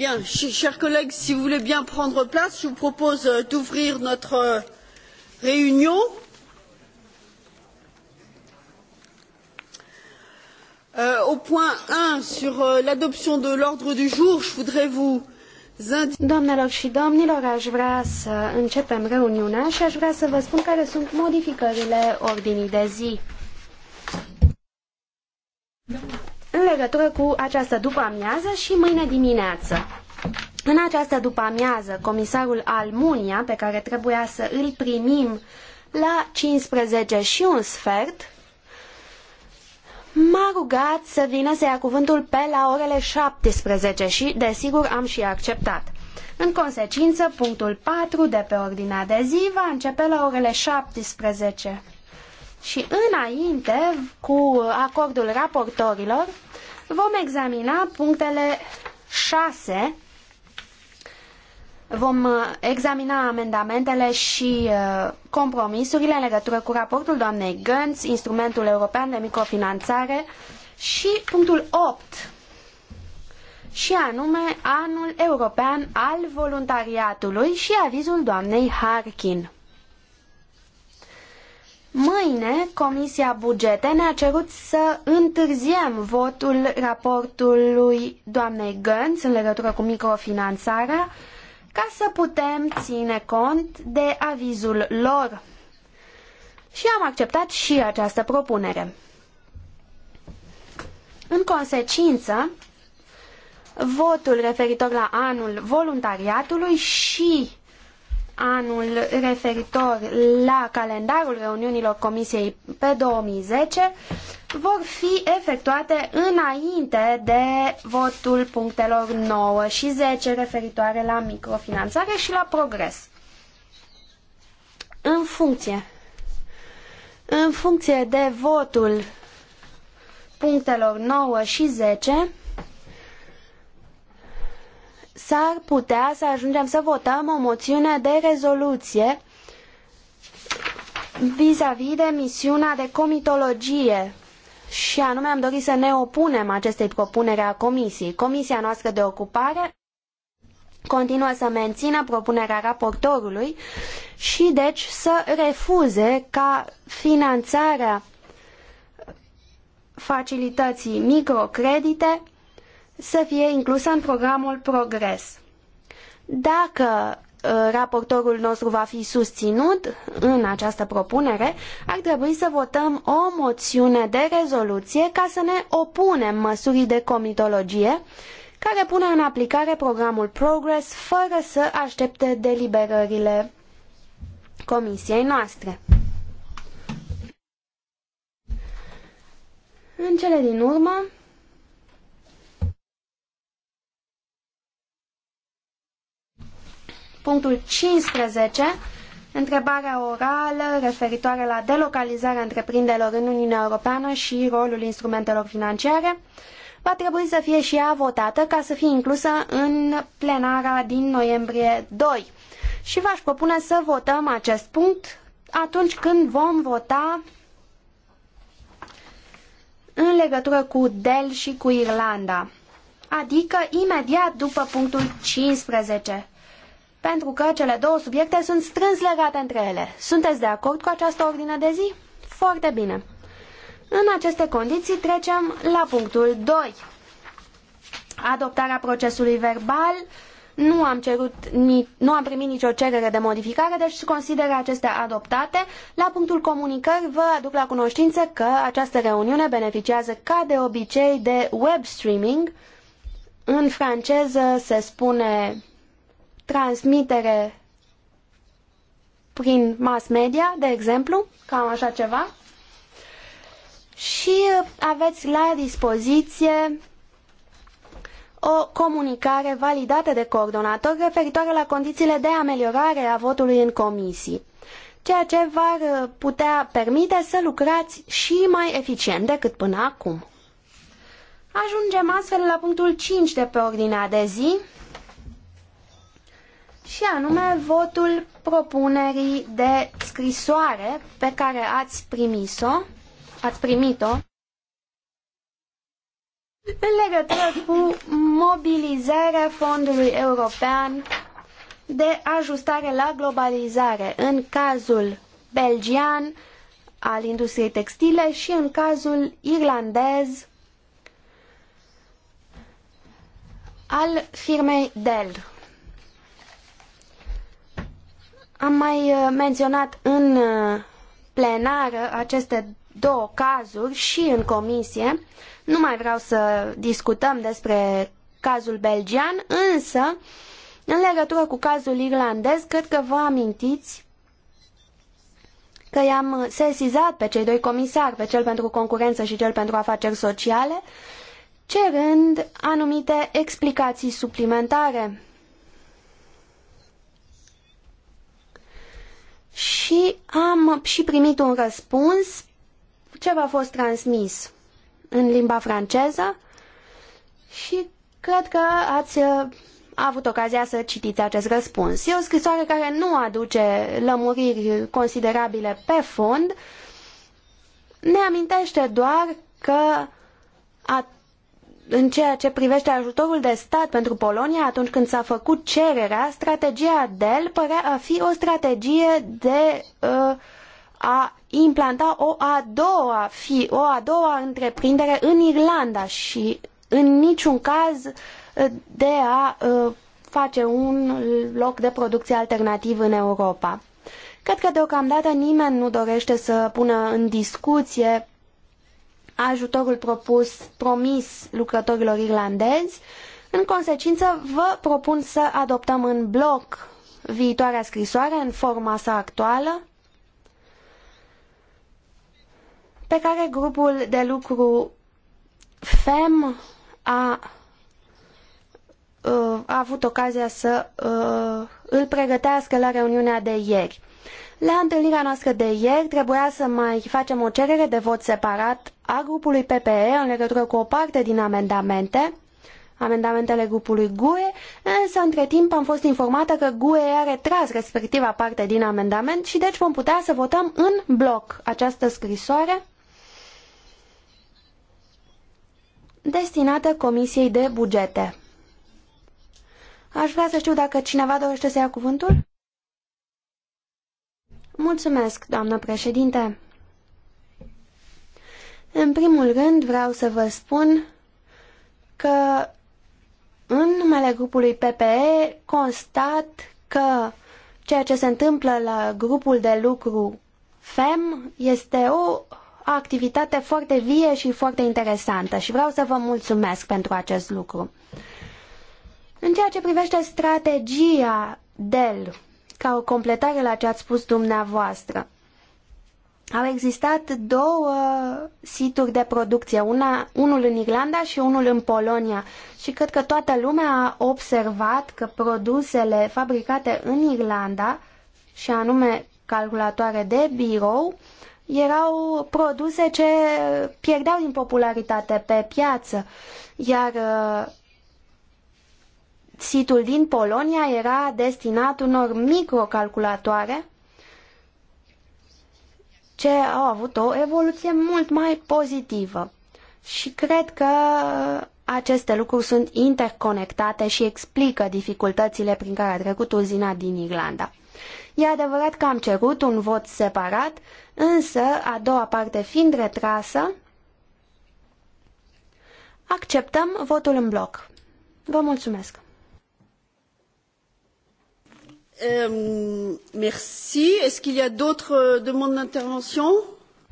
Bien, chers collègues, si vous voulez bien prendre place, je vous propose euh, d'ouvrir notre euh, réunion. Euh, au point 1, sur euh, l'adoption de l'ordre du jour, je voudrais vous indiquer... Doamnelor și domnilor, aș vrea să începem reuniunea și aș vrea să vă spun care sunt modificările ordinii de zi. legătură cu această după-amiază și mâine dimineață. În această după-amiază, comisarul Almunia, pe care trebuia să îl primim la 15 și un sfert, m-a rugat să vină să ia cuvântul pe la orele 17 și, desigur, am și acceptat. În consecință, punctul 4 de pe ordinea de zi va începe la orele 17. Și înainte, cu acordul raportorilor, vom examina punctele 6, vom uh, examina amendamentele și uh, compromisurile în legătură cu raportul doamnei Gânț, instrumentul european de microfinanțare și punctul 8, și anume anul european al voluntariatului și avizul doamnei Harkin. Mâine, Comisia Bugete ne-a cerut să întârziem votul raportului doamnei Gânț în legătură cu microfinanțarea ca să putem ține cont de avizul lor. Și am acceptat și această propunere. În consecință, votul referitor la anul voluntariatului și anul referitor la calendarul reuniunilor Comisiei pe 2010 vor fi efectuate înainte de votul punctelor 9 și 10 referitoare la microfinanțare și la progres. În funcție, în funcție de votul punctelor 9 și 10, s-ar putea să ajungem să votăm o moțiune de rezoluție vis-a-vis -vis de misiunea de comitologie și anume am dorit să ne opunem acestei propuneri a comisiei. Comisia noastră de ocupare continuă să mențină propunerea raportorului și deci să refuze ca finanțarea facilității microcredite să fie inclusă în programul Progres. Dacă uh, raportorul nostru va fi susținut în această propunere, ar trebui să votăm o moțiune de rezoluție ca să ne opunem măsurii de comitologie care pune în aplicare programul Progress fără să aștepte deliberările comisiei noastre. În cele din urmă, punctul 15, întrebarea orală referitoare la delocalizarea întreprinderilor în Uniunea Europeană și rolul instrumentelor financiare, va trebui să fie și ea votată ca să fie inclusă în plenara din noiembrie 2. Și v-aș propune să votăm acest punct atunci când vom vota în legătură cu Del și cu Irlanda, adică imediat după punctul 15 pentru că cele două subiecte sunt strâns legate între ele. Sunteți de acord cu această ordine de zi? Foarte bine. În aceste condiții trecem la punctul 2. Adoptarea procesului verbal. Nu am, cerut, nu am primit nicio cerere de modificare, deci consider acestea adoptate. La punctul comunicări vă aduc la cunoștință că această reuniune beneficiază ca de obicei de web streaming. În franceză se spune transmitere prin mass media, de exemplu, cam așa ceva. Și uh, aveți la dispoziție o comunicare validată de coordonator referitoare la condițiile de ameliorare a votului în comisii, ceea ce v-ar uh, putea permite să lucrați și mai eficient decât până acum. Ajungem astfel la punctul 5 de pe ordinea de zi, și anume votul propunerii de scrisoare pe care ați primis-o, ați primit-o în legătură cu mobilizarea Fondului European de ajustare la globalizare în cazul belgian al industriei textile și în cazul irlandez al firmei Dell. Am mai uh, menționat în uh, plenară aceste două cazuri și în comisie. Nu mai vreau să discutăm despre cazul belgian, însă, în legătură cu cazul irlandez, cred că vă amintiți că i-am sesizat pe cei doi comisari, pe cel pentru concurență și cel pentru afaceri sociale, cerând anumite explicații suplimentare. și am și primit un răspuns ce v-a fost transmis în limba franceză și cred că ați a uh, avut ocazia să citiți acest răspuns. E o scrisoare care nu aduce lămuriri considerabile pe fond, ne amintește doar că în ceea ce privește ajutorul de stat pentru Polonia, atunci când s-a făcut cererea, strategia DEL părea a fi o strategie de uh, a implanta o a doua fi, o a doua întreprindere în Irlanda și în niciun caz uh, de a uh, face un loc de producție alternativ în Europa. Cred că deocamdată nimeni nu dorește să pună în discuție ajutorul propus, promis lucrătorilor irlandezi. În consecință, vă propun să adoptăm în bloc viitoarea scrisoare în forma sa actuală, pe care grupul de lucru FEM a, uh, a avut ocazia să a, uh, îl pregătească la reuniunea de ieri. La întâlnirea noastră de ieri trebuia să mai facem o cerere de vot separat a grupului PPE în legătură cu o parte din amendamente, amendamentele grupului GUE, însă între timp am fost informată că GUE a retras respectiva parte din amendament și deci vom putea să votăm în bloc această scrisoare destinată Comisiei de Bugete. Aș vrea să știu dacă cineva dorește să ia cuvântul? Mulțumesc, doamnă președinte. În primul rând vreau să vă spun că în numele grupului PPE constat că ceea ce se întâmplă la grupul de lucru FEM este o activitate foarte vie și foarte interesantă și vreau să vă mulțumesc pentru acest lucru. În ceea ce privește strategia DEL ca o completare la ce ați spus dumneavoastră. Au existat două situri de producție, una, unul în Irlanda și unul în Polonia. Și cred că toată lumea a observat că produsele fabricate în Irlanda, și anume calculatoare de birou, erau produse ce pierdeau din popularitate pe piață. Iar uh, Situl din Polonia era destinat unor microcalculatoare ce au avut o evoluție mult mai pozitivă. Și cred că aceste lucruri sunt interconectate și explică dificultățile prin care a trecut uzina din Irlanda. E adevărat că am cerut un vot separat, însă a doua parte fiind retrasă, acceptăm votul în bloc. Vă mulțumesc! Euh, merci. Est-ce qu'il y a d'autres euh, demandes d'intervention?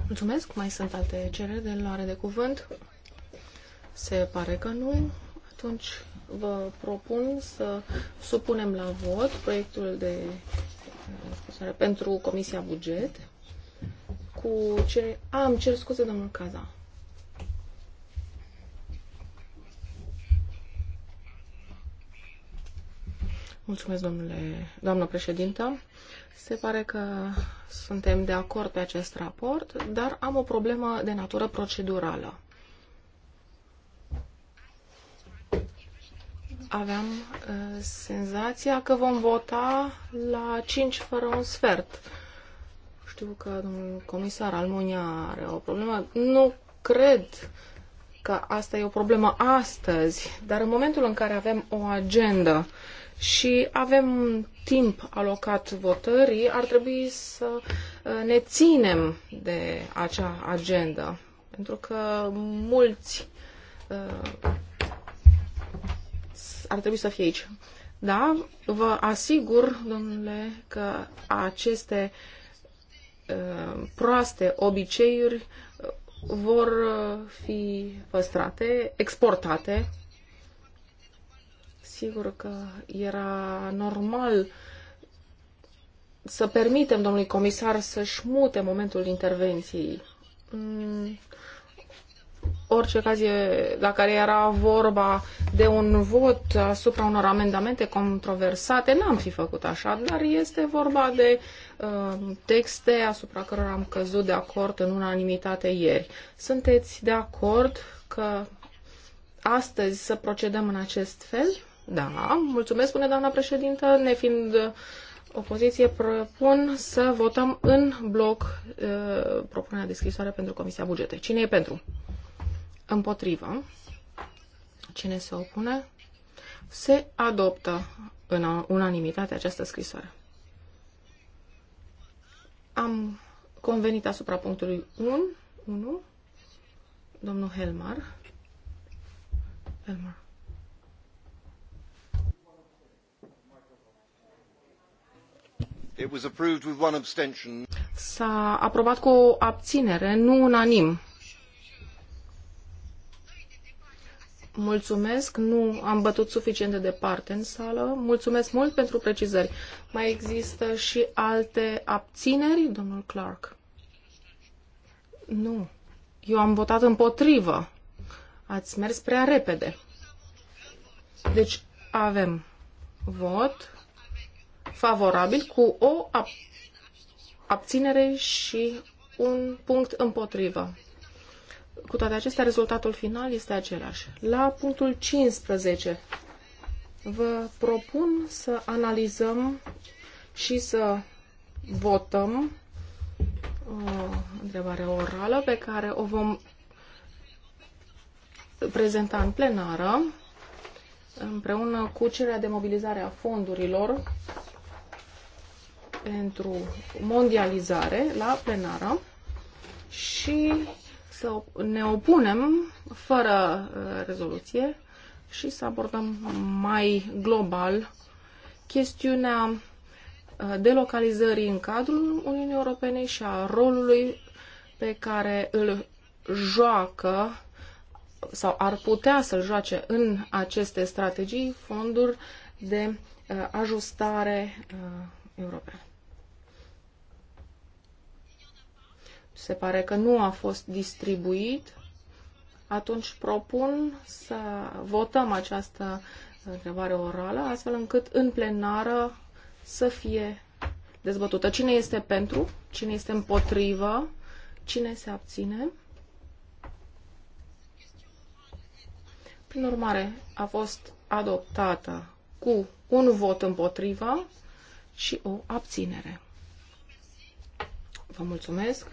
Mulțumesc. Mai sunt alte cereri de luare de cuvânt? Se pare că nu. Atunci vă propun să supunem la vot proiectul de uh, pentru Comisia Buget cu ce... Am cer scuze, domnul Caza. Mulțumesc, domnule, doamnă președintă. Se pare că suntem de acord pe acest raport, dar am o problemă de natură procedurală. Aveam uh, senzația că vom vota la 5 fără un sfert. Știu că domnul comisar Almonia are o problemă. Nu cred că asta e o problemă astăzi, dar în momentul în care avem o agendă uh, și avem timp alocat votării, ar trebui să uh, ne ținem de acea agendă. Pentru că mulți uh, ar trebui să fie aici. Da, vă asigur, domnule, că aceste uh, proaste obiceiuri uh, vor fi păstrate, exportate Sigur că era normal să permitem domnului comisar să-și mute momentul intervenției. Mm, orice ocazie la care era vorba de un vot asupra unor amendamente controversate, n-am fi făcut așa, dar este vorba de uh, texte asupra cărora am căzut de acord în unanimitate ieri. Sunteți de acord că astăzi să procedăm în acest fel? Da, mulțumesc, spune doamna președintă, ne fiind opoziție, propun să votăm în bloc uh, propunerea de scrisoare pentru Comisia Bugete. Cine e pentru? Împotrivă. Cine se opune? Se adoptă în unanimitate această scrisoare. Am convenit asupra punctului 1, 1 domnul Helmar. Helmar. It was approved with one abstention. S-a aprobat cu o abținere, nu unanim. Mulțumesc, nu am bătut suficient de departe în sală. Mulțumesc mult pentru precizări. Mai există și alte abțineri, domnul Clark? Nu. Eu am votat împotrivă. Ați mers prea repede. Deci avem vot favorabil cu o abținere și un punct împotrivă. Cu toate acestea, rezultatul final este același. La punctul 15 vă propun să analizăm și să votăm o uh, întrebare orală pe care o vom prezenta în plenară împreună cu cererea de mobilizare a fondurilor pentru mondializare la plenară și să ne opunem fără uh, rezoluție și să abordăm mai global chestiunea uh, delocalizării în cadrul Uniunii Europene și a rolului pe care îl joacă sau ar putea să-l joace în aceste strategii fonduri de uh, ajustare europeană. se pare că nu a fost distribuit, atunci propun să votăm această întrebare orală, astfel încât în plenară să fie dezbătută. Cine este pentru? Cine este împotrivă? Cine se abține? Prin urmare, a fost adoptată cu un vot împotrivă și o abținere. Vă mulțumesc!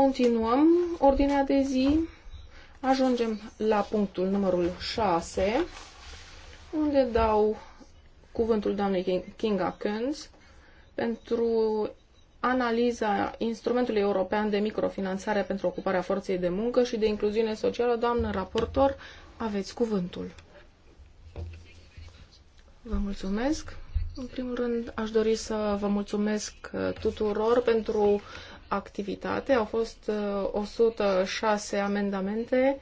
Continuăm ordinea de zi. Ajungem la punctul numărul 6, unde dau cuvântul doamnei Kinga Kunz pentru analiza instrumentului european de microfinanțare pentru ocuparea forței de muncă și de incluziune socială. Doamnă raportor, aveți cuvântul. Vă mulțumesc. În primul rând, aș dori să vă mulțumesc uh, tuturor pentru activitate. Au fost 106 uh, amendamente.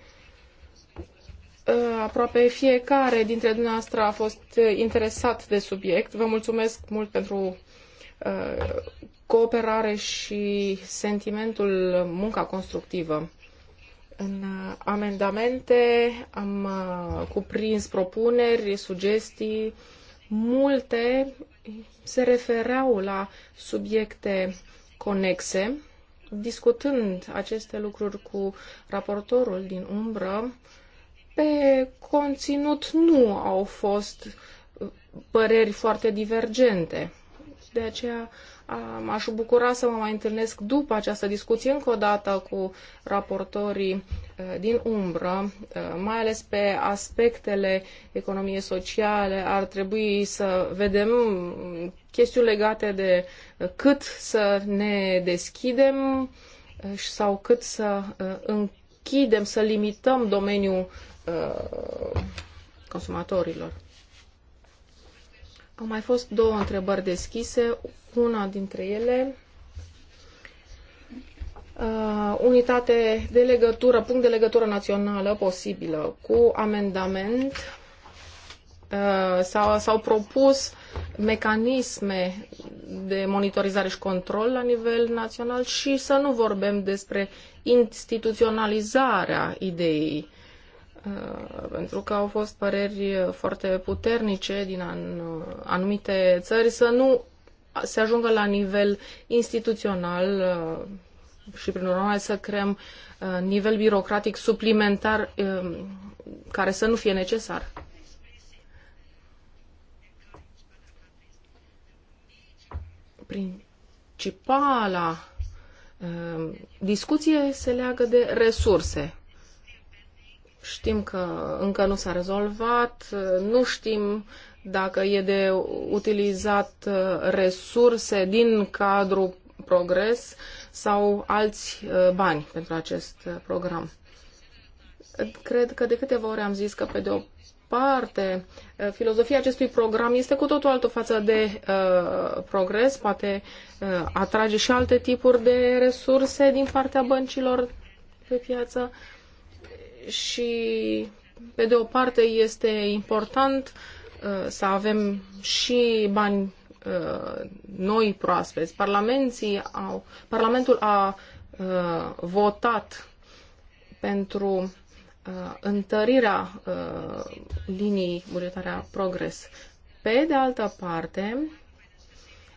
Uh, aproape fiecare dintre dumneavoastră a fost uh, interesat de subiect. Vă mulțumesc mult pentru cooperare și sentimentul munca constructivă. În amendamente am cuprins propuneri, sugestii, multe se refereau la subiecte conexe. Discutând aceste lucruri cu raportorul din umbră, pe conținut nu au fost uh, păreri foarte divergente. De aceea m-aș bucura să mă mai întâlnesc după această discuție încă o dată cu raportorii uh, din umbră, uh, mai ales pe aspectele economiei sociale. Ar trebui să vedem mm, chestiuni legate de uh, cât să ne deschidem uh, sau cât să uh, închidem, să limităm domeniul consumatorilor. Au mai fost două întrebări deschise, una dintre ele uh, unitate de legătură, punct de legătură națională posibilă cu amendament Uh, s-au, s-au propus mecanisme de monitorizare și control la nivel național și să nu vorbim despre instituționalizarea ideii, uh, pentru că au fost păreri foarte puternice din uh, anumite țări să nu se ajungă la nivel instituțional și, prin urmare, să creăm nivel birocratic suplimentar care să nu fie necesar. principala uh, discuție se leagă de resurse. Știm că încă nu s-a rezolvat, nu știm dacă e de utilizat eh, resurse din cadrul progres sau alți eh, bani pentru acest eh, program. Cred că de câteva ori am zis că, pe de o departe. Uh, filozofia acestui program este cu totul altă față de uh, progres, poate uh, atrage și alte tipuri de resurse din partea băncilor pe piață și, pe de o parte, este important uh, să avem și bani uh, noi proaspeți. Parlamenții au, Parlamentul a uh, votat pentru Uh, întărirea uh, liniei bugetare progres. Pe de altă parte,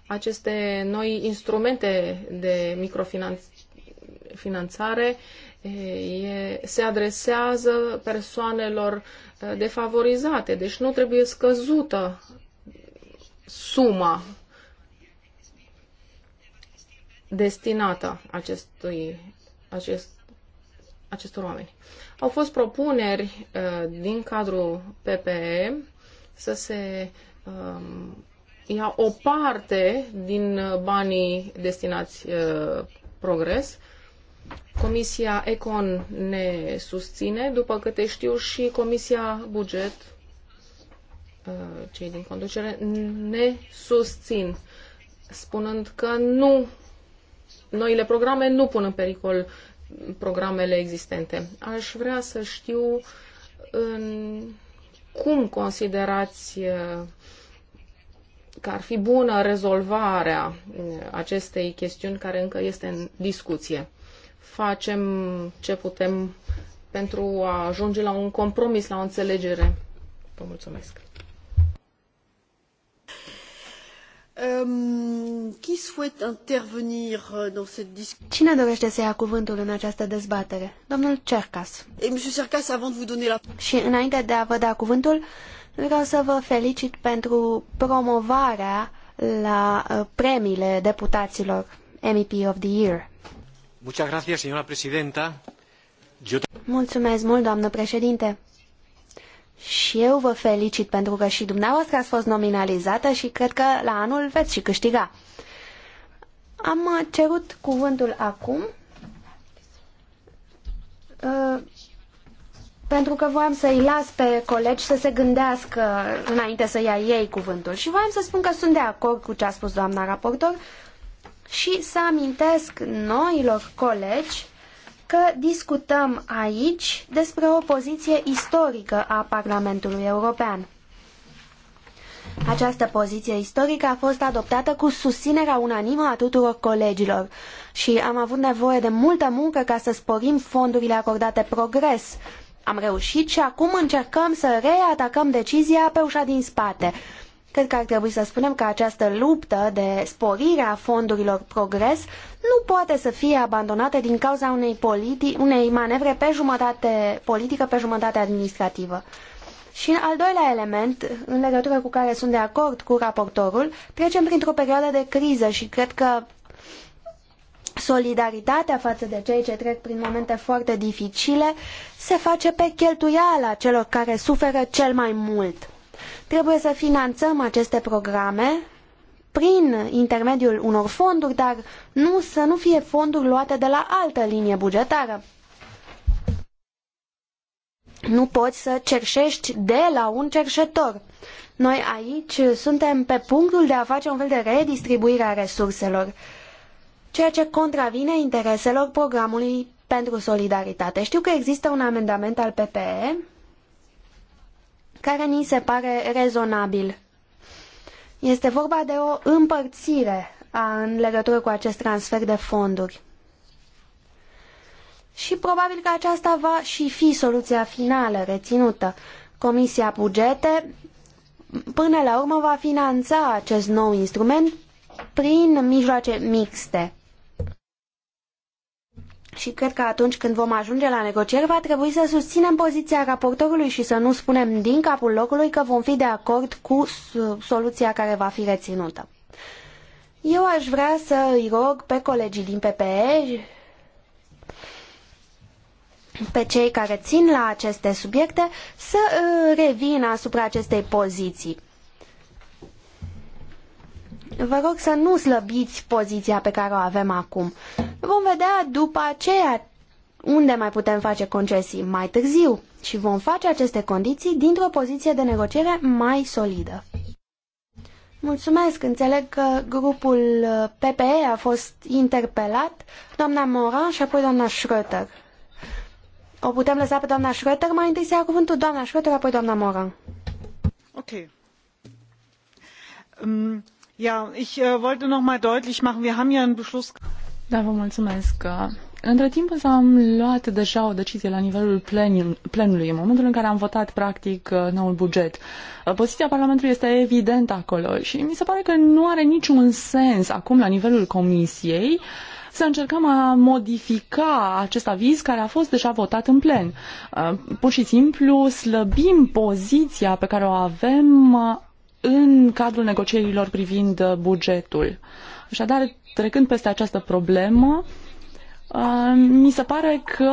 aceste noi instrumente de microfinanțare se adresează persoanelor uh, defavorizate, deci nu trebuie scăzută suma destinată acestui, acest, acestor oameni. Au fost propuneri uh, din cadrul PPE să se um, ia o parte din uh, banii destinați uh, progres. Comisia Econ ne susține, după câte știu și Comisia Buget, cei din conducere, ne susțin, spunând că nu, noile programe nu pun în pericol programele existente. Aș vrea să știu în cum considerați uh, că ar fi bună rezolvarea uh, acestei chestiuni care încă este în discuție. Facem ce putem pentru a ajunge la un compromis, la o înțelegere. Vă mulțumesc. Qui souhaite intervenir euh, dans cette Cine dorește să ia cuvântul în această dezbatere? Domnul Cercas. Et monsieur Cercas, avant de vous donner la... Și înainte de a vă da cuvântul, vreau să vă felicit pentru promovarea la uh, premiile deputaților MEP of the Year. Muchas gracias, señora presidenta. Mulțumesc mult, doamnă președinte. Și eu vă felicit pentru că și dumneavoastră ați fost nominalizată și cred că la anul veți și câștiga. Am cerut cuvântul acum uh, pentru că voiam să-i las pe colegi să se gândească înainte să ia ei cuvântul. Și voiam să spun că sunt de acord cu ce a spus doamna raportor și să amintesc noilor colegi că discutăm aici despre o poziție istorică a Parlamentului European. Această poziție istorică a fost adoptată cu susținerea unanimă a tuturor colegilor și am avut nevoie de multă muncă ca să sporim fondurile acordate progres. Am reușit și acum încercăm să reatacăm decizia pe ușa din spate Cred că ar trebui să spunem că această luptă de sporire a fondurilor progres nu poate să fie abandonată din cauza unei, politi- unei manevre pe jumătate politică, pe jumătate administrativă. Și al doilea element, în legătură cu care sunt de acord cu raportorul, trecem printr-o perioadă de criză și cred că solidaritatea față de cei ce trec prin momente foarte dificile se face pe cheltuiala celor care suferă cel mai mult. Trebuie să finanțăm aceste programe prin intermediul unor fonduri, dar nu să nu fie fonduri luate de la altă linie bugetară. Nu poți să cerșești de la un cerșetor. Noi aici suntem pe punctul de a face un fel de redistribuire a resurselor, ceea ce contravine intereselor programului pentru solidaritate. Știu că există un amendament al PPE care ni se pare rezonabil. Este vorba de o împărțire a, în legătură cu acest transfer de fonduri. Și probabil că aceasta va și fi soluția finală reținută. Comisia Bugete până la urmă va finanța acest nou instrument prin mijloace mixte și cred că atunci când vom ajunge la negocieri va trebui să susținem poziția raportorului și să nu spunem din capul locului că vom fi de acord cu soluția care va fi reținută. Eu aș vrea să îi rog pe colegii din PPE, pe cei care țin la aceste subiecte, să uh, revină asupra acestei poziții. Vă rog să nu slăbiți poziția pe care o avem acum. Vom vedea după aceea unde mai putem face concesii mai târziu și vom face aceste condiții dintr-o poziție de negociere mai solidă. Mulțumesc, înțeleg că grupul PPE a fost interpelat, doamna Moran și apoi doamna Schröter. O putem lăsa pe doamna Schröter, mai întâi să ia cuvântul doamna Schröter, apoi doamna Moran. Ok. Um, ich äh, wollte noch mal deutlich machen, wir haben ja einen Beschluss. Da vă mulțumesc. Între timp însă am luat deja o decizie la nivelul plenului, în momentul în care am votat practic uh, noul buget. Uh, poziția Parlamentului este evidentă acolo și mi se pare că nu are niciun sens acum la nivelul Comisiei să încercăm a modifica acest aviz care a fost deja votat în plen. Uh, pur și simplu slăbim poziția pe care o avem în cadrul negocierilor privind uh, bugetul. Așadar, trecând peste această problemă, uh, mi se pare că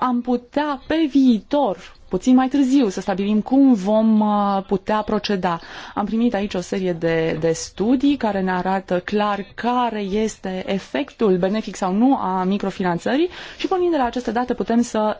am putea pe viitor, puțin mai târziu, să stabilim cum vom uh, putea proceda. Am primit aici o serie de, de studii care ne arată clar care este efectul benefic sau nu a microfinanțării și pornind de la aceste date putem să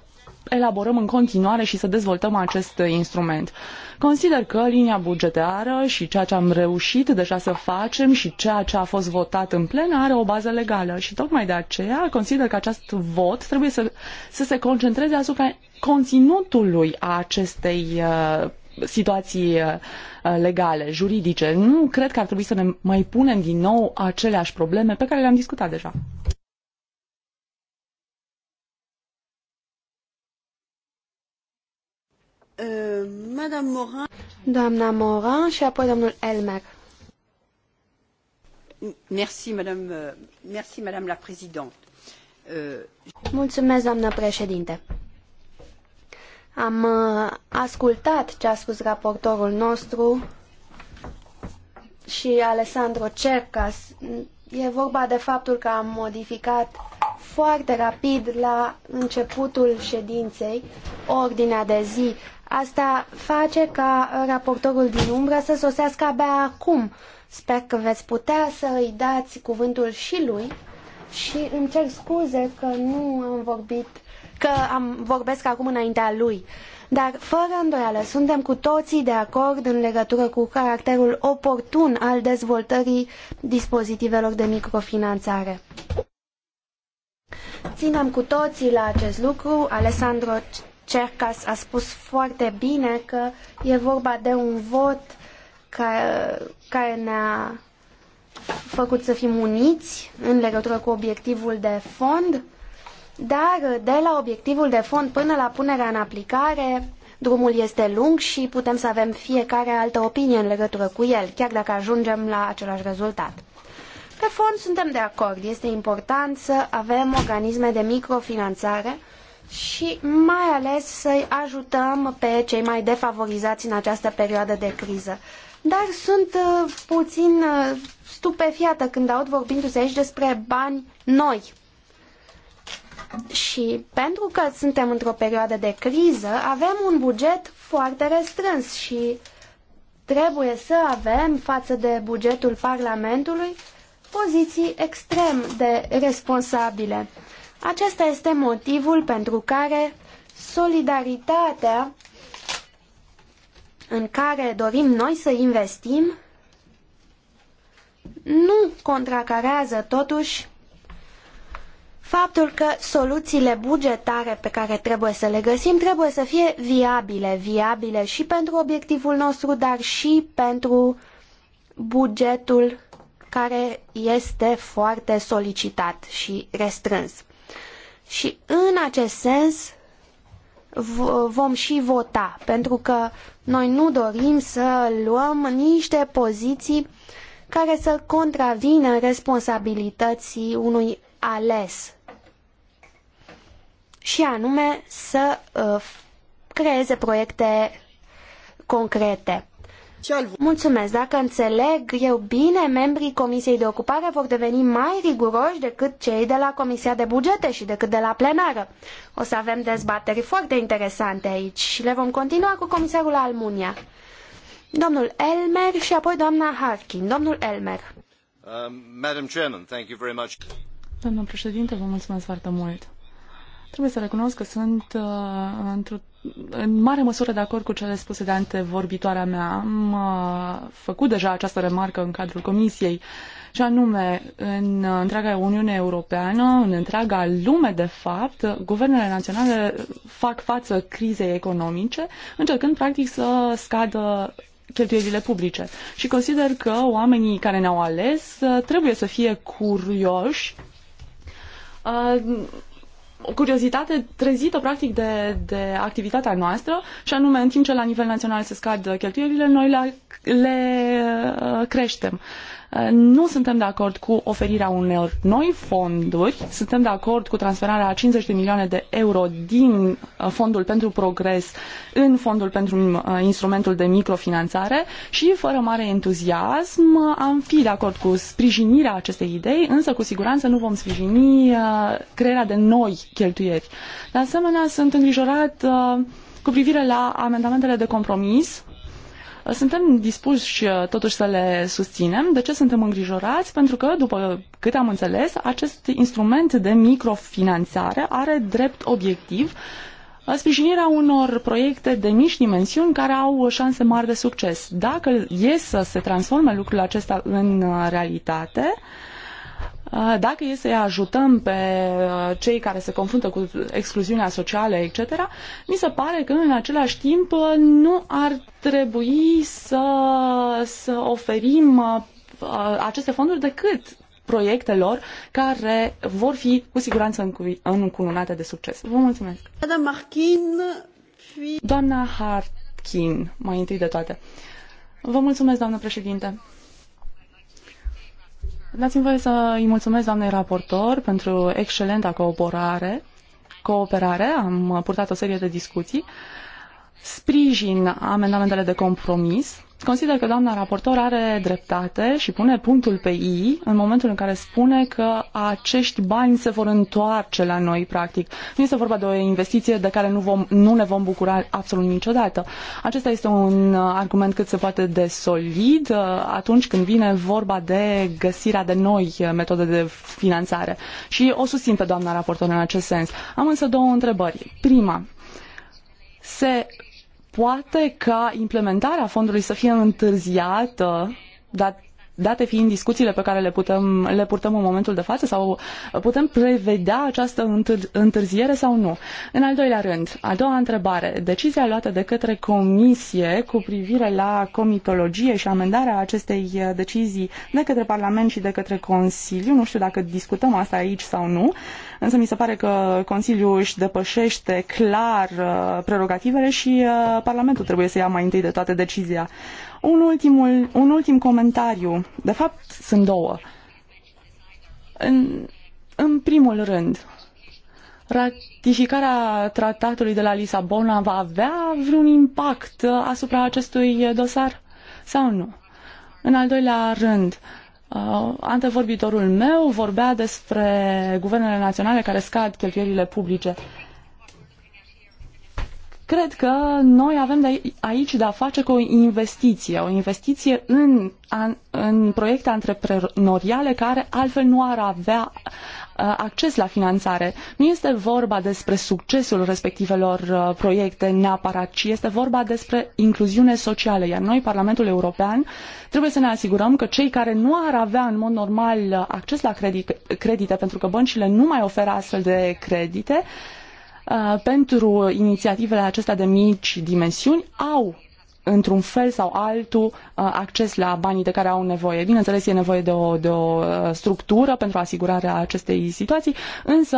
elaborăm în continuare și să dezvoltăm acest instrument. Consider că linia bugetară și ceea ce am reușit deja să facem și ceea ce a fost votat în plen are o bază legală și tocmai de aceea consider că acest vot trebuie să, să se concentreze asupra conținutului acestei uh, situații uh, legale, juridice. Nu cred că ar trebui să ne mai punem din nou aceleași probleme pe care le-am discutat deja. Euh, madame Morin. Doamna Morin și apoi domnul Elmer. Merci, madame, euh, merci, madame la présidente. Euh, Mulțumesc, doamnă președinte. Am uh, ascultat ce a spus raportorul nostru și Alessandro Cercas. E vorba de faptul că am modificat foarte rapid la începutul ședinței ordinea de zi. Asta face ca uh, raportorul din umbră să sosească abia acum. Sper că veți putea să îi dați cuvântul și lui și îmi cer scuze că nu am vorbit, că am, vorbesc acum înaintea lui. Dar, fără îndoială, suntem cu toții de acord în legătură cu caracterul oportun al dezvoltării dispozitivelor de microfinanțare. Ținem cu toții la acest lucru. Alessandro Cercas a spus foarte bine că e vorba de un vot care, care ne-a făcut să fim uniți în legătură cu obiectivul de fond, dar de la obiectivul de fond până la punerea în aplicare, drumul este lung și putem să avem fiecare altă opinie în legătură cu el, chiar dacă ajungem la același rezultat. Pe fond suntem de acord, este important să avem organisme de microfinanțare și mai ales să-i ajutăm pe cei mai defavorizați în această perioadă de criză. Dar sunt uh, puțin uh, stupefiată când aud vorbindu-se aici despre bani noi. Și pentru că suntem într-o perioadă de criză, avem un buget foarte restrâns și trebuie să avem față de bugetul Parlamentului poziții extrem de responsabile. Acesta este motivul pentru care solidaritatea în care dorim noi să investim nu contracarează totuși faptul că soluțiile bugetare pe care trebuie să le găsim trebuie să fie viabile, viabile și pentru obiectivul nostru, dar și pentru bugetul care este foarte solicitat și restrâns. Și în acest sens vom și vota, pentru că noi nu dorim să luăm niște poziții care să contravină responsabilității unui ales. Și anume să uh, creeze proiecte concrete. Mulțumesc. Dacă înțeleg eu bine, membrii Comisiei de Ocupare vor deveni mai riguroși decât cei de la Comisia de Bugete și decât de la plenară. O să avem dezbateri foarte interesante aici și le vom continua cu comisarul Almunia. Domnul Elmer și apoi doamna Harkin. Domnul Elmer. Uh, um, Doamnă președinte, vă mulțumesc foarte mult. Trebuie să recunosc că sunt uh, într-o în mare măsură de acord cu cele spuse de antevorbitoarea mea. Am uh, făcut deja această remarcă în cadrul comisiei și anume, în uh, întreaga Uniune Europeană, în întreaga lume, de fapt, guvernele naționale fac față crizei economice, încercând, practic, să scadă cheltuielile publice. Și consider că oamenii care ne-au ales uh, trebuie să fie curioși o curiozitate trezită practic de, de activitatea noastră și anume în timp ce la nivel național se scad cheltuielile, noi le, le uh, creștem. Uh, nu suntem de acord cu oferirea unor noi fonduri, suntem de acord cu transferarea a 50 de milioane de euro din uh, Fondul pentru Progres în Fondul pentru uh, Instrumentul de Microfinanțare și, fără mare entuziasm, am fi de acord cu sprijinirea acestei idei, însă cu siguranță nu vom sprijini crearea de noi cheltuieri. De asemenea, sunt îngrijorat cu privire la amendamentele de compromis suntem dispuși uh, totuși să le susținem. De ce suntem îngrijorați? Pentru că, după cât am înțeles, acest instrument de microfinanțare are drept obiectiv uh, sprijinirea unor proiecte de mici dimensiuni care au șanse mari de succes. Dacă e să se transforme lucrul acesta în uh, realitate, uh, Uh, dacă e să-i ajutăm pe uh, cei care se confruntă cu excluziunea socială, etc., mi se pare că în același timp uh, nu ar trebui să, să oferim aceste fonduri decât proiectelor care vor fi cu siguranță încununate de succes. Vă mulțumesc! Doamna Harkin, mai întâi de toate. Vă mulțumesc, doamnă președinte! Dați-mi voie să îi mulțumesc doamnei raportor pentru excelenta cooperare. cooperare. Am purtat o serie de discuții. Sprijin amendamentele de compromis Consider că doamna raportor are dreptate și pune punctul pe I în momentul în care spune că acești bani se vor întoarce la noi, practic. Nu este vorba de o investiție de care nu, vom, nu ne vom bucura absolut niciodată. Acesta este un argument cât se poate de solid uh, atunci când vine vorba de găsirea de noi metode de finanțare. Și o susțin pe doamna raportor în acest sens. Am însă două întrebări. Prima, se poate ca implementarea fondului să fie întârziată, dat, date fiind discuțiile pe care le, putem, le purtăm în momentul de față, sau putem prevedea această întâr, întârziere sau nu? În al doilea rând, a doua întrebare, decizia luată de către Comisie cu privire la comitologie și amendarea acestei decizii de către Parlament și de către Consiliu, nu știu dacă discutăm asta aici sau nu, uh, Însă mi se pare că Consiliul își depășește clar uh, prerogativele și uh, Parlamentul trebuie să ia mai întâi de toate decizia. Un, ultimul, un ultim comentariu. De fapt, sunt două. În, în primul rând, ratificarea tratatului de la Lisabona va avea vreun impact uh, asupra acestui dosar sau nu? În al doilea rând, Uh, antevorbitorul meu vorbea despre guvernele naționale care scad cheltuielile publice. Cred că noi avem de aici de a face cu o investiție, o investiție în, în proiecte antreprenoriale care altfel nu ar avea uh, acces la finanțare. Nu este vorba despre succesul respectivelor uh, proiecte neapărat, ci este vorba despre incluziune socială. Iar noi, Parlamentul European, trebuie să ne asigurăm că cei care nu ar avea în mod normal uh, acces la credite, pentru că băncile nu mai oferă astfel de credite, Uh, pentru inițiativele acestea de mici dimensiuni au într-un fel sau altul uh, acces la banii de care au nevoie. Bineînțeles, e nevoie de o, de o uh, structură pentru asigurarea acestei situații, însă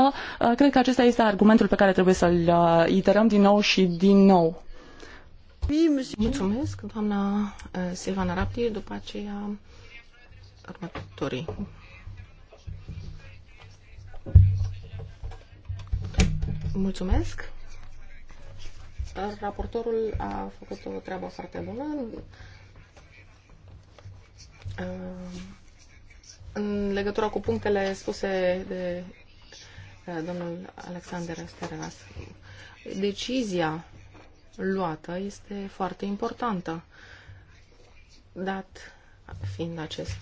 cred că acesta este argumentul pe care trebuie să-l iterăm din nou și din nou. Mulțumesc, doamna Silvana Rapti, după aceea următorii. Mulțumesc. Raportorul a făcut o treabă foarte bună. În legătură cu punctele spuse de domnul Alexander Sterelas, decizia luată este foarte importantă. Dat fiind acest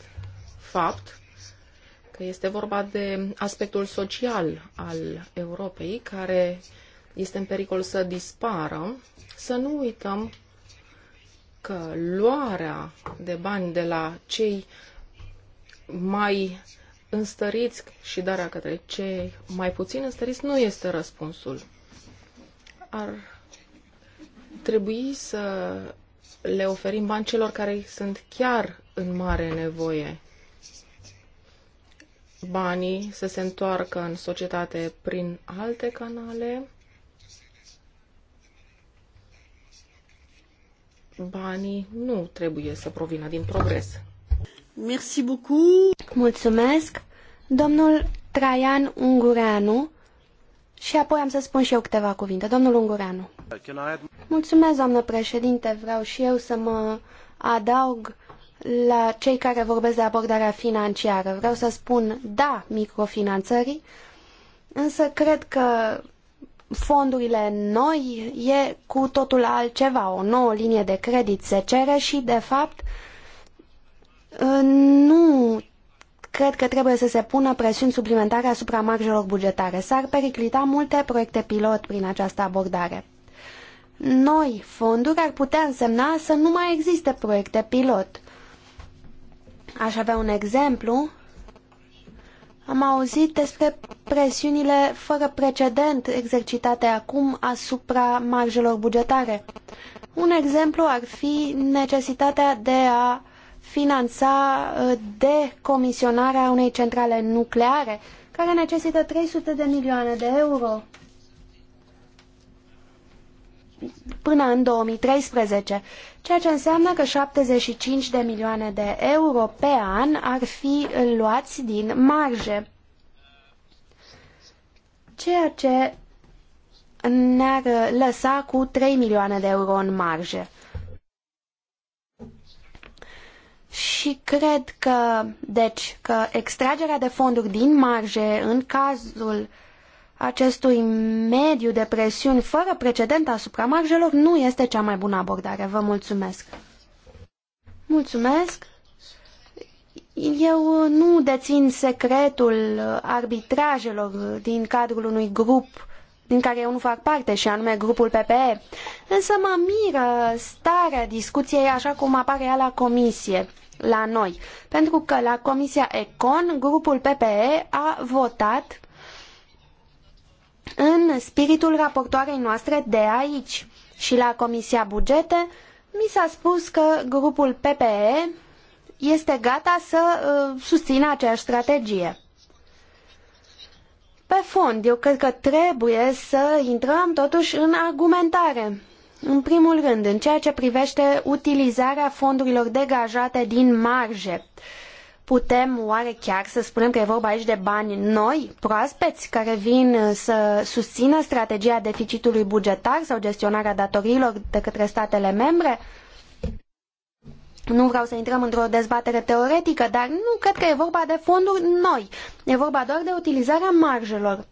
fapt, că este vorba de aspectul social al Europei, care este în pericol să dispară, să nu uităm că luarea de bani de la cei mai înstăriți și darea către cei mai puțin înstăriți nu este răspunsul. Ar trebui să le oferim bani celor care sunt chiar în mare nevoie banii să se întoarcă în societate prin alte canale. Banii nu trebuie să provină din progres. Merci beaucoup. Mulțumesc. Domnul Traian Ungureanu și apoi am să spun și eu câteva cuvinte. Domnul Ungureanu. Mulțumesc, doamnă președinte. Vreau și eu să mă adaug la cei care vorbesc de abordarea financiară. Vreau să spun da microfinanțării, însă cred că fondurile noi e cu totul altceva. O nouă linie de credit se cere și, de fapt, nu cred că trebuie să se pună presiuni suplimentare asupra marjelor bugetare. S-ar periclita multe proiecte pilot prin această abordare. Noi fonduri ar putea însemna să nu mai existe proiecte pilot aș avea un exemplu, am auzit despre presiunile fără precedent exercitate acum asupra marjelor bugetare. Un exemplu ar fi necesitatea de a finanța ă, decomisionarea unei centrale nucleare, care necesită 300 de milioane de euro până în 2013, ceea ce înseamnă că 75 de milioane de euro pe an ar fi luați din marge. Ceea ce ne-ar lăsa cu 3 milioane de euro în marge. Și cred că, deci, că extragerea de fonduri din marge în cazul uh, acestui mediu de presiuni fără precedent asupra marjelor nu este cea mai bună abordare. Vă mulțumesc! Mulțumesc! Eu nu dețin secretul arbitrajelor din cadrul unui grup din care eu nu fac parte, și anume grupul PPE. Însă mă miră starea discuției așa cum apare ea la comisie, la noi. Pentru că la comisia Econ, grupul PPE a votat în spiritul raportoarei noastre de aici și la Comisia Bugete, mi s-a spus că grupul PPE este gata să uh, susțină aceeași strategie. Pe fond, eu cred că trebuie să intrăm totuși în argumentare. În primul rând, în ceea ce privește utilizarea fondurilor degajate din marge. Uh, Putem oare chiar să spunem că e vorba aici de bani noi, proaspeți, care vin uh, să susțină strategia deficitului bugetar sau gestionarea datoriilor de către statele membre? Nu vreau să intrăm într-o dezbatere teoretică, dar nu cred că e vorba de fonduri noi. E vorba doar de utilizarea marjelor.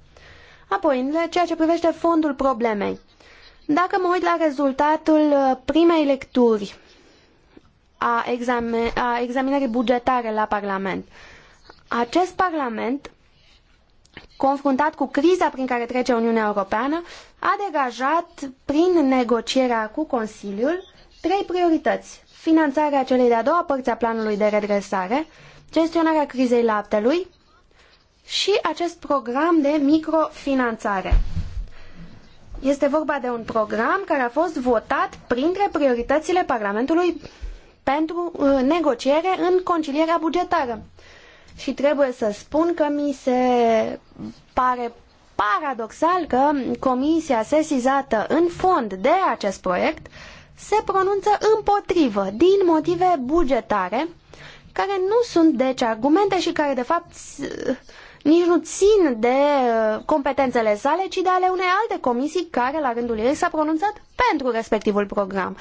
Apoi, în ceea ce privește fondul problemei. Dacă mă uit la rezultatul uh, primei lecturi a, examen, a examinării bugetare la Parlament. Acest Parlament, confruntat cu criza prin care trece Uniunea Europeană, a degajat, prin negocierea cu Consiliul, trei priorități. Finanțarea celei de-a doua părți a planului de redresare, gestionarea crizei laptelui și acest program de microfinanțare. Este vorba de un program care a fost votat printre prioritățile Parlamentului pentru uh, negociere în concilierea bugetară. Și trebuie să spun că mi se pare paradoxal că comisia sesizată în fond de acest proiect se pronunță împotrivă din motive bugetare care nu sunt deci argumente și care de fapt nici nu țin de uh, competențele sale, ci de ale unei alte comisii care la rândul ei s-a pronunțat pentru respectivul program.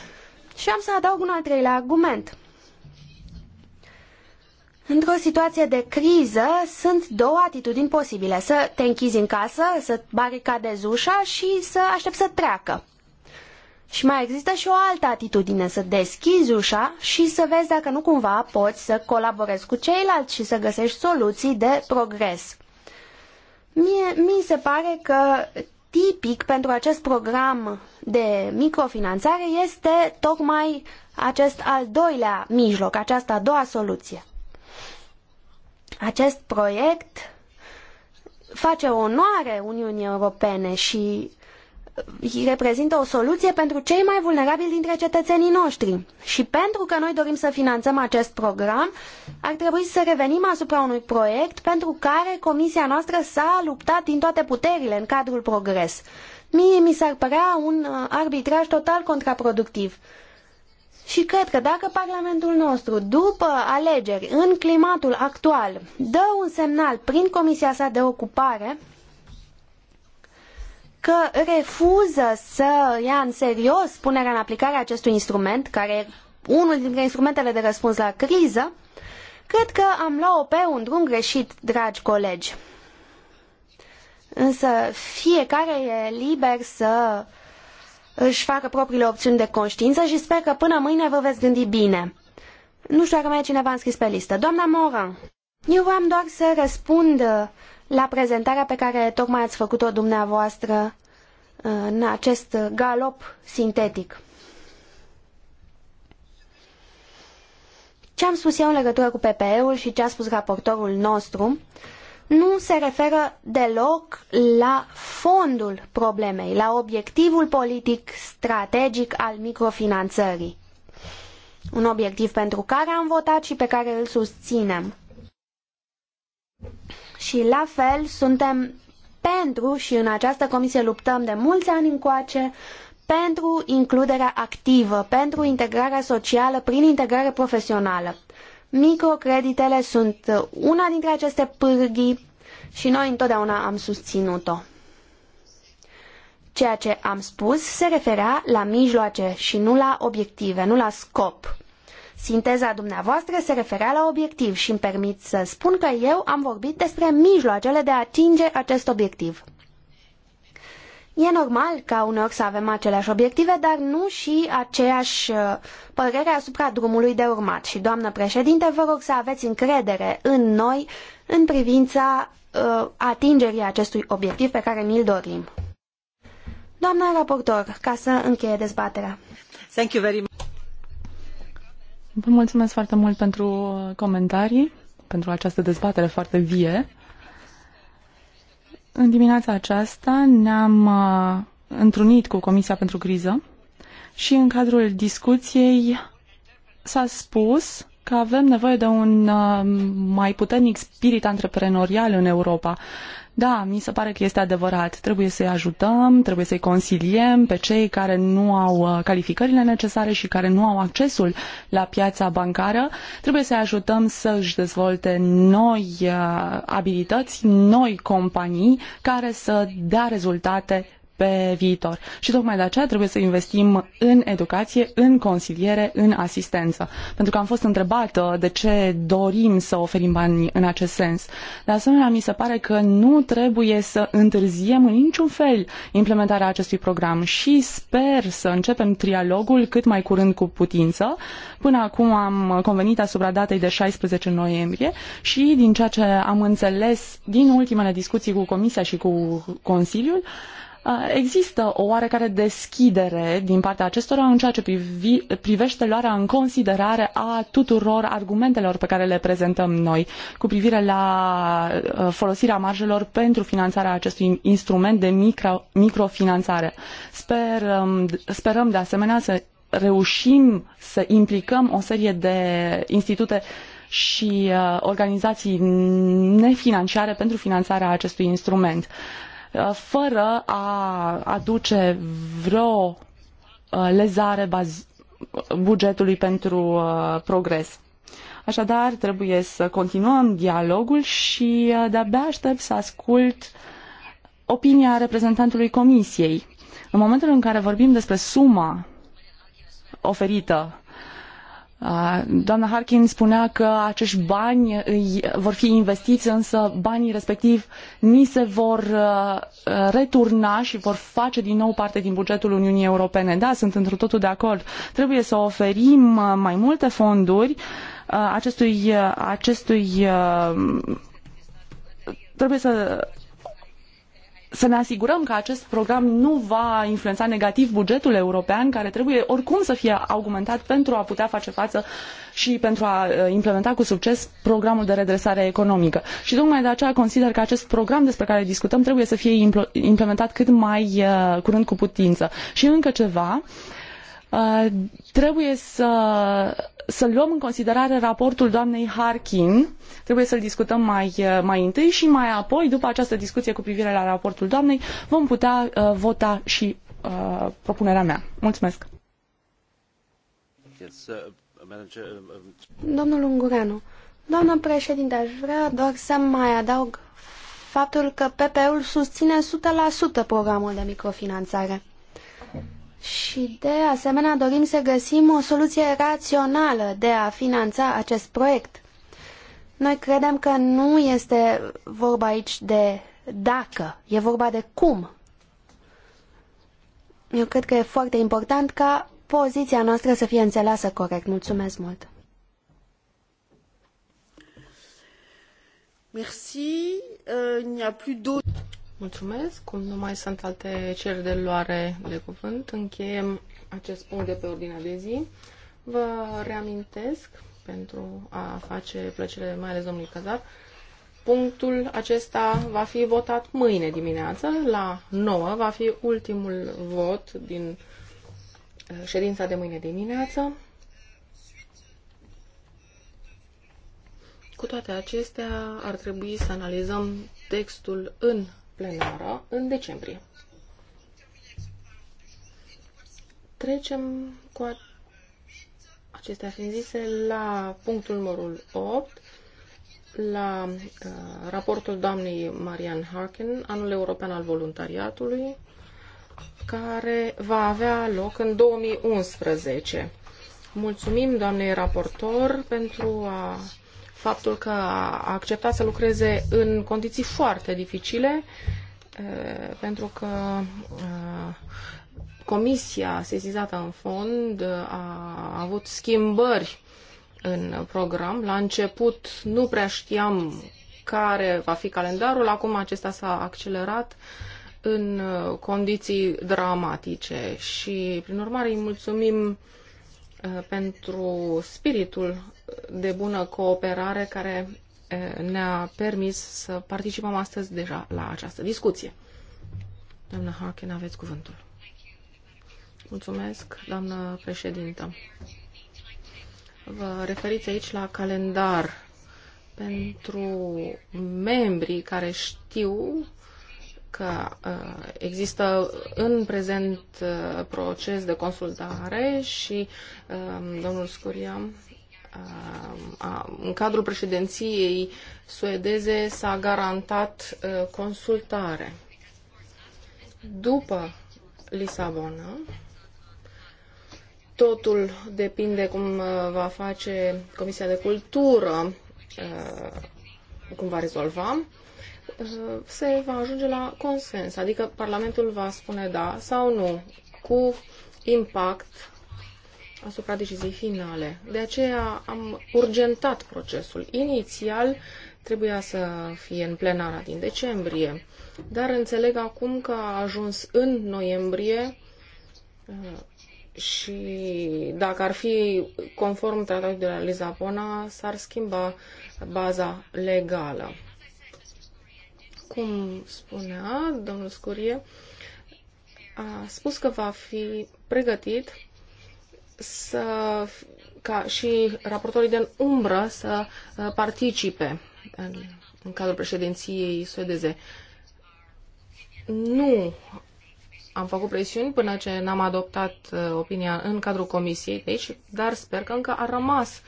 Și am să adaug un al treilea argument. Într-o situație de criză sunt două atitudini posibile. Să te închizi în casă, să baricadezi ușa și să aștepți să treacă. Și mai există și o altă atitudine, să deschizi ușa și să vezi dacă nu cumva poți să colaborezi cu ceilalți și să găsești soluții de progres. Mie, mi se pare că tipic pentru acest program de microfinanțare este tocmai acest al doilea mijloc, această a doua soluție. Acest proiect face onoare Uniunii Europene și reprezintă o soluție pentru cei mai vulnerabili dintre cetățenii noștri. Și pentru că noi dorim să finanțăm acest program, ar trebui să revenim asupra unui proiect pentru care comisia noastră s-a luptat din toate puterile în cadrul progres. Mie mi s-ar părea un uh, arbitraj total contraproductiv. Și cred că dacă Parlamentul nostru, după alegeri, în climatul actual, dă un semnal prin Comisia sa de ocupare, că refuză să ia în serios punerea în aplicare a acestui instrument, care e unul dintre instrumentele de răspuns la criză, cred că am luat-o pe un drum greșit, dragi colegi. Însă fiecare e liber să își facă propriile opțiuni de conștiință și sper că până mâine vă veți gândi bine. Nu știu dacă mai e cineva înscris pe listă. Doamna Moran, eu am doar să răspund la prezentarea pe care tocmai ați făcut-o dumneavoastră uh, în acest galop sintetic. Ce am spus eu în legătură cu PPE-ul și ce a spus raportorul nostru nu se referă deloc la fondul problemei, la obiectivul politic strategic al microfinanțării. Un obiectiv pentru care am votat și pe care îl susținem. Și la fel suntem pentru, și în această comisie luptăm de mulți ani încoace, pentru includerea activă, pentru integrarea socială prin integrare profesională. Microcreditele sunt una dintre aceste pârghii și noi întotdeauna am susținut-o. Ceea ce am spus se referea la mijloace și nu la obiective, nu la scop. Sinteza dumneavoastră se referea la obiectiv și îmi permit să spun că eu am vorbit despre mijloacele de a atinge acest obiectiv. E normal ca uneori să avem aceleași obiective, dar nu și aceeași uh, părere asupra drumului de urmat. Și, doamnă președinte, vă rog să aveți încredere în noi în privința uh, atingerii acestui obiectiv pe care ni-l dorim. Doamna raportor, ca să încheie dezbaterea. Thank you very much. Vă mulțumesc foarte mult pentru comentarii, pentru această dezbatere foarte vie. În dimineața aceasta ne-am uh, întrunit cu Comisia pentru Criză și în cadrul discuției s-a spus că avem nevoie de un uh, mai puternic spirit antreprenorial în Europa. Da, mi se pare că este adevărat. Trebuie să-i ajutăm, trebuie să-i consiliem pe cei care nu au uh, calificările necesare și care nu au accesul la piața bancară. Trebuie să-i ajutăm să-și dezvolte noi uh, abilități, noi companii care să dea rezultate pe viitor. Și tocmai de aceea trebuie să investim în educație, în consiliere, în asistență. Pentru că am fost întrebată de ce dorim să oferim bani în acest sens. De asemenea, mi se pare că nu trebuie să întârziem în niciun fel implementarea acestui program și sper să începem trialogul cât mai curând cu putință. Până acum am convenit asupra datei de 16 noiembrie și din ceea ce am înțeles din ultimele discuții cu Comisia și cu Consiliul, există o oarecare deschidere din partea acestora în ceea ce privi, privește luarea în considerare a tuturor argumentelor pe care le prezentăm noi cu privire la folosirea marjelor pentru finanțarea acestui instrument de micro, microfinanțare. Sperăm, sperăm de asemenea să reușim să implicăm o serie de institute și organizații nefinanciare pentru finanțarea acestui instrument. Uh, fără a aduce vreo uh, lezare bugetului pentru uh, progres. Așadar, trebuie să continuăm dialogul și de-abia aștept să ascult opinia reprezentantului Comisiei. În momentul în care vorbim despre suma oferită Doamna Harkin spunea că acești bani vor fi investiți, însă banii respectiv ni se vor returna și vor face din nou parte din bugetul Uniunii Europene. Da, sunt într totul de acord. Trebuie să oferim mai multe fonduri acestui, acestui trebuie să să ne asigurăm că acest program nu va influența negativ bugetul european, care trebuie oricum să fie augmentat pentru a putea face față și pentru a uh, implementa cu succes programul de redresare economică. Și tocmai de aceea consider că acest program despre care discutăm trebuie să fie implementat cât mai uh, curând cu putință. Și încă ceva, Uh, trebuie să, să luăm în considerare raportul doamnei Harkin, trebuie să-l discutăm mai, uh, mai întâi și mai apoi, după această discuție cu privire la raportul doamnei, vom putea uh, vota și uh, propunerea mea. Mulțumesc! Uh, um, um, Domnul Ungureanu, doamnă președinte, aș vrea doar să mai adaug faptul că ppe ul susține 100% programul de microfinanțare. Și de asemenea dorim să găsim o soluție rațională de a finanța acest proiect. Noi credem că nu este vorba aici de dacă, e vorba de cum. Eu cred că e foarte important ca poziția noastră să fie înțeleasă corect. Mulțumesc mult! Merci. Uh, Mulțumesc. Cum nu mai sunt alte cereri de luare de cuvânt, încheiem acest punct de pe ordinea de zi. Vă reamintesc, pentru a face plăcere mai ales domnului Cazar, punctul acesta va fi votat mâine dimineață, la 9, va fi ultimul vot din eh, ședința de mâine dimineață. Cu toate acestea, ar trebui să analizăm textul în plenară în decembrie. Trecem cu acestea fiind zise la punctul numărul 8, la uh, raportul doamnei Marian Harkin, Anul European al Voluntariatului, care va avea loc în 2011. Mulțumim doamnei raportor pentru a faptul că a acceptat să lucreze în condiții foarte dificile, pentru că comisia sesizată în fond a avut schimbări în program. La început nu prea știam care va fi calendarul, acum acesta s-a accelerat în condiții dramatice și, prin urmare, îi mulțumim pentru spiritul de bună cooperare care ne-a permis să participăm astăzi deja la această discuție. Doamna Harkin, aveți cuvântul. Mulțumesc, doamnă președintă. Vă referiți aici la calendar pentru membrii care știu că există în prezent proces de consultare și domnul Scuriam în cadrul președinției suedeze s-a garantat uh, consultare. După Lisabona, totul depinde cum uh, va face Comisia de Cultură, uh, cum va rezolva, se va ajunge la consens, adică Parlamentul va spune da sau nu, cu impact asupra deciziei finale. De aceea am urgentat procesul. Inițial trebuia să fie în plenara din decembrie, dar înțeleg acum că a ajuns în noiembrie uh, și dacă ar fi conform tratatului de la Lisabona, s-ar schimba baza legală. Cum spunea domnul Scurie, a spus că va fi pregătit să, ca și raportorii din umbră să uh, participe în cadrul președinției suedeze. Nu am făcut presiuni până ce n-am adoptat uh, opinia în cadrul comisiei de aici, dar sper că încă a rămas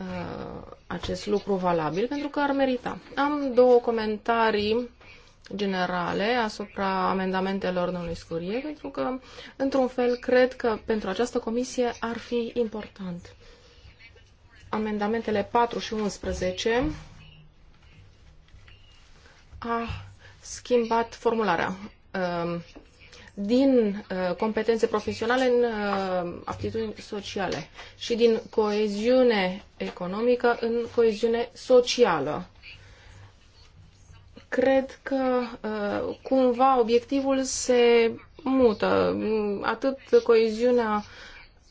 uh, acest lucru valabil pentru că ar merita. Am două comentarii generale asupra amendamentelor domnului Scurie, pentru că, într-un fel, cred că pentru această comisie ar fi important. Amendamentele 4 și 11 a schimbat formularea ehm, din eh, competențe profesionale în eh, aptitudini sociale și din coeziune economică în coeziune socială cred că uh, cumva obiectivul se mută. Atât coeziunea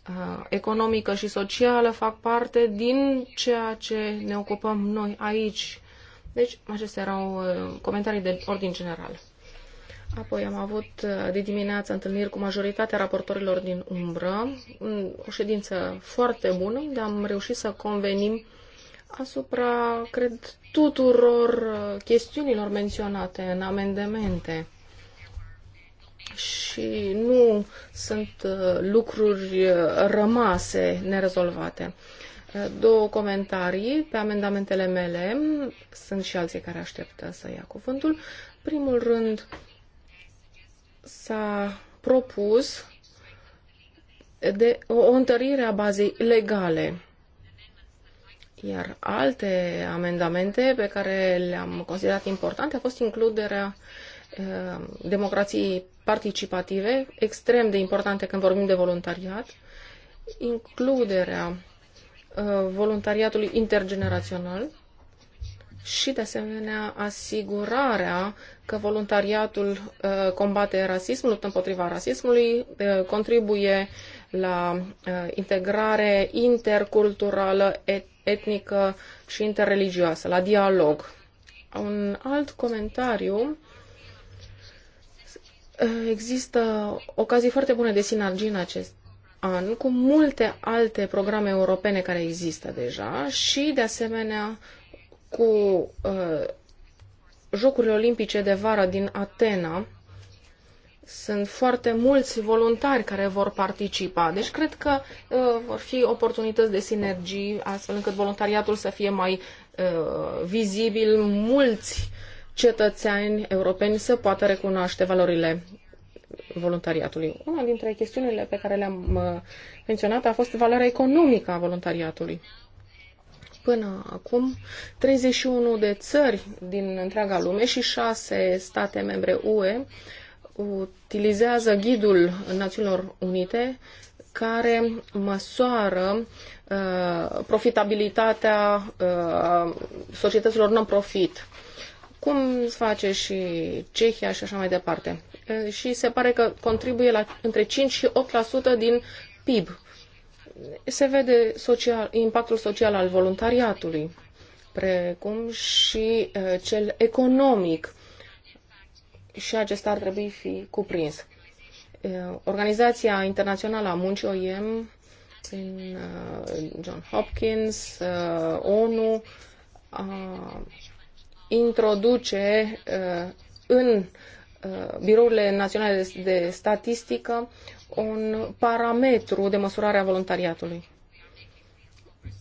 uh, economică și socială fac parte din ceea ce ne ocupăm noi aici. Deci, acestea erau uh, comentarii de ordin general. Apoi am avut de dimineață întâlniri cu majoritatea raportorilor din umbră, o ședință foarte bună, unde am reușit să convenim asupra, cred, tuturor uh, chestiunilor menționate în amendamente și nu sunt uh, lucruri uh, rămase nerezolvate. Două comentarii pe amendamentele mele. Sunt și alții care așteptă să ia cuvântul. Primul rând, s-a propus de o întărire a bazei legale iar alte amendamente pe care le-am considerat importante a fost includerea uh, democrației participative, extrem de importante când vorbim de voluntariat, includerea uh, voluntariatului intergenerațional și, de asemenea, asigurarea că voluntariatul uh, combate rasismul, luptă împotriva rasismului, contribuie la integrare interculturală, etnică, etnică și interreligioasă, la dialog. Un alt comentariu există ocazii foarte bune de sinergie în acest an cu multe alte programe europene care există deja și, de asemenea, cu uh, Jocurile Olimpice de vară din Atena, sunt foarte mulți voluntari care vor participa. Deci cred că uh, vor fi oportunități de sinergii, astfel încât voluntariatul să fie mai uh, vizibil, mulți cetățeni europeni să poată recunoaște valorile voluntariatului. Una dintre chestiunile pe care le-am uh, menționat a fost valoarea economică a voluntariatului. Până acum, 31 de țări din întreaga lume și 6 state membre UE utilizează ghidul Națiunilor Unite care măsoară uh, profitabilitatea uh, societăților non-profit, cum face și Cehia și așa mai departe. Uh, și se pare că contribuie la între 5 și 8% din PIB. Se vede social, impactul social al voluntariatului, precum și uh, cel economic și acesta ar trebui fi cuprins. Organizația Internațională a Muncii OIM, prin John Hopkins, ONU, introduce în birourile naționale de statistică un parametru de măsurare a voluntariatului.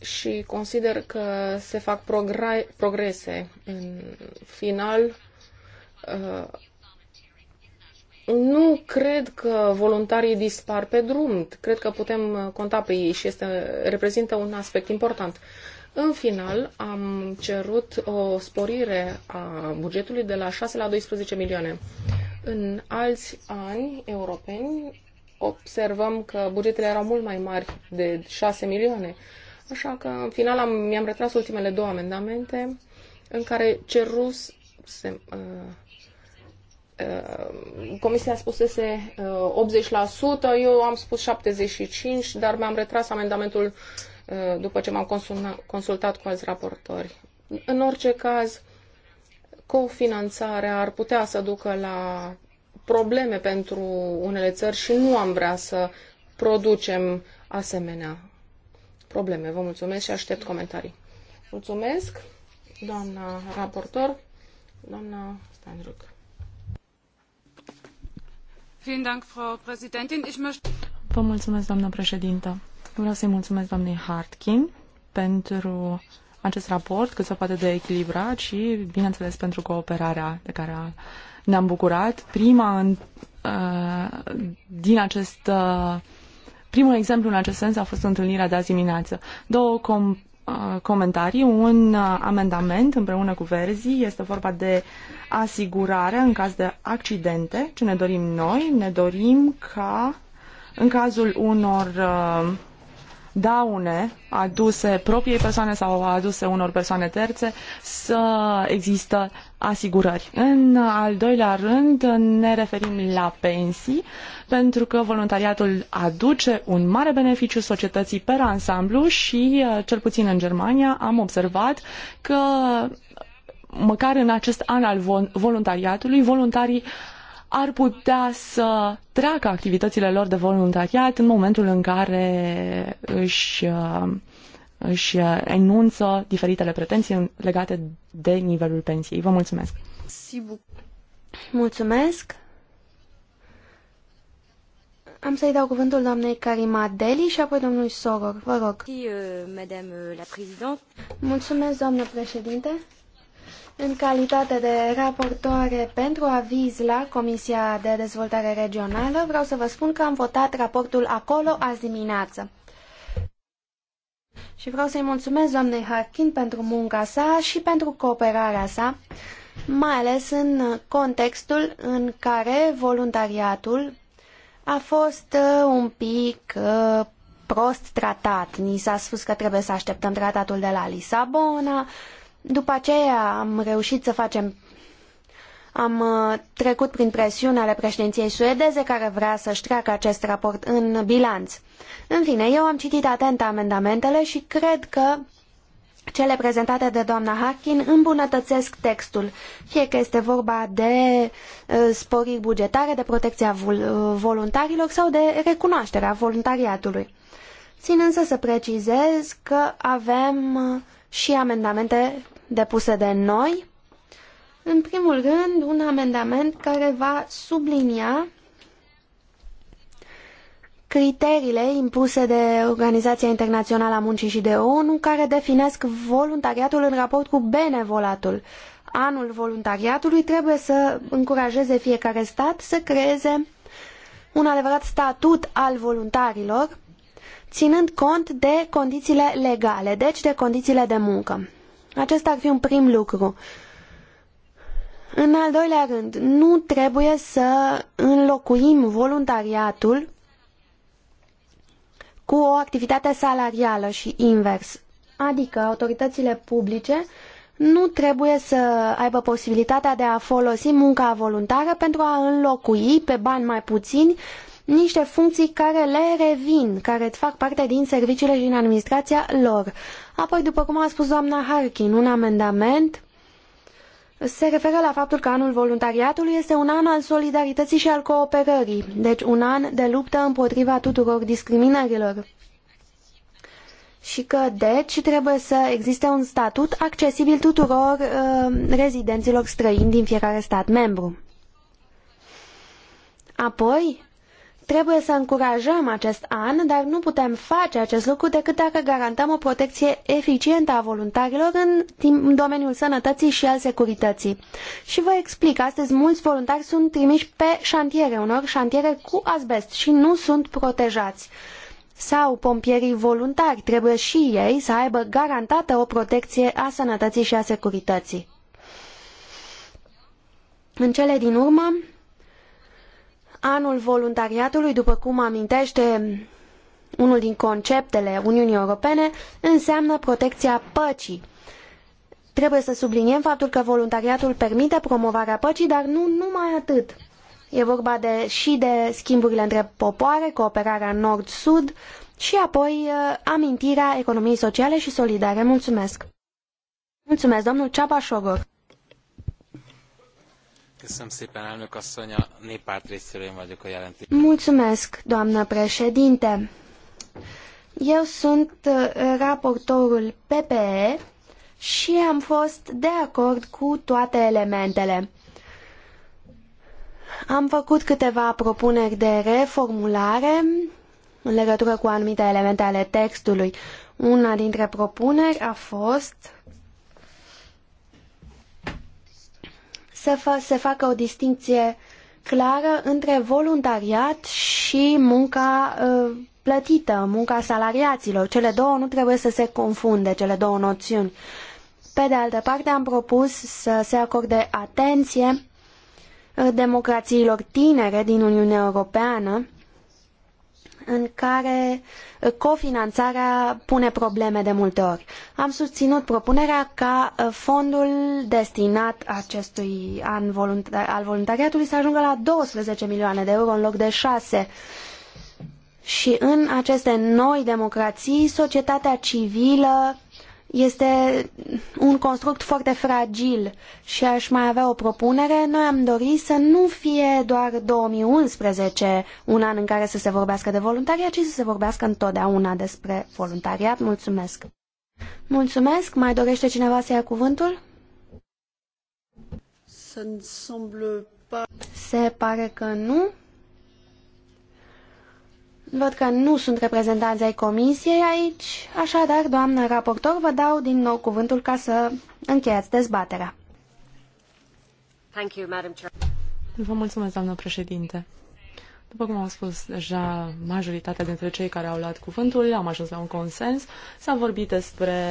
Și consider că se fac progrese. În final, nu cred că voluntarii dispar pe drum. Cred că putem conta pe ei și este, reprezintă un aspect important. În final, am cerut o sporire a bugetului de la 6 la 12 milioane. În alți ani europeni observăm că bugetele erau mult mai mari de 6 milioane. Așa că, în final, am, mi-am retras ultimele două amendamente în care cerus, se, uh, Uh, comisia spusese 80%, uh, eu am spus 75%, dar mi-am retras amendamentul uh, după ce m-am consultat cu alți raportori. În orice caz, cofinanțarea ar putea să ducă la probleme pentru unele țări și nu am vrea să producem asemenea probleme. Vă mulțumesc și aștept comentarii. Mulțumesc, doamna raportor, doamna Stanruc. Vă mulțumesc, președintă. Vreau să-i mulțumesc doamnei Hartkin pentru acest raport cât se poate de echilibrat și, bineînțeles, pentru cooperarea de care ne-am bucurat. Prima în, uh, din acest uh, Primul exemplu în acest sens a fost întâlnirea de azi dimineață. Două com- Uh, comentarii un uh, amendament împreună cu verzii. Este vorba de asigurare în caz de accidente. Ce ne dorim noi? Ne dorim ca în cazul unor uh, daune aduse propriei persoane sau aduse unor persoane terțe să există asigurări. În al doilea rând ne referim la pensii pentru că voluntariatul aduce un mare beneficiu societății per ansamblu și uh, cel puțin în Germania am observat că măcar în acest an al voluntariatului, voluntarii ar putea să treacă activitățile lor de voluntariat în momentul în care își, uh, își uh, enunță diferitele pretenții legate de nivelul pensiei. Vă mulțumesc! Mulțumesc! Am să-i dau cuvântul doamnei Karima Deli și apoi domnului Soror. Vă rog. Euh, mulțumesc, doamnă președinte. În calitate de raportoare pentru aviz la Comisia de Dezvoltare Regională, vreau să vă spun că am votat raportul acolo azi dimineață. Și vreau să-i mulțumesc doamnei Harkin pentru munca sa și pentru cooperarea sa, mai ales în contextul în care voluntariatul a fost uh, un pic uh, prost tratat. Ni s-a spus că trebuie să așteptăm tratatul de la Lisabona, după aceea am reușit să facem am uh, trecut prin presiuni ale președinției suedeze care vrea să-și treacă acest raport în bilanț. În fine, eu am citit atent amendamentele și cred că cele prezentate de doamna Harkin îmbunătățesc textul, fie că este vorba de uh, sporiri bugetare, de protecția uh, voluntarilor sau de recunoașterea voluntariatului. Țin însă să precizez că avem și amendamente depuse de noi. În primul rând, un amendament care va sublinia criteriile impuse de Organizația Internațională a Muncii și de ONU, care definesc voluntariatul în raport cu benevolatul. Anul voluntariatului trebuie să încurajeze fiecare stat să creeze un adevărat statut al voluntarilor, ținând cont de condițiile legale, deci de condițiile de muncă. Acesta ar fi un prim lucru. În al doilea rând, nu trebuie să înlocuim voluntariatul cu o activitate salarială și invers. Adică autoritățile publice nu trebuie să aibă posibilitatea de a folosi munca voluntară pentru a înlocui pe bani mai puțini niște funcții care le revin, care fac parte din serviciile și din administrația lor. Apoi, după cum a spus doamna Harkin, un amendament se referă la faptul că anul voluntariatului este un an al solidarității și al cooperării, deci un an de luptă împotriva tuturor discriminărilor. Și că, deci, trebuie să existe un statut accesibil tuturor uh, rezidenților străini din fiecare stat membru. Apoi, Trebuie să încurajăm acest an, dar nu putem face acest lucru decât dacă garantăm o protecție eficientă a voluntarilor în, în domeniul sănătății și al securității. Și vă explic, astăzi mulți voluntari sunt trimiși pe șantiere, unor șantiere cu asbest și nu sunt protejați. Sau pompierii voluntari trebuie și ei să aibă garantată o protecție a sănătății și a securității. În cele din urmă, Anul voluntariatului, după cum amintește unul din conceptele Uniunii Europene, înseamnă protecția păcii. Trebuie să subliniem faptul că voluntariatul permite promovarea păcii, dar nu numai atât. E vorba de, și de schimburile între popoare, cooperarea nord-sud și apoi uh, amintirea economiei sociale și solidare. Mulțumesc! Mulțumesc, domnul Ceaba Șogor! Mulțumesc, doamnă președinte. Eu sunt uh, raportorul PPE și am fost de acord cu toate elementele. Am făcut câteva propuneri de reformulare în legătură cu anumite elemente ale textului. Una dintre propuneri a fost să se facă o distinție clară între voluntariat și munca uh, plătită, munca salariaților. Cele două nu trebuie să se confunde, cele două noțiuni. Pe de altă parte, am propus să se acorde atenție uh, democrațiilor tinere din Uniunea Europeană, în care cofinanțarea pune probleme de multe ori. Am susținut propunerea ca uh, fondul destinat acestui an al voluntariatului să ajungă la 12 milioane de euro în loc de 6. Și în aceste noi democrații, societatea civilă este un construct foarte fragil și aș mai avea o propunere. Noi am dorit să nu fie doar 2011 un an în care să se vorbească de voluntariat, ci să se vorbească întotdeauna despre voluntariat. Mulțumesc! Mulțumesc! Mai dorește cineva să ia cuvântul? Se pare că nu. Văd că nu sunt reprezentanți ai comisiei aici, așadar, doamnă raportor, vă dau din nou cuvântul ca să încheiați dezbaterea. Thank you, Madam Chair. Vă mulțumesc, doamnă președinte. După cum am spus deja, majoritatea dintre cei care au luat cuvântul am ajuns la un consens. S-a vorbit despre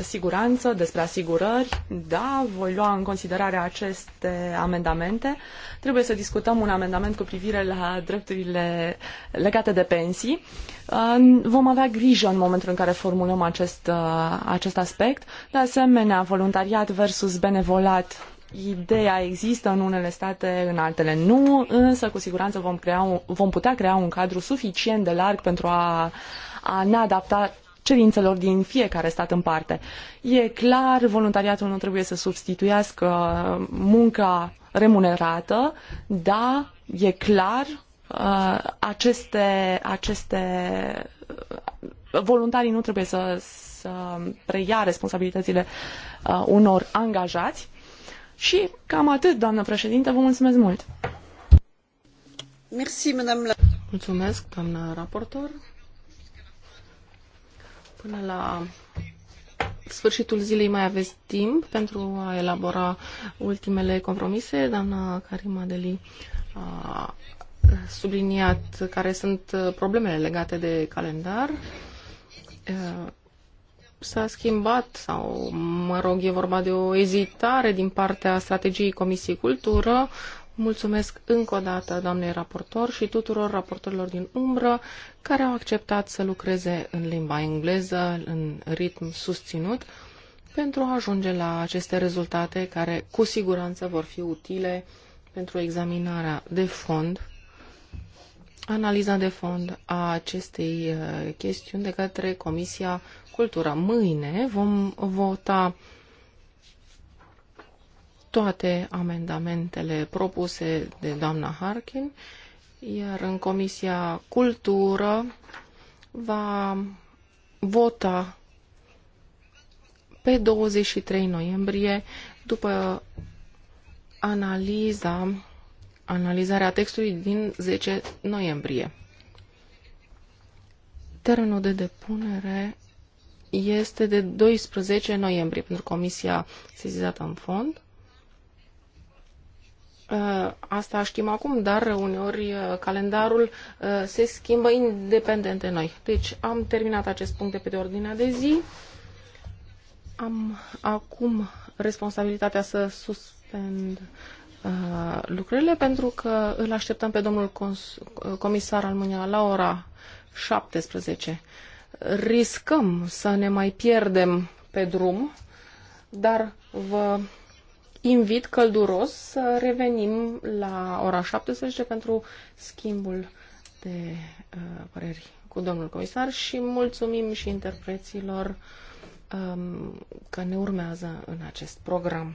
siguranță, despre asigurări. Da, voi lua în considerare aceste amendamente. Trebuie să discutăm un amendament cu privire la drepturile legate de pensii. Vom avea grijă în momentul în care formulăm acest, acest aspect. De asemenea, voluntariat versus benevolat ideea există în unele state, în altele nu, însă cu siguranță vom, crea, vom putea crea un cadru suficient de larg pentru a, a ne adapta cerințelor din fiecare stat în parte. E clar, voluntariatul nu trebuie să substituiască munca remunerată, da, e clar, uh, aceste, aceste uh, voluntarii nu trebuie să, să preia responsabilitățile uh, unor angajați, și cam atât, doamnă președinte, vă mulțumesc mult. Merci, madame la... Mulțumesc, doamnă raportor. Până la sfârșitul zilei mai aveți timp pentru a elabora ultimele compromise. Doamna Karima Deli a subliniat care sunt problemele legate de calendar s-a schimbat sau, mă rog, e vorba de o ezitare din partea strategiei Comisiei Cultură. Mulțumesc încă o dată doamnei raportor și tuturor raportorilor din umbră care au acceptat să lucreze în limba engleză, în ritm susținut, pentru a ajunge la aceste rezultate care cu siguranță vor fi utile pentru examinarea de fond analiza de fond a acestei uh, chestiuni de către Comisia Cultura. Mâine vom vota toate amendamentele propuse de doamna Harkin, iar în Comisia Cultură va vota pe 23 noiembrie după analiza analizarea textului din 10 noiembrie. Termenul de depunere este de 12 noiembrie pentru comisia sesizată în fond. Uh, asta știm acum, dar uneori uh, calendarul uh, se schimbă independent de noi. Deci am terminat acest punct de pe de ordinea de zi. Am acum responsabilitatea să suspend uh, lucrurile pentru că îl așteptăm pe domnul comisar Almânia la ora 17. Riscăm să ne mai pierdem pe drum, dar vă invit călduros să revenim la ora 17 pentru schimbul de uh, păreri cu domnul comisar și mulțumim și interpreților um, că ne urmează în acest program.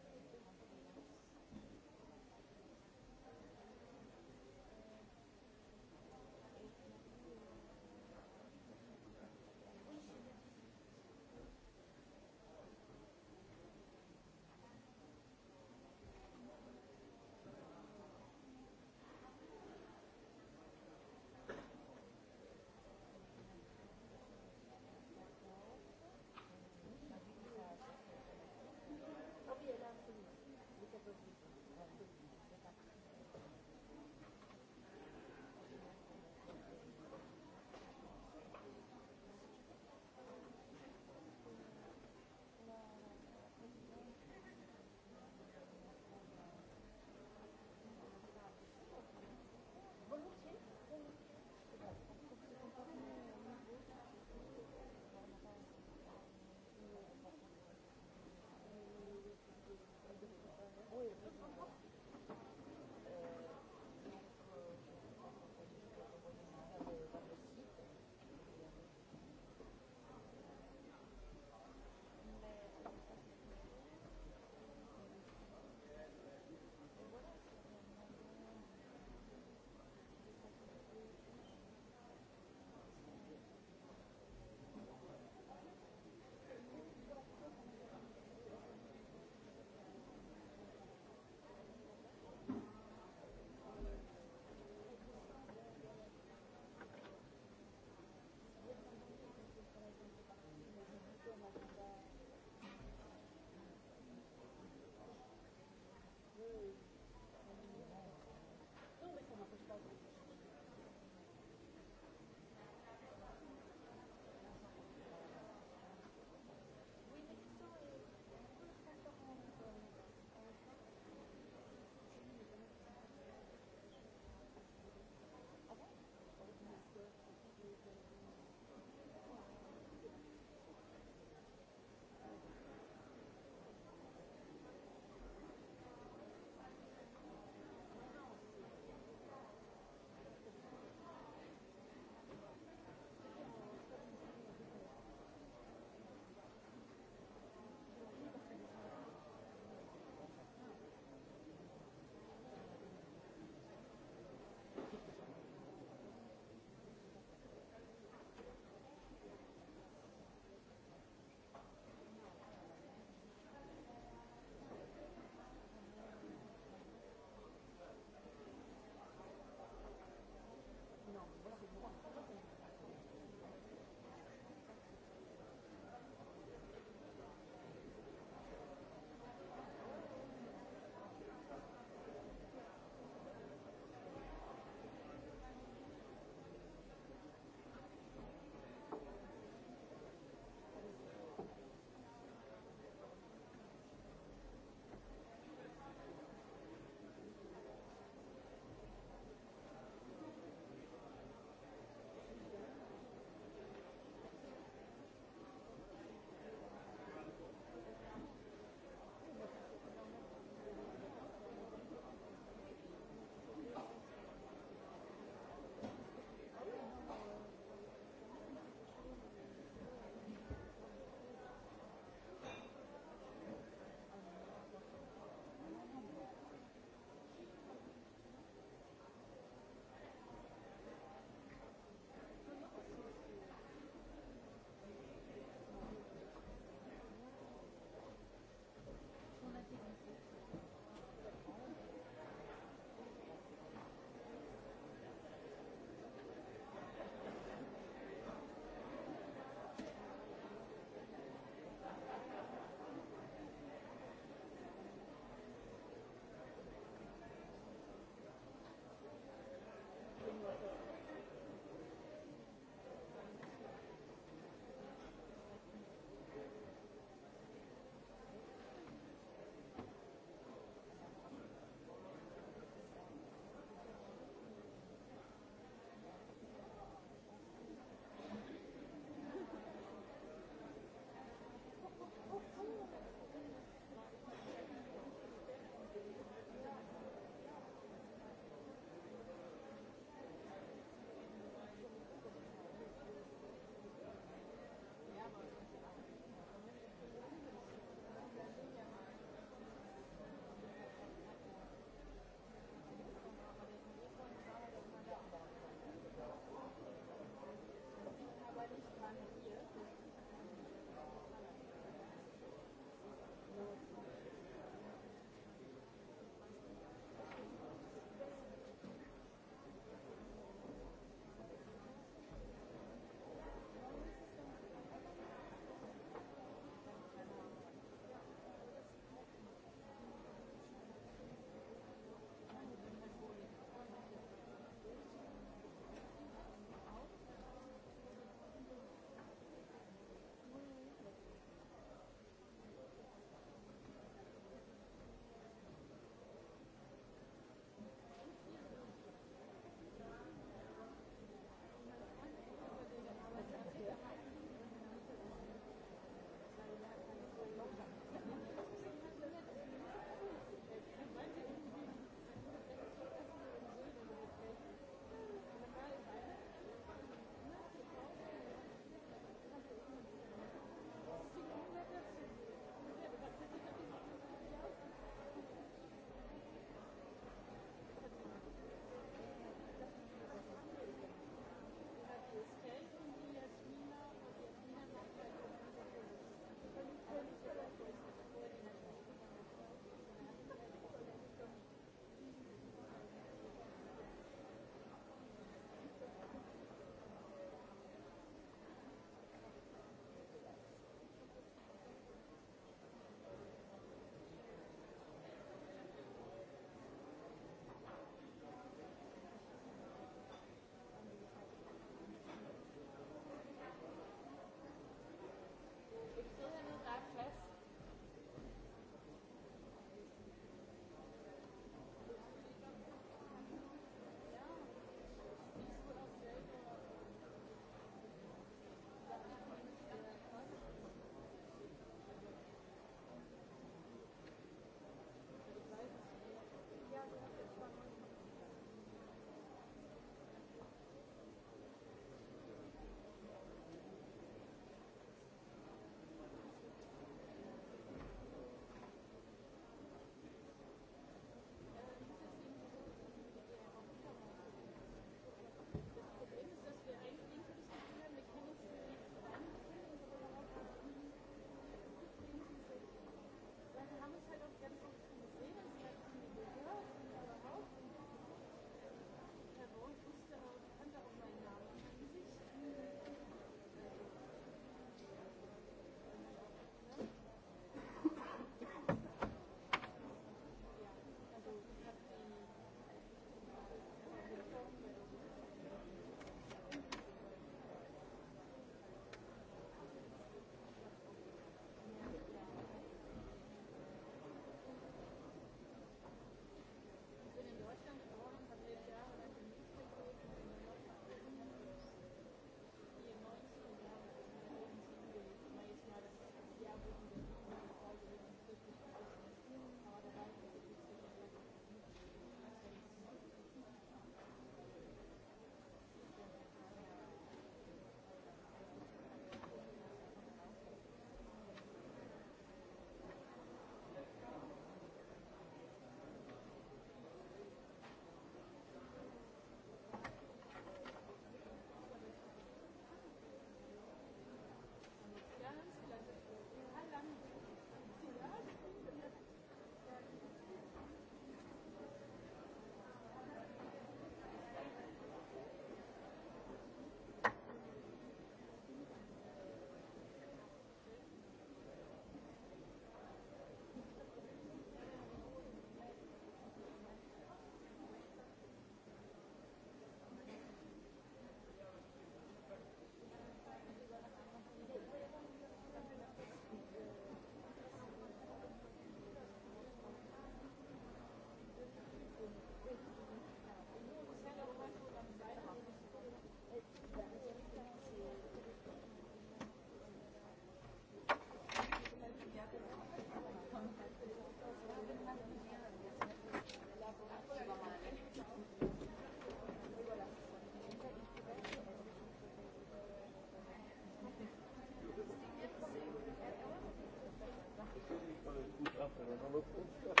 lucru.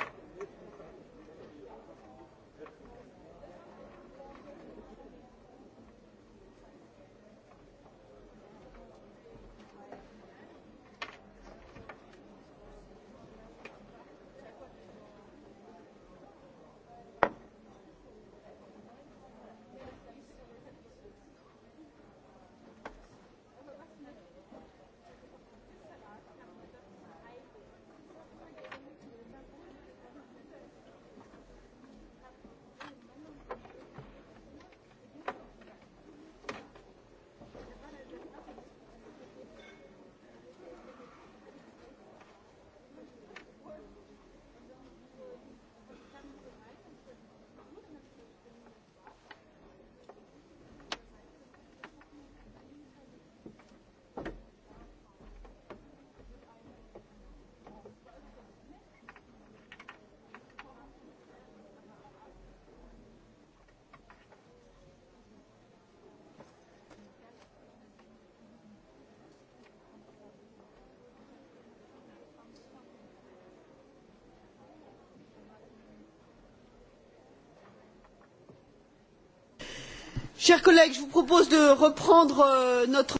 Euh,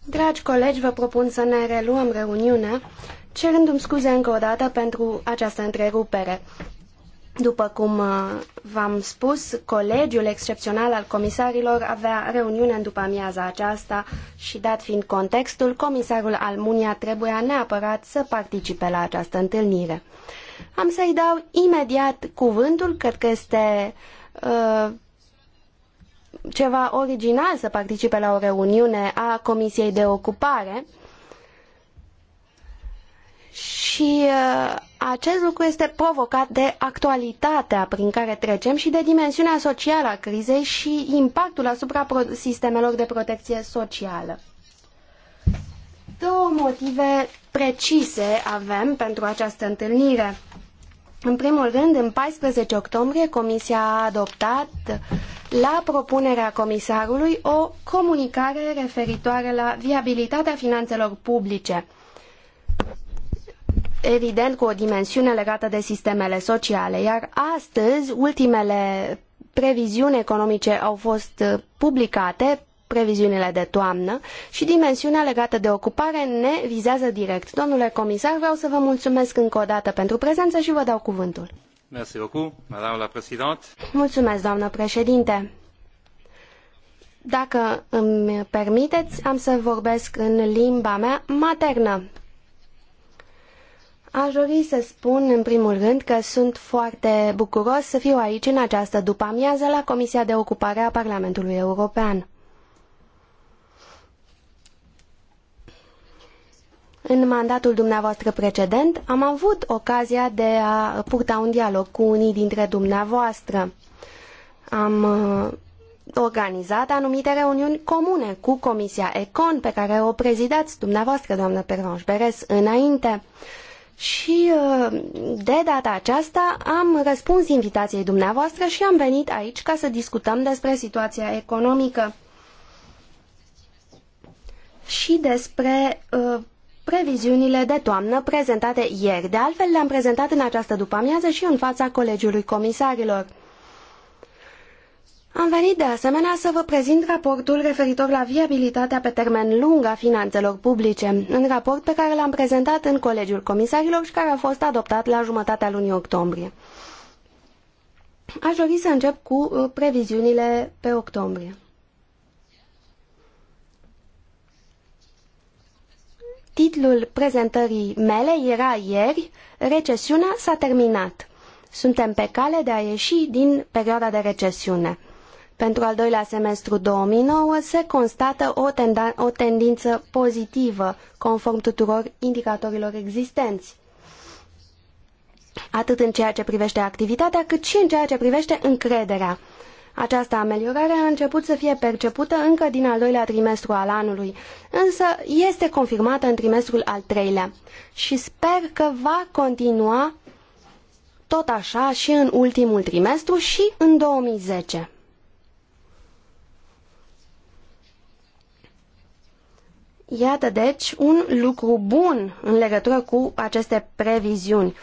Dragi colegi, vă propun să ne reluăm reuniunea, cerându-mi scuze încă o dată pentru această întrerupere. După cum uh, v-am spus, colegiul excepțional al comisarilor avea reuniune în după amiaza aceasta și dat fiind contextul, comisarul Almunia trebuia neapărat să participe la această întâlnire. Am să-i dau imediat cuvântul, cred că este uh, ceva original să participe la o reuniune a Comisiei de Ocupare și uh, acest lucru este provocat de actualitatea prin care trecem și de dimensiunea socială a crizei și impactul asupra sistemelor de protecție socială. Două motive precise avem pentru această întâlnire. În primul rând, în 14 octombrie, Comisia a adoptat, la propunerea comisarului, o comunicare referitoare la viabilitatea finanțelor publice, evident cu o dimensiune legată de sistemele sociale, iar astăzi ultimele previziuni economice au fost publicate previziunile de toamnă și dimensiunea legată de ocupare ne vizează direct. Domnule comisar, vreau să vă mulțumesc încă o dată pentru prezență și vă dau cuvântul. Mulțumesc, doamnă președinte. Dacă îmi permiteți, am să vorbesc în limba mea maternă. Aș dori să spun în primul rând că sunt foarte bucuros să fiu aici în această după-amiază la Comisia de Ocupare a Parlamentului European. În mandatul dumneavoastră precedent am avut ocazia de a purta un dialog cu unii dintre dumneavoastră. Am uh, organizat anumite reuniuni comune cu Comisia Econ, pe care o prezidați dumneavoastră, doamnă Pervanș Beres, înainte. Și uh, de data aceasta am răspuns invitației dumneavoastră și am venit aici ca să discutăm despre situația economică și despre uh, previziunile de toamnă prezentate ieri. De altfel, le-am prezentat în această după-amiază și în fața Colegiului Comisarilor. Am venit de asemenea să vă prezint raportul referitor la viabilitatea pe termen lung a finanțelor publice, un raport pe care l-am prezentat în Colegiul Comisarilor și care a fost adoptat la jumătatea lunii octombrie. Aș dori să încep cu uh, previziunile pe octombrie. Titlul prezentării mele era ieri, recesiunea s-a terminat. Suntem pe cale de a ieși din perioada de recesiune. Pentru al doilea semestru 2009 se constată o, o tendință pozitivă, conform tuturor indicatorilor existenți atât în ceea ce privește activitatea, cât și în ceea ce privește încrederea. Această ameliorare a început să fie percepută încă din al doilea trimestru al anului, însă este confirmată în trimestrul al treilea și sper că va continua tot așa și în ultimul trimestru și în 2010. Iată deci un lucru bun în legătură cu aceste previziuni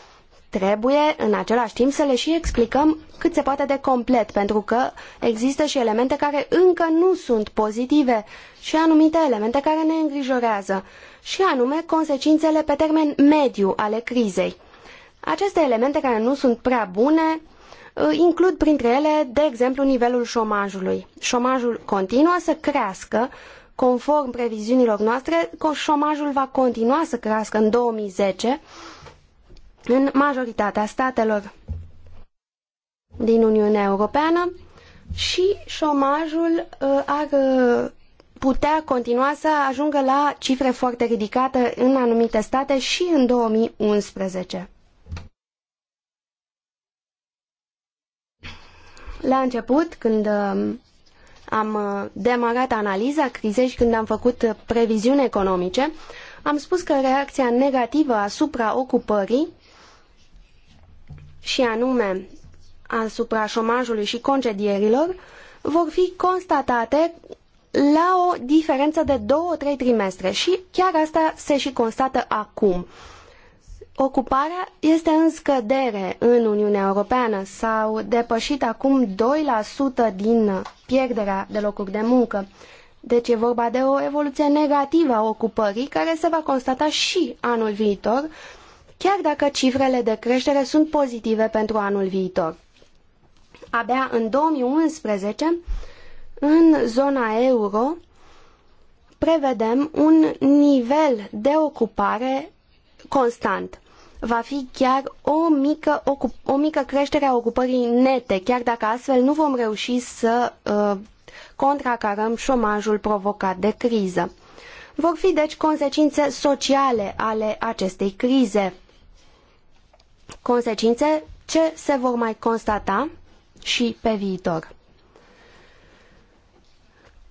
trebuie în același timp să le și explicăm cât se poate de complet, pentru că există și elemente care încă nu sunt pozitive și anumite elemente care ne îngrijorează, și anume consecințele pe termen mediu ale crizei. Aceste elemente care nu sunt prea bune uh, includ printre ele, de exemplu, nivelul șomajului. Șomajul continuă să crească, conform previziunilor noastre, șomajul va continua să crească în 2010, în majoritatea statelor din Uniunea Europeană și șomajul uh, ar uh, putea continua să ajungă la cifre foarte ridicate în anumite state și în 2011. La început, când uh, am demarat analiza crizei și când am făcut previziuni economice, am spus că reacția negativă asupra ocupării și anume asupra șomajului și concedierilor, vor fi constatate la o diferență de două-trei trimestre și chiar asta se și constată acum. Ocuparea este în scădere în Uniunea Europeană. S-au depășit acum 2% din pierderea de locuri de muncă. Deci e vorba de o evoluție negativă a ocupării care se va constata și anul viitor chiar dacă cifrele de creștere sunt pozitive pentru anul viitor. Abia în 2011, în zona euro, prevedem un nivel de ocupare constant. Va fi chiar o mică, o mică creștere a ocupării nete, chiar dacă astfel nu vom reuși să uh, contracarăm șomajul provocat de criză. Vor fi deci consecințe sociale ale acestei crize consecințe ce se vor mai constata și pe viitor.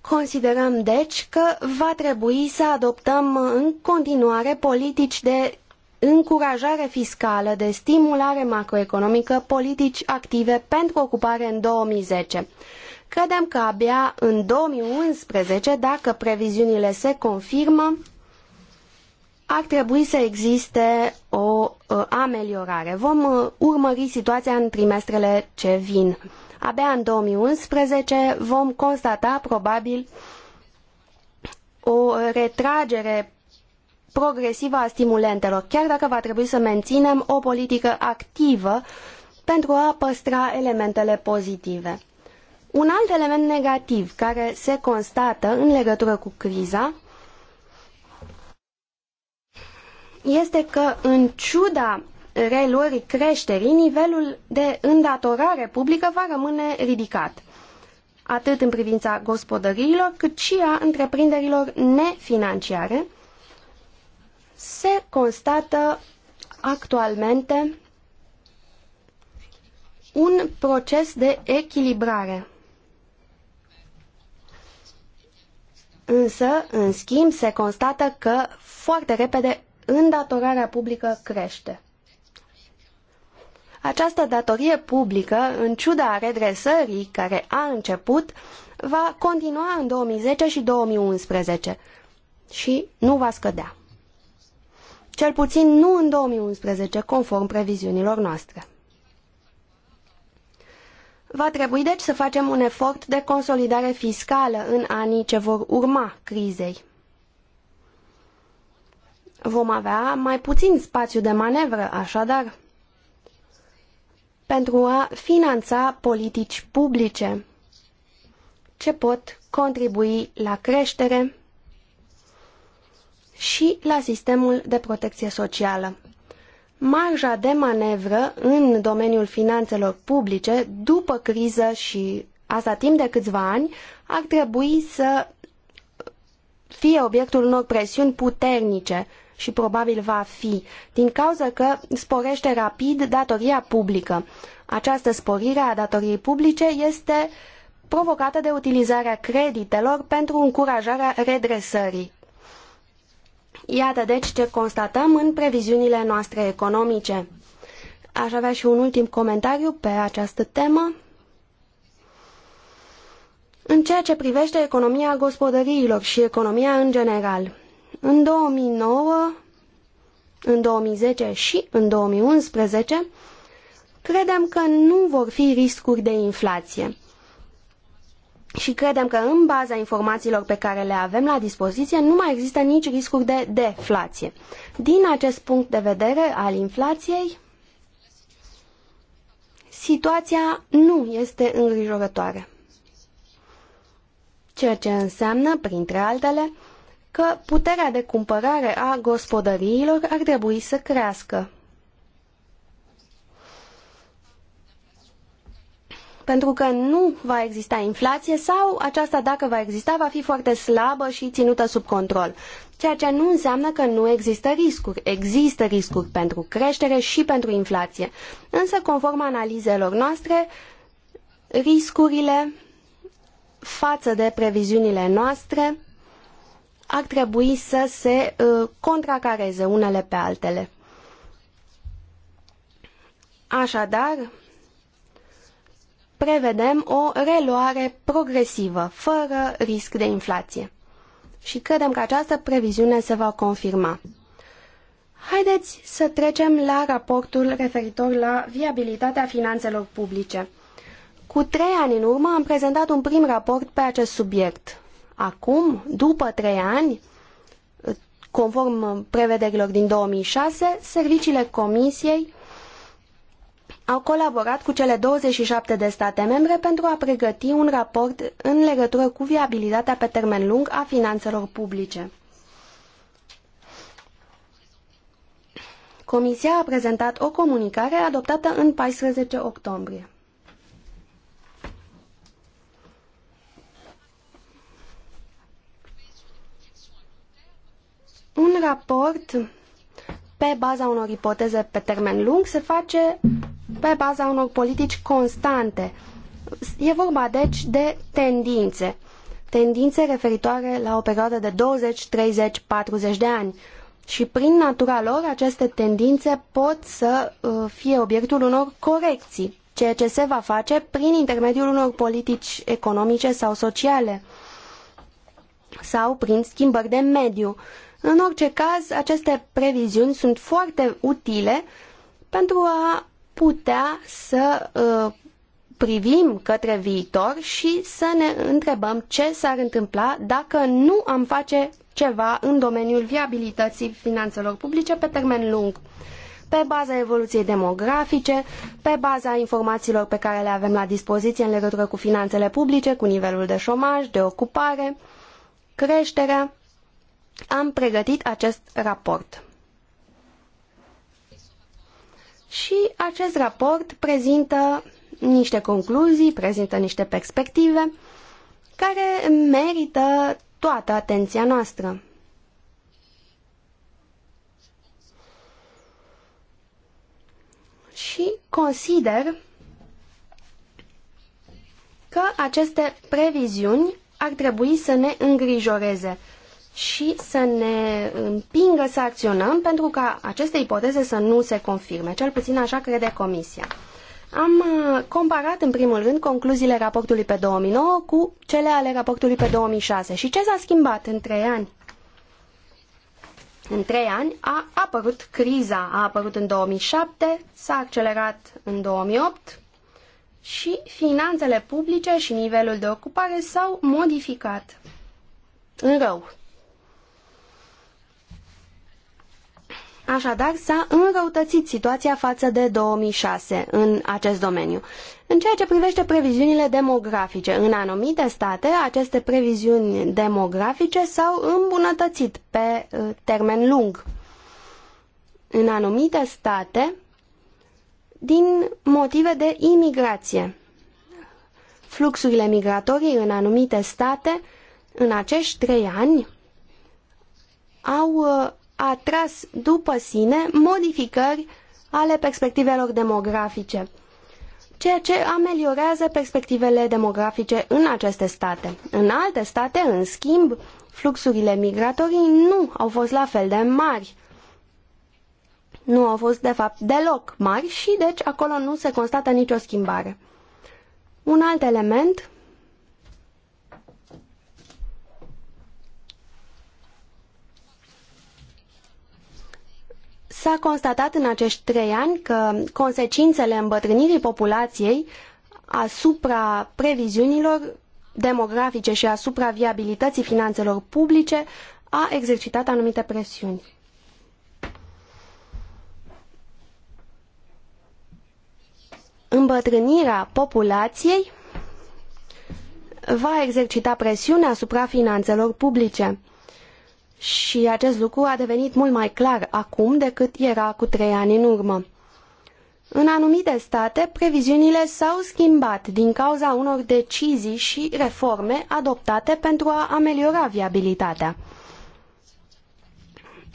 Considerăm, deci, că va trebui să adoptăm în continuare politici de încurajare fiscală, de stimulare macroeconomică, politici active pentru ocupare în 2010. Credem că abia în 2011, dacă previziunile se confirmă, ar trebui să existe o ă, ameliorare. Vom ă, urmări situația în trimestrele ce vin. Abia în 2011 vom constata probabil o retragere progresivă a stimulentelor, chiar dacă va trebui să menținem o politică activă pentru a păstra elementele pozitive. Un alt element negativ care se constată în legătură cu criza este că, în ciuda reluării creșterii, nivelul de îndatorare publică va rămâne ridicat, atât în privința gospodăriilor, cât și a întreprinderilor nefinanciare. Se constată actualmente un proces de echilibrare. Însă, în schimb, se constată că foarte repede îndatorarea publică crește. Această datorie publică, în ciuda redresării care a început, va continua în 2010 și 2011 și nu va scădea. Cel puțin nu în 2011, conform previziunilor noastre. Va trebui deci să facem un efort de consolidare fiscală în anii ce vor urma crizei. Vom avea mai puțin spațiu de manevră, așadar, pentru a finanța politici publice ce pot contribui la creștere și la sistemul de protecție socială. Marja de manevră în domeniul finanțelor publice după criză și asta timp de câțiva ani ar trebui să fie obiectul unor presiuni puternice și probabil va fi, din cauza că sporește rapid datoria publică. Această sporire a datoriei publice este provocată de utilizarea creditelor pentru încurajarea redresării. Iată deci ce constatăm în previziunile noastre economice. Aș avea și un ultim comentariu pe această temă. În ceea ce privește economia gospodăriilor și economia în general, în 2009, în 2010 și în 2011, credem că nu vor fi riscuri de inflație. Și credem că în baza informațiilor pe care le avem la dispoziție nu mai există nici riscuri de deflație. Din acest punct de vedere al inflației, situația nu este îngrijorătoare. Ceea ce înseamnă, printre altele, că puterea de cumpărare a gospodăriilor ar trebui să crească. pentru că nu va exista inflație sau aceasta, dacă va exista, va fi foarte slabă și ținută sub control. Ceea ce nu înseamnă că nu există riscuri. Există riscuri pentru creștere și pentru inflație. Însă, conform analizelor noastre, riscurile față de previziunile noastre ar trebui să se uh, contracareze unele pe altele. Așadar, prevedem o reluare progresivă, fără risc de inflație. Și credem că această previziune se va confirma. Haideți să trecem la raportul referitor la viabilitatea finanțelor publice. Cu trei ani în urmă am prezentat un prim raport pe acest subiect, Acum, după trei ani, conform prevederilor din 2006, serviciile Comisiei au colaborat cu cele 27 de state membre pentru a pregăti un raport în legătură cu viabilitatea pe termen lung a finanțelor publice. Comisia a prezentat o comunicare adoptată în 14 octombrie. Un raport pe baza unor ipoteze pe termen lung se face pe baza unor politici constante. E vorba deci de tendințe. Tendințe referitoare la o perioadă de 20, 30, 40 de ani. Și prin natura lor, aceste tendințe pot să uh, fie obiectul unor corecții, ceea ce se va face prin intermediul unor politici economice sau sociale sau prin schimbări de mediu. Uh, în orice caz, aceste previziuni sunt foarte utile pentru a putea să uh, privim către viitor și să ne întrebăm ce s-ar întâmpla dacă nu am face ceva în domeniul viabilității finanțelor publice pe termen lung pe baza evoluției demografice, pe baza informațiilor pe care le avem la dispoziție în legătură cu finanțele publice, cu nivelul de șomaj, de ocupare, creșterea am pregătit acest raport. Și acest raport prezintă niște concluzii, prezintă niște perspective care merită toată atenția noastră. Și consider că aceste previziuni ar trebui să ne îngrijoreze și să ne împingă să acționăm pentru ca aceste ipoteze să nu se confirme, cel puțin așa crede Comisia. Am uh, comparat în primul rând concluziile raportului pe 2009 cu cele ale raportului pe 2006 și ce s-a schimbat în trei ani. În trei ani a apărut criza, a apărut în 2007, s-a accelerat în 2008 și finanțele publice și nivelul de ocupare s-au modificat în rău. Așadar, s-a înrăutățit situația față de 2006 în acest domeniu. În ceea ce privește previziunile demografice, în anumite state, aceste previziuni demografice s-au îmbunătățit pe uh, termen lung. În anumite state, din motive de imigrație. Fluxurile migratorii în anumite state, în acești trei ani, au uh, a tras după sine modificări ale perspectivelor demografice, ceea ce ameliorează perspectivele demografice în aceste state. În alte state, în schimb, fluxurile migratorii nu au fost la fel de mari. Nu au fost, de fapt, deloc mari și, deci, acolo nu se constată nicio schimbare. Un alt element S-a constatat în acești trei ani că consecințele îmbătrânirii populației asupra previziunilor demografice și asupra viabilității finanțelor publice a exercitat anumite presiuni. Îmbătrânirea populației va exercita presiune asupra finanțelor publice și acest lucru a devenit mult mai clar acum decât era cu trei ani în urmă. În anumite state, previziunile s-au schimbat din cauza unor decizii și reforme adoptate pentru a ameliora viabilitatea.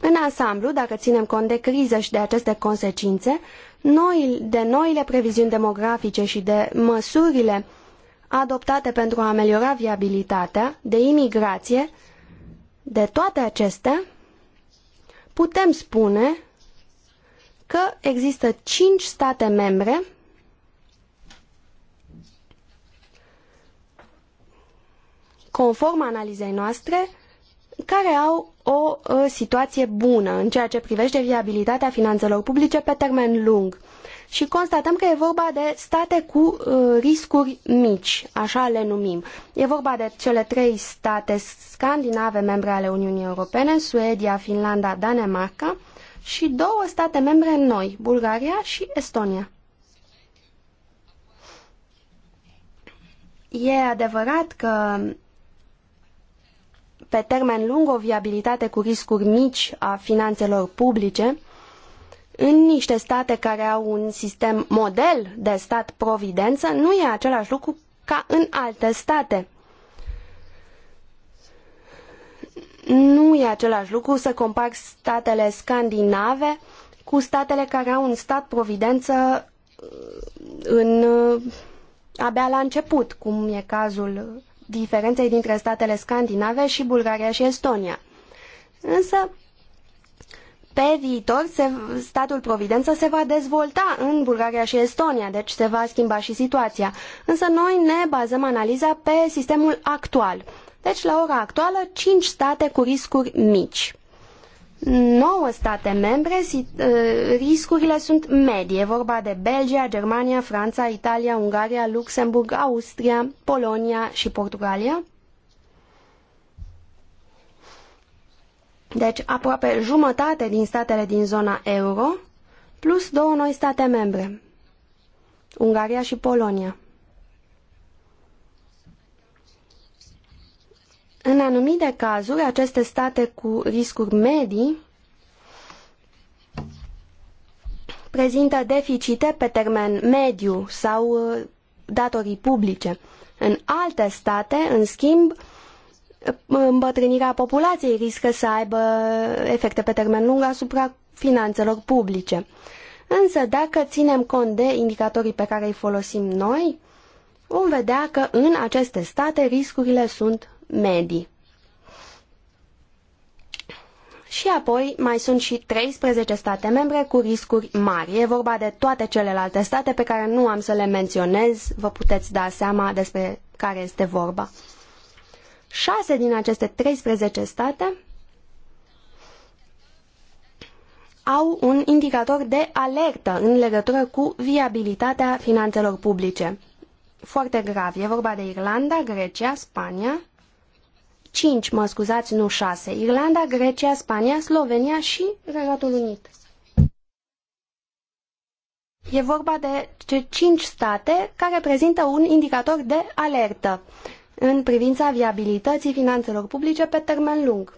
În ansamblu, dacă ținem cont de criză și de aceste consecințe, noi, de noile previziuni demografice și de măsurile adoptate pentru a ameliora viabilitatea, de imigrație, de toate acestea, putem spune că există cinci state membre conform analizei noastre, care au o, o uh, situație bună în ceea ce privește viabilitatea finanțelor publice pe termen lung și constatăm că e vorba de state cu uh, riscuri mici, așa le numim. E vorba de cele trei state scandinave membre ale Uniunii Europene, Suedia, Finlanda, Danemarca și două state membre noi, Bulgaria și Estonia. E adevărat că pe termen lung o viabilitate cu riscuri mici a finanțelor publice în niște state care au un sistem model de stat-providență, nu e același lucru ca în alte state. Nu e același lucru să compari statele scandinave cu statele care au un stat-providență uh, în, uh, abia la început, cum e cazul diferenței dintre statele scandinave și Bulgaria și Estonia. Însă pe viitor se, statul Providență se va dezvolta în Bulgaria și Estonia, deci se va schimba și situația. Însă noi ne bazăm analiza pe sistemul actual. Deci, la ora actuală, cinci state cu riscuri mici. 9 state membre, ă, riscurile sunt medii. E vorba de Belgia, Germania, Franța, Italia, Ungaria, Luxemburg, Austria, Polonia și Portugalia. Deci aproape jumătate din statele din zona euro, plus două noi state membre, Ungaria și Polonia. În anumite cazuri, aceste state cu riscuri medii prezintă deficite pe termen mediu sau uh, datorii publice. În alte state, în schimb, îmbătrânirea populației riscă să aibă efecte pe termen lung asupra finanțelor publice. Însă, dacă ținem cont de indicatorii pe care îi folosim noi, vom vedea că în aceste state riscurile sunt medii. Și apoi mai sunt și 13 state membre cu riscuri mari. E vorba de toate celelalte state pe care nu am să le menționez, vă puteți da seama despre care este vorba. Șase din aceste 13 state au un indicator de alertă în legătură cu viabilitatea finanțelor publice. Foarte grav. E vorba de Irlanda, Grecia, Spania, 5, mă scuzați, nu 6, Irlanda, Grecia, Spania, Slovenia și Regatul Unit. E vorba de cinci state care prezintă un indicator de alertă în privința viabilității finanțelor publice pe termen lung.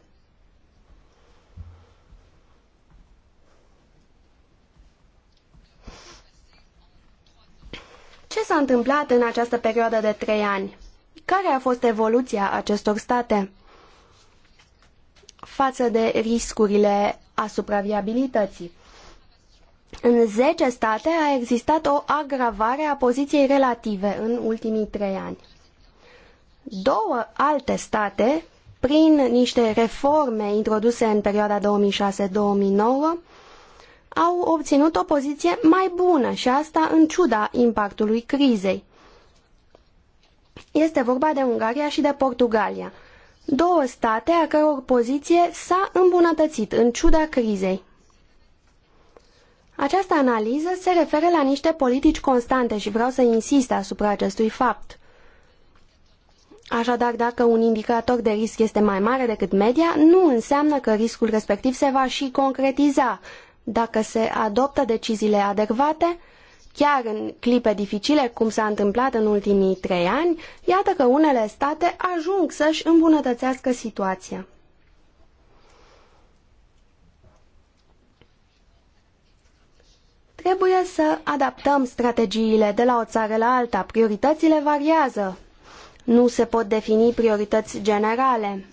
Ce s-a întâmplat în această perioadă de trei ani? Care a fost evoluția acestor state față de riscurile asupra viabilității? În zece state a existat o agravare a poziției relative în ultimii trei ani două alte state, prin niște reforme introduse în perioada 2006-2009, au obținut o poziție mai bună și asta în ciuda impactului crizei. Este vorba de Ungaria și de Portugalia, două state a căror poziție s-a îmbunătățit în ciuda crizei. Această analiză se referă la niște politici constante și vreau să insist asupra acestui fapt – Așadar, dacă un indicator de risc este mai mare decât media, nu înseamnă că riscul respectiv se va și concretiza. Dacă se adoptă deciziile adecvate, chiar în clipe dificile, cum s-a întâmplat în ultimii trei ani, iată că unele state ajung să-și îmbunătățească situația. Trebuie să adaptăm strategiile de la o țară la alta. Prioritățile variază nu se pot defini priorități generale.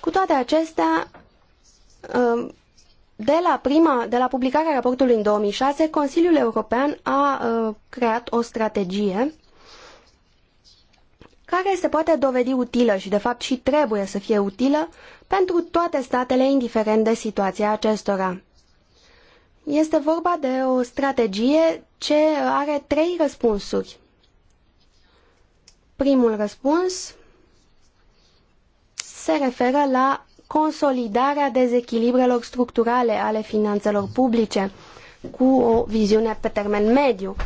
Cu toate acestea, um, de la, prima, de la publicarea raportului în 2006, Consiliul European a uh, creat o strategie care se poate dovedi utilă și, de fapt, și trebuie să fie utilă pentru toate statele, indiferent de situația acestora. Este vorba de o strategie ce are trei răspunsuri. Primul răspuns se referă la consolidarea dezechilibrelor structurale ale finanțelor publice cu o viziune pe termen mediu.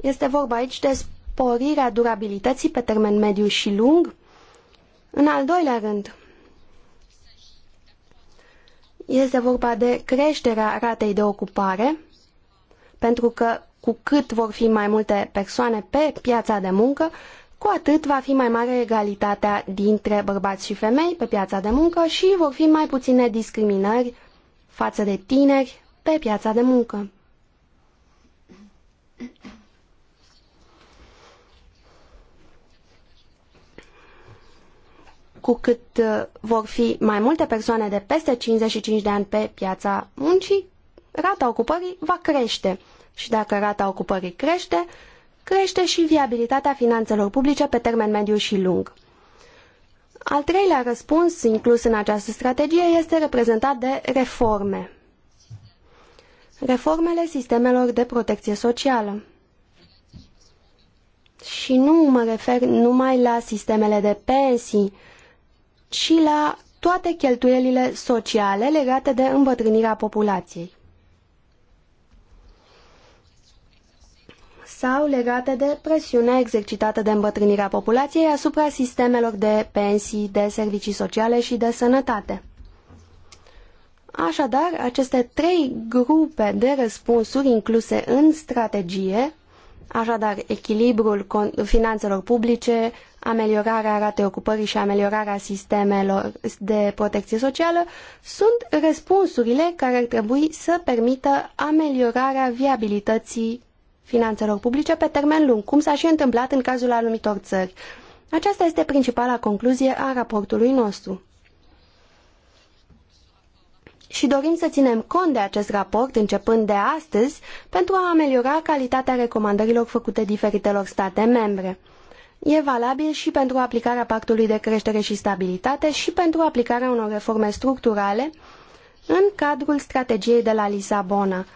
Este vorba aici de sporirea durabilității pe termen mediu și lung. În al doilea rând, este vorba de creșterea ratei de ocupare, pentru că cu cât vor fi mai multe persoane pe piața de muncă, cu atât va fi mai mare egalitatea dintre bărbați și femei pe piața de muncă și vor fi mai puține discriminări față de tineri pe piața de muncă. Cu cât uh, vor fi mai multe persoane de peste 55 de ani pe piața muncii, rata ocupării va crește. Și dacă rata ocupării crește, crește și viabilitatea finanțelor publice pe termen mediu și lung. Al treilea răspuns inclus în această strategie este reprezentat de reforme. Reformele sistemelor de protecție socială. Și nu mă refer numai la sistemele de pensii, ci la toate cheltuielile sociale legate de îmbătrânirea populației. sau legate de presiunea exercitată de îmbătrânirea populației asupra sistemelor de pensii, de servicii sociale și de sănătate. Așadar, aceste trei grupe de răspunsuri incluse în strategie, așadar echilibrul finanțelor publice, ameliorarea ratei ocupării și ameliorarea sistemelor de protecție socială, sunt răspunsurile care ar trebui să permită ameliorarea viabilității finanțelor publice pe termen lung, cum s-a și întâmplat în cazul anumitor țări. Aceasta este principala concluzie a raportului nostru. Și dorim să ținem cont de acest raport începând de astăzi pentru a ameliora calitatea recomandărilor făcute diferitelor state membre. E valabil și pentru aplicarea Pactului de Creștere și Stabilitate și pentru aplicarea unor reforme structurale în cadrul strategiei de la Lisabona –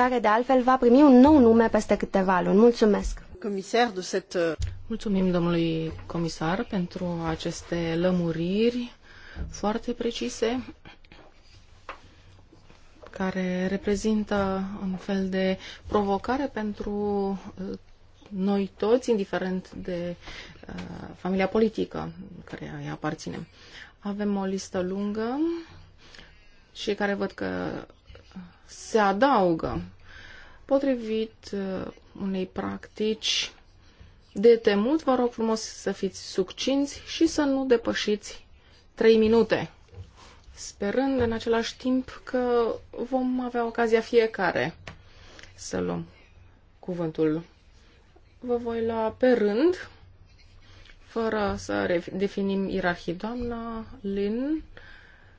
care de altfel va primi un nou nume peste câteva luni. Mulțumesc! Comisar de cette... Uh, Mulțumim domnului comisar pentru aceste lămuriri foarte precise care reprezintă un fel de provocare pentru uh, noi toți, indiferent de uh, familia politică care îi aparținem. Avem o listă lungă și care văd că se adaugă potrivit uh, unei practici de temut, vă rog frumos să fiți succinți și să nu depășiți 3 minute, sperând în același timp că vom avea ocazia fiecare să luăm cuvântul. Vă voi lua pe rând, fără să definim ierarhii. Doamna Lin,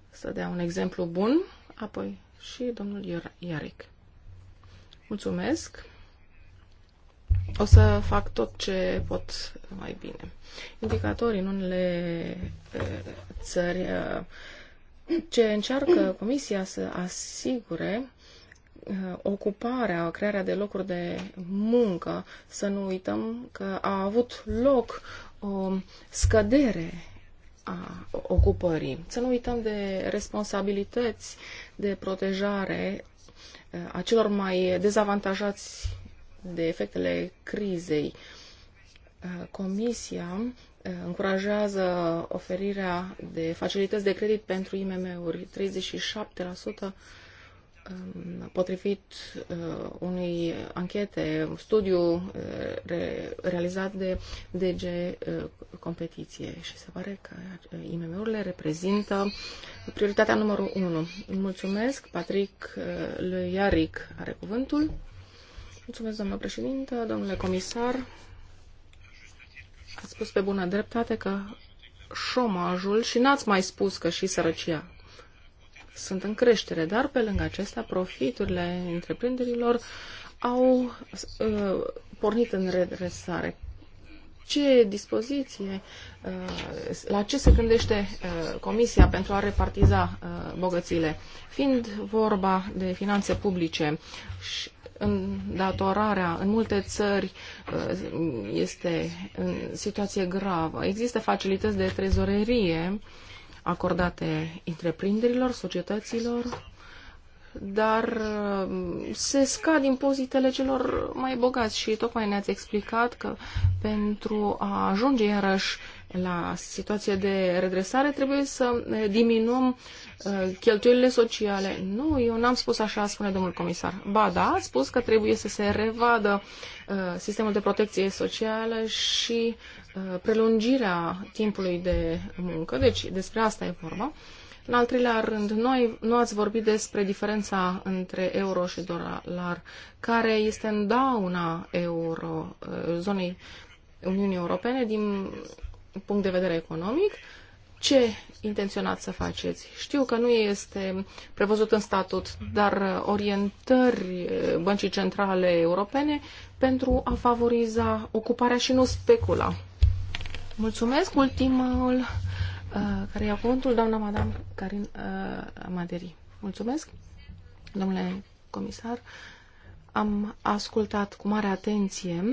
să dea un exemplu bun, apoi și domnul Iaric. Mulțumesc! O să fac tot ce pot mai bine. Indicatorii în unele eh, țări eh, ce încearcă Comisia să asigure eh, ocuparea, crearea de locuri de muncă, să nu uităm că a avut loc o scădere a ocupării. Să nu uităm de responsabilități de protejare eh, a celor mai dezavantajați de efectele crizei. Eh, Comisia eh, încurajează oferirea de facilități de credit pentru IMM-uri. 37% potrivit uh, unei anchete, un studiu uh, realizat de DG uh, Competiție și se pare că IMM-urile reprezintă prioritatea numărul 1. Mulțumesc, Patrick Leiaric are cuvântul. Mulțumesc, doamnă președintă, domnule comisar. Ați spus pe bună dreptate că șomajul și n-ați mai spus că și sărăcia sunt în creștere, dar pe lângă acestea profiturile întreprinderilor au uh, pornit în redresare. Ce dispoziție, uh, la ce se gândește uh, Comisia pentru a repartiza uh, bogățiile? Fiind vorba de finanțe publice, și în datorarea în multe țări uh, este în situație gravă. Există facilități de trezorerie acordate întreprinderilor, societăților, dar uh, se scad impozitele celor mai bogați și tocmai ne-ați explicat că pentru a ajunge iarăși la situație de redresare trebuie să uh, diminuăm uh, cheltuielile sociale. Nu, eu n-am spus așa, spune domnul comisar. Ba da, a spus că trebuie să se revadă sistemul de protecție socială și Uh, prelungirea timpului de muncă, deci despre asta e vorba. În al treilea rând, noi nu ați vorbit despre diferența între euro și dolar, care este în dauna euro, uh, zonei Uniunii Europene din punct de vedere economic. Ce intenționați să faceți? Știu că nu este prevăzut în statut, dar orientări uh, băncii centrale europene pentru a favoriza ocuparea și nu specula. Mulțumesc. Ultimul uh, care ia cuvântul, doamna Madame Karin uh, Amaderi. Mulțumesc, domnule comisar. Am ascultat cu mare atenție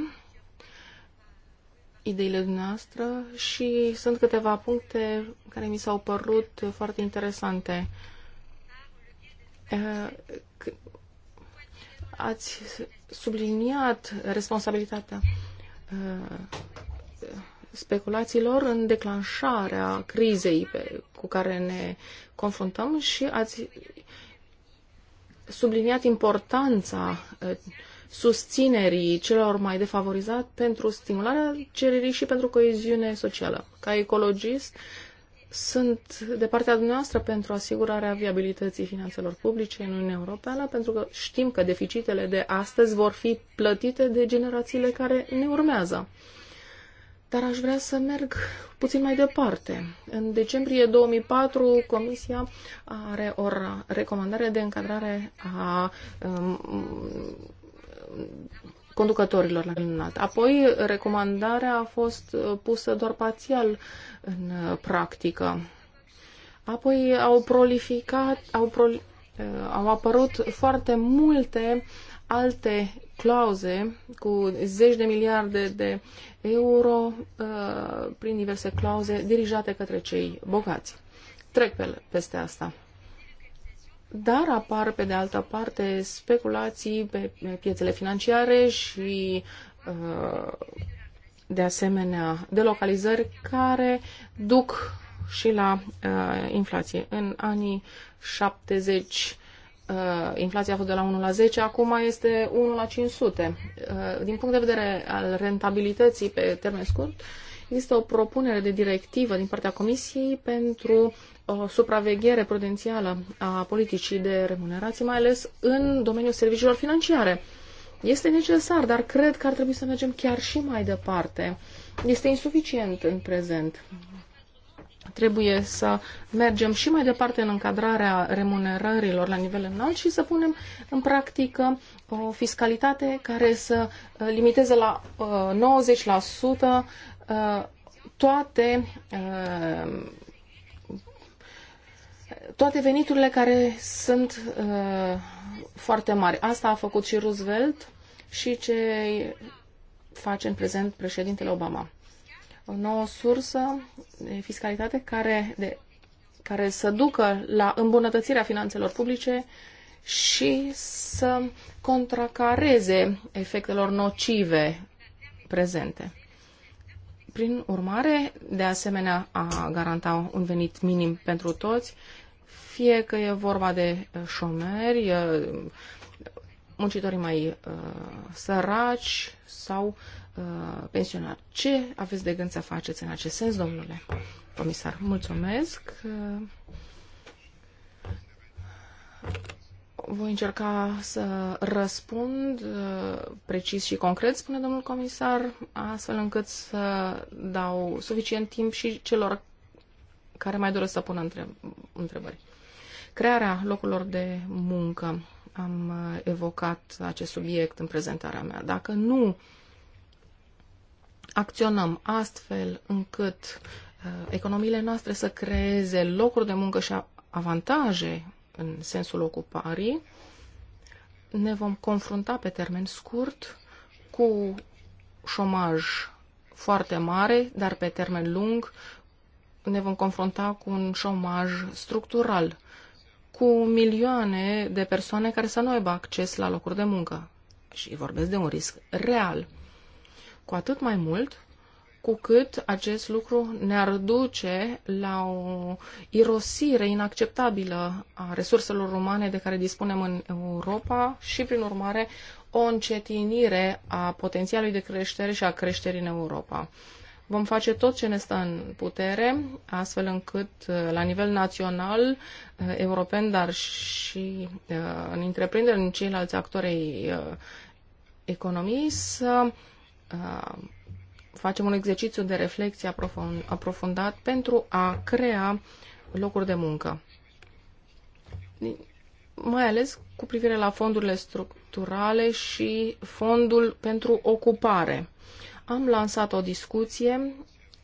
ideile dumneavoastră și sunt câteva puncte care mi s-au părut foarte interesante. Uh, ați subliniat responsabilitatea uh, speculațiilor în declanșarea crizei pe, cu care ne confruntăm și ați subliniat importanța eh, susținerii celor mai defavorizați pentru stimularea cererii și pentru coeziune socială. Ca ecologist, sunt de partea dumneavoastră pentru asigurarea viabilității finanțelor publice în Uniunea Europeană, pentru că știm că deficitele de astăzi vor fi plătite de generațiile care ne urmează. Dar aș vrea să merg puțin mai departe. În decembrie 2004, Comisia are o recomandare de încadrare a um, conducătorilor la înalt. Apoi, recomandarea a fost pusă doar parțial în practică. Apoi au prolificat, au, pro, uh, au apărut foarte multe alte clauze cu zeci de miliarde de euro uh, prin diverse clauze dirijate către cei bogați. Trec pe, peste asta. Dar apar, pe de altă parte, speculații pe piețele financiare și, uh, de asemenea, delocalizări care duc și la uh, inflație. În anii 70 uh, inflația a fost de la 1 la 10, acum este 1 la 500. Uh, din punct de vedere al rentabilității pe termen scurt, există o propunere de directivă din partea Comisiei pentru o supraveghere prudențială a politicii de remunerații, mai ales în domeniul serviciilor financiare. Este necesar, dar cred că ar trebui să mergem chiar și mai departe. Este insuficient în prezent. Trebuie să mergem și mai departe în încadrarea remunerărilor la nivel înalt și să punem în practică o fiscalitate care să uh, limiteze la 90% uh, uh, toate toate veniturile care sunt uh, foarte mari. Asta a făcut și Roosevelt și ce face în prezent președintele Obama o nouă sursă de fiscalitate care, de, care să ducă la îmbunătățirea finanțelor publice și să contracareze efectelor nocive prezente. Prin urmare, de asemenea, a garanta un venit minim pentru toți, fie că e vorba de uh, șomeri, uh, muncitorii mai uh, săraci sau Uh, pensionar. Ce aveți de gând să faceți în acest sens, domnule comisar? Mulțumesc. Uh, voi încerca să răspund uh, precis și concret, spune domnul comisar, astfel încât să dau suficient timp și celor care mai doresc să pună întrebări. Crearea locurilor de muncă. Am evocat acest subiect în prezentarea mea. Dacă nu acționăm astfel încât uh, economiile noastre să creeze locuri de muncă și avantaje în sensul ocupării, ne vom confrunta pe termen scurt cu șomaj foarte mare, dar pe termen lung ne vom confrunta cu un șomaj structural, cu milioane de persoane care să nu aibă acces la locuri de muncă. Și vorbesc de un risc real. Cu atât mai mult cu cât acest lucru ne-ar duce la o irosire inacceptabilă a resurselor umane de care dispunem în Europa și, prin urmare, o încetinire a potențialului de creștere și a creșterii în Europa. Vom face tot ce ne stă în putere, astfel încât uh, la nivel național, uh, european, dar și uh, în întreprinderi, în ceilalți actori economii, să Uh, facem un exercițiu de reflexie aprofundat pentru a crea locuri de muncă. Mai ales cu privire la fondurile structurale și fondul pentru ocupare. Am lansat o discuție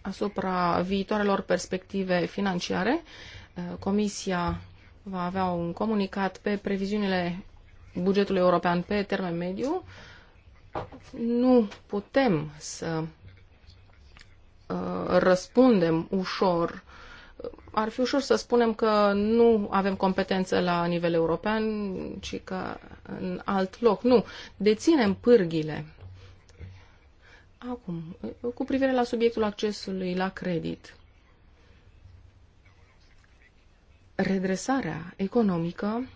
asupra viitoarelor perspective financiare. Uh, Comisia va avea un comunicat pe previziunile bugetului european pe termen mediu nu putem să uh, răspundem ușor. Ar fi ușor să spunem că nu avem competență la nivel european, ci că în alt loc. Nu. Deținem pârghile. Acum, cu privire la subiectul accesului la credit. Redresarea economică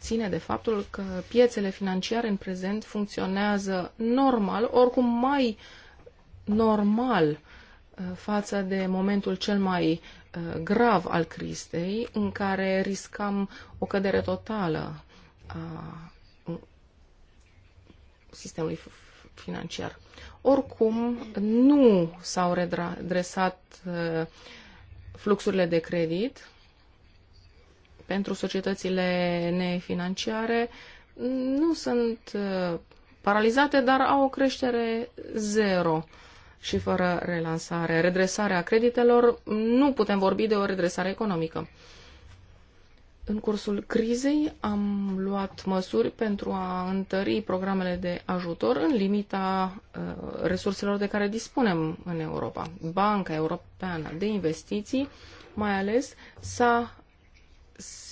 ține de faptul că piețele financiare în prezent funcționează normal, oricum mai normal uh, față de momentul cel mai uh, grav al crizei, în care riscam o cădere totală a uh, sistemului financiar. Oricum, nu s-au redresat fluxurile de credit pentru societățile nefinanciare nu sunt uh, paralizate, dar au o creștere zero și fără relansare. Redresarea creditelor, nu putem vorbi de o redresare economică. În cursul crizei am luat măsuri pentru a întări programele de ajutor în limita uh, resurselor de care dispunem în Europa. Banca Europeană de Investiții, mai ales, s-a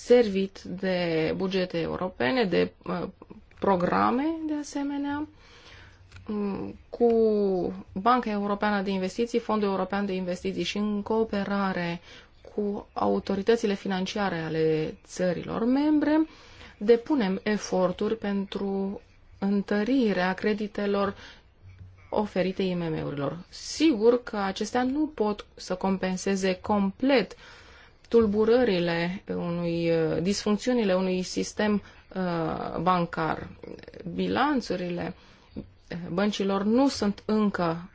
servit de bugete europene, de uh, programe de asemenea, mm, cu Banca Europeană de Investiții, Fondul European de Investiții și în cooperare cu autoritățile financiare ale țărilor membre, depunem eforturi pentru întărirea creditelor oferite IMM-urilor. Sigur că acestea nu pot să compenseze complet uh, tulburările unui, uh, disfuncțiunile unui sistem uh, bancar. Bilanțurile uh, băncilor nu sunt încă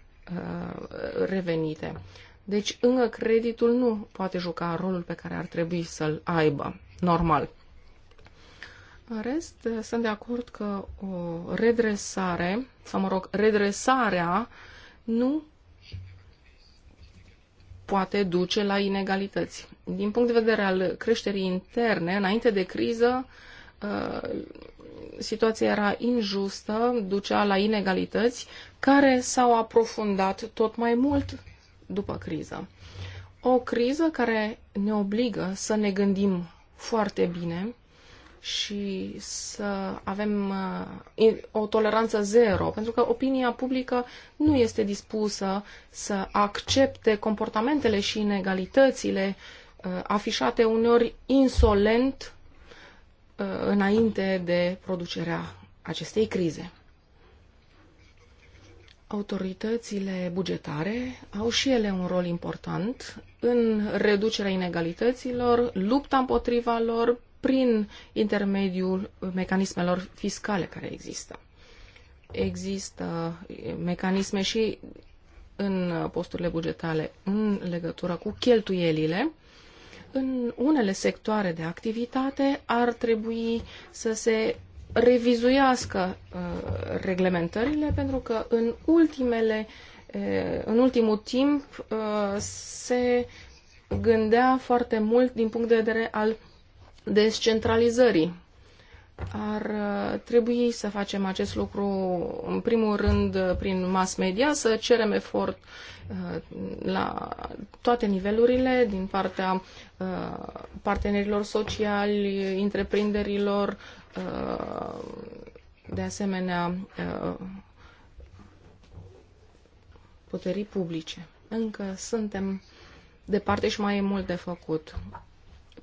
revenite. Deci încă creditul nu poate juca rolul pe care ar trebui să-l aibă, normal. În rest, sunt de acord că o redresare, sau mă rog, redresarea nu poate duce la inegalități. Din punct de vedere al creșterii interne, înainte de criză, uh, situația era injustă, ducea la inegalități care s-au aprofundat tot mai mult după criză. O criză care ne obligă să ne gândim foarte bine și să avem uh, o toleranță zero, pentru că opinia publică nu este dispusă să accepte comportamentele și inegalitățile uh, afișate uneori insolent uh, înainte de producerea acestei crize. Autoritățile bugetare au și ele un rol important în reducerea inegalităților, lupta împotriva lor, prin intermediul mecanismelor fiscale care există. Există mecanisme și în posturile bugetale în legătură cu cheltuielile. În unele sectoare de activitate ar trebui să se revizuiască uh, reglementările pentru că în ultimele uh, în ultimul timp uh, se gândea foarte mult din punct de vedere al descentralizării. Ar uh, trebui să facem acest lucru, în primul rând, uh, prin mass media, să cerem efort uh, la toate nivelurile, din partea partenerilor sociali, întreprinderilor, de asemenea, puterii publice. Încă suntem departe și mai e mult de făcut.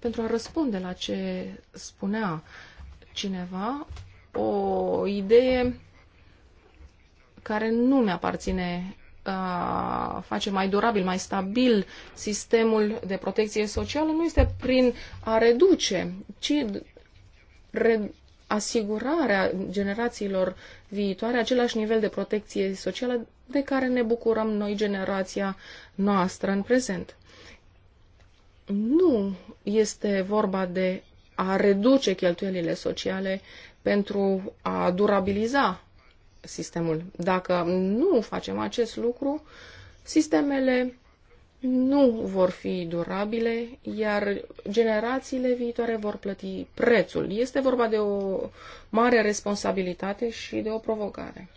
Pentru a răspunde la ce spunea cineva, o idee care nu ne aparține a face mai durabil, mai stabil sistemul de protecție socială nu este prin a reduce, ci re- asigurarea generațiilor viitoare același nivel de protecție socială de care ne bucurăm noi generația noastră în prezent nu este vorba de a reduce cheltuielile sociale pentru a durabiliza sistemul. Dacă nu facem acest lucru, sistemele nu vor fi durabile, iar generațiile viitoare vor plăti prețul. Este vorba de o mare responsabilitate și de o provocare.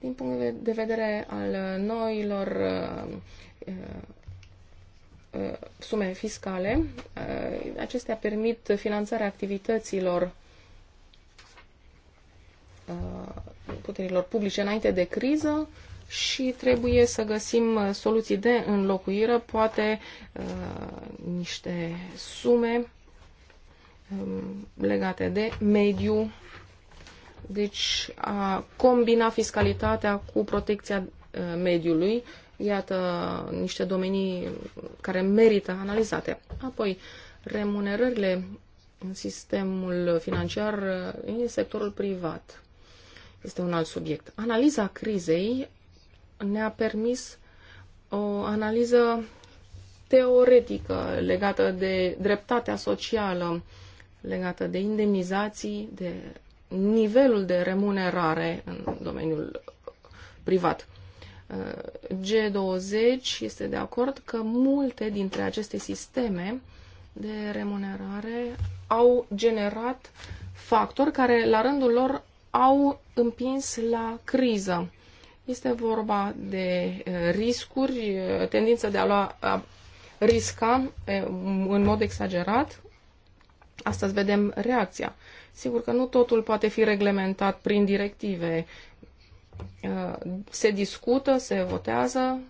Din punct de vedere al noilor uh, uh, Uh, sume fiscale. Uh, acestea permit finanțarea activităților uh, puterilor publice înainte de criză și trebuie să găsim soluții de înlocuire, poate niște sume um, legate de mediu, deci a combina fiscalitatea cu protecția mediului Iată niște domenii care merită analizate. Apoi, remunerările în sistemul financiar în sectorul privat este un alt subiect. Analiza crizei ne-a permis o analiză teoretică legată de dreptatea socială, legată de indemnizații, de nivelul de remunerare în domeniul privat. G20 este de acord că multe dintre aceste sisteme de remunerare au generat factori care, la rândul lor, au împins la criză. Este vorba de eh, riscuri, eh, tendința de a lua a risca eh, în mod exagerat. Astăzi vedem reacția. Sigur că nu totul poate fi reglementat prin directive se discută, se votează,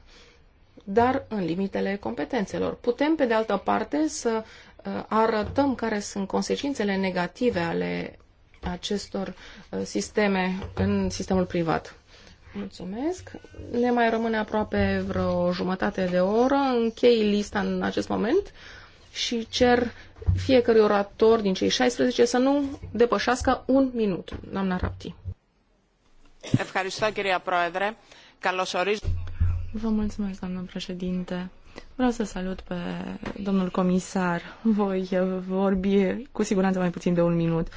dar în limitele competențelor. Putem, pe de altă parte, să uh, arătăm care sunt consecințele negative ale acestor uh, sisteme în sistemul privat. Mulțumesc. Ne mai rămâne aproape vreo jumătate de oră. Închei lista în acest moment și cer fiecărui orator din cei 16 să nu depășească un minut. Doamna Rapti mulțumesc, Vreau să salut pe domnul comisar. Voi vorbi cu siguranță mai puțin de un minut.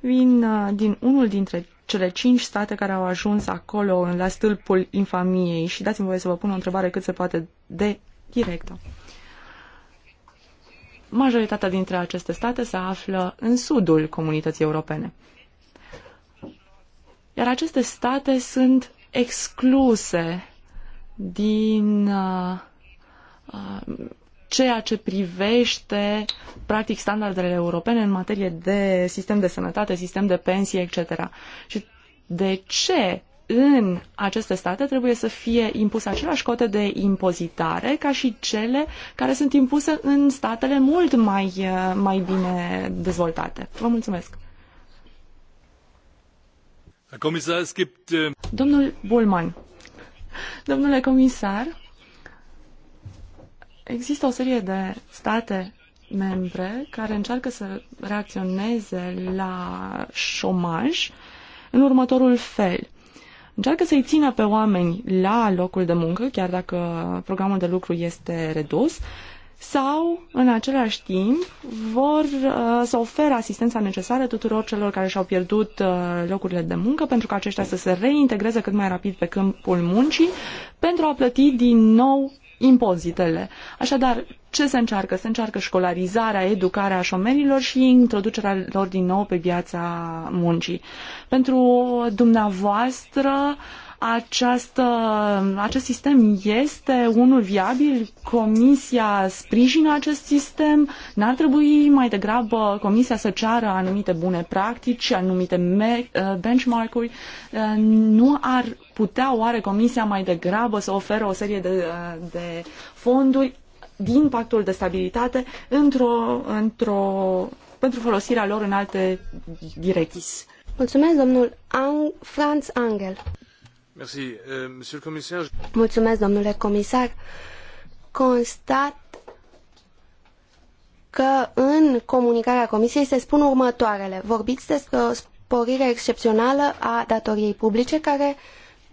Vin uh, din unul dintre cele cinci state care au ajuns acolo la stâlpul infamiei și dați-mi voie să vă pun o întrebare cât se poate de directă. Majoritatea dintre aceste state se află în sudul comunității europene. Iar aceste state sunt excluse din uh, uh, ceea ce privește practic standardele europene în materie de sistem de sănătate, sistem de pensie, etc. Și de ce în aceste state trebuie să fie impuse aceleași cote de impozitare ca și cele care sunt impuse în statele mult mai, uh, mai bine dezvoltate. Vă mulțumesc! Äh, Domnul Bullman, domnule comisar, există o serie de state membre care încearcă să reacționeze la șomaj în următorul fel. Încearcă să-i țină pe oameni la locul de muncă, chiar dacă programul de lucru este redus, sau, în același timp, vor uh, să ofere asistența necesară tuturor celor care și-au pierdut uh, locurile de muncă pentru ca aceștia să se reintegreze cât mai rapid pe câmpul muncii pentru a plăti din nou impozitele. Așadar, ce se încearcă? Se încearcă școlarizarea, educarea șomerilor și introducerea lor din nou pe viața muncii. Pentru dumneavoastră, uh, această, acest sistem este unul viabil? Comisia sprijină acest sistem? N-ar trebui mai degrabă Comisia să ceară anumite bune practici, anumite uh, benchmark-uri? Uh, nu ar putea oare Comisia mai degrabă să oferă o serie de, uh, de fonduri din pactul de stabilitate într-o, într-o, pentru folosirea lor în alte direcții? Mulțumesc, domnul Ang- Franz Angel. Euh, Mulțumesc, domnule comisar. Constat că în comunicarea Comisiei se spun următoarele. Vorbiți despre o sporire excepțională a datoriei publice care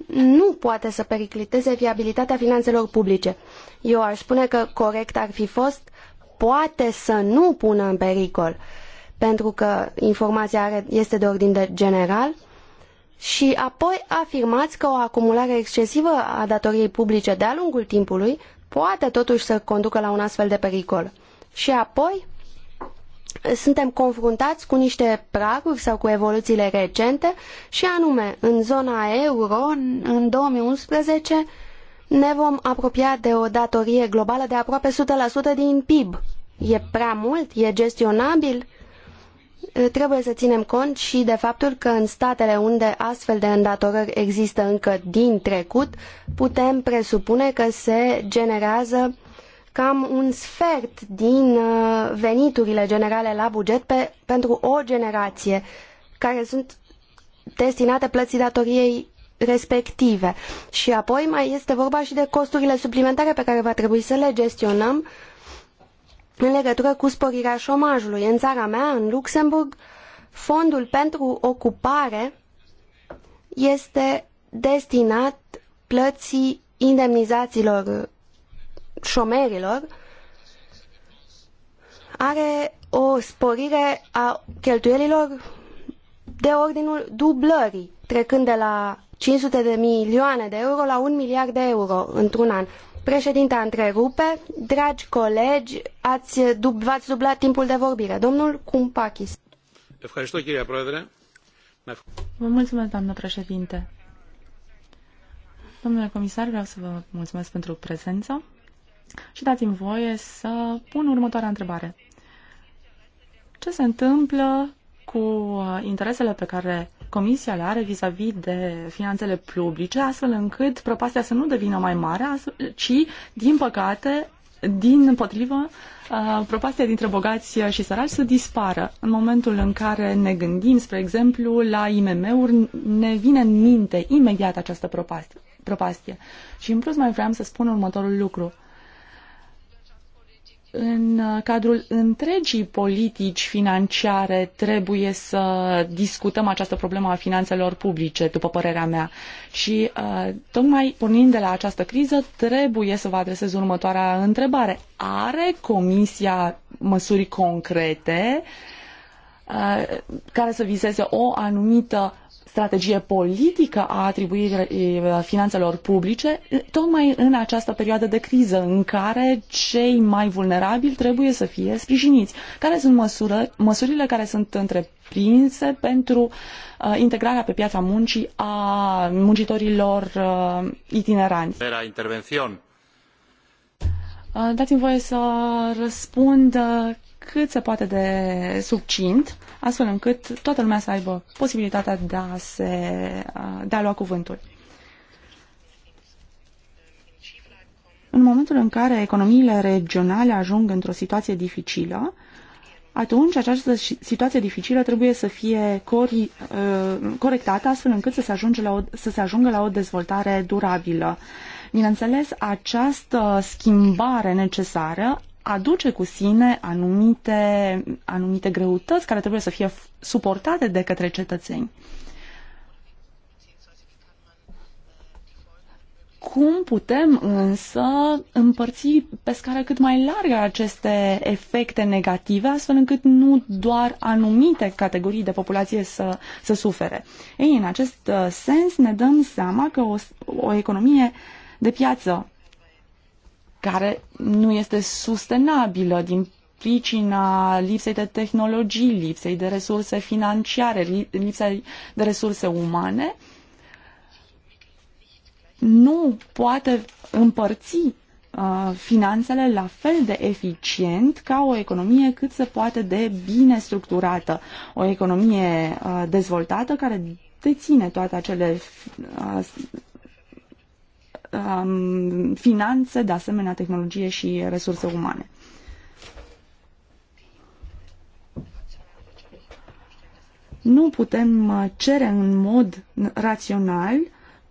nu poate să pericliteze viabilitatea finanțelor publice. Eu aș spune că corect ar fi fost poate să nu pună în pericol, pentru că informația este de ordin de general și apoi afirmați că o acumulare excesivă a datoriei publice de-a lungul timpului poate totuși să conducă la un astfel de pericol. Și apoi suntem confruntați cu niște praguri sau cu evoluțiile recente și anume în zona euro în 2011 ne vom apropia de o datorie globală de aproape 100% din PIB. E prea mult? E gestionabil? Eh, trebuie să ținem cont și de faptul că în statele unde astfel de îndatorări există încă din trecut, putem presupune că se generează cam un sfert din eh, veniturile generale la buget pe, pentru o generație, care sunt destinate plății datoriei respective. Și apoi mai este vorba și de costurile suplimentare pe care va trebui să le gestionăm uh, în legătură cu sporirea șomajului. În țara mea, în Luxemburg, fondul pentru ocupare este destinat plății indemnizațiilor șomerilor, are o sporire a cheltuielilor de ordinul dublării, trecând de la 500 de milioane de euro la 1 miliard de euro într-un an. Președinte, întrerupe. Dragi colegi, ați dub, v-ați dublat timpul de vorbire. Domnul Cumpachis. Vă mulțumesc, doamnă președinte. Domnule comisar, vreau să vă mulțumesc pentru prezență și dați-mi voie să pun următoarea întrebare. Ce se întâmplă cu uh, interesele pe care Comisia le are vis-a-vis -vis de finanțele publice, astfel încât propastea să nu devină mai mare, ci, din păcate, din potrivă, uh, propastia dintre bogați și săraci să dispară. În momentul în care ne gândim, spre exemplu, la IMM-uri, ne vine în minte imediat această propastie. propastie. Și în plus mai vreau să spun următorul lucru. Uh, în uh, cadrul întregii politici financiare trebuie să discutăm această problemă a finanțelor publice, după părerea mea. Și uh, tocmai pornind de la această criză, trebuie să vă adresez următoarea întrebare. Are Comisia măsuri concrete uh, care să vizeze o anumită strategie politică a atribuirii finanțelor publice, tocmai în această perioadă de criză în care cei mai vulnerabili trebuie să fie sprijiniți. Care sunt măsură, măsurile care sunt întreprinse pentru uh, integrarea pe piața muncii a muncitorilor uh, itineranți? Era intervențion. Uh, Dați-mi voie să răspund uh, cât se poate de subcint, astfel încât toată lumea să aibă posibilitatea de a, se, de a lua cuvântul. În momentul în care economiile regionale ajung într-o situație dificilă, atunci această situație dificilă trebuie să fie uh, corectată astfel încât să se, ajunge la o, să se ajungă la o dezvoltare durabilă. Bineînțeles, această schimbare necesară aduce cu sine anumite, anumite greutăți care trebuie să fie suportate de către cetățeni. Cum putem însă împărți pe scară cât mai largă aceste efecte negative, astfel încât nu doar anumite categorii de populație să, să sufere? Ei, în acest uh, sens ne dăm seama că o, o economie de piață care nu este sustenabilă din pricina lipsei de tehnologii, lipsei de resurse financiare, lipsei de resurse umane, nu poate împărți uh, finanțele la fel de eficient ca o economie cât se poate de bine structurată. O economie uh, dezvoltată care deține toate acele uh, um, finanțe, de asemenea tehnologie și resurse umane. Nu putem uh, cere în mod rațional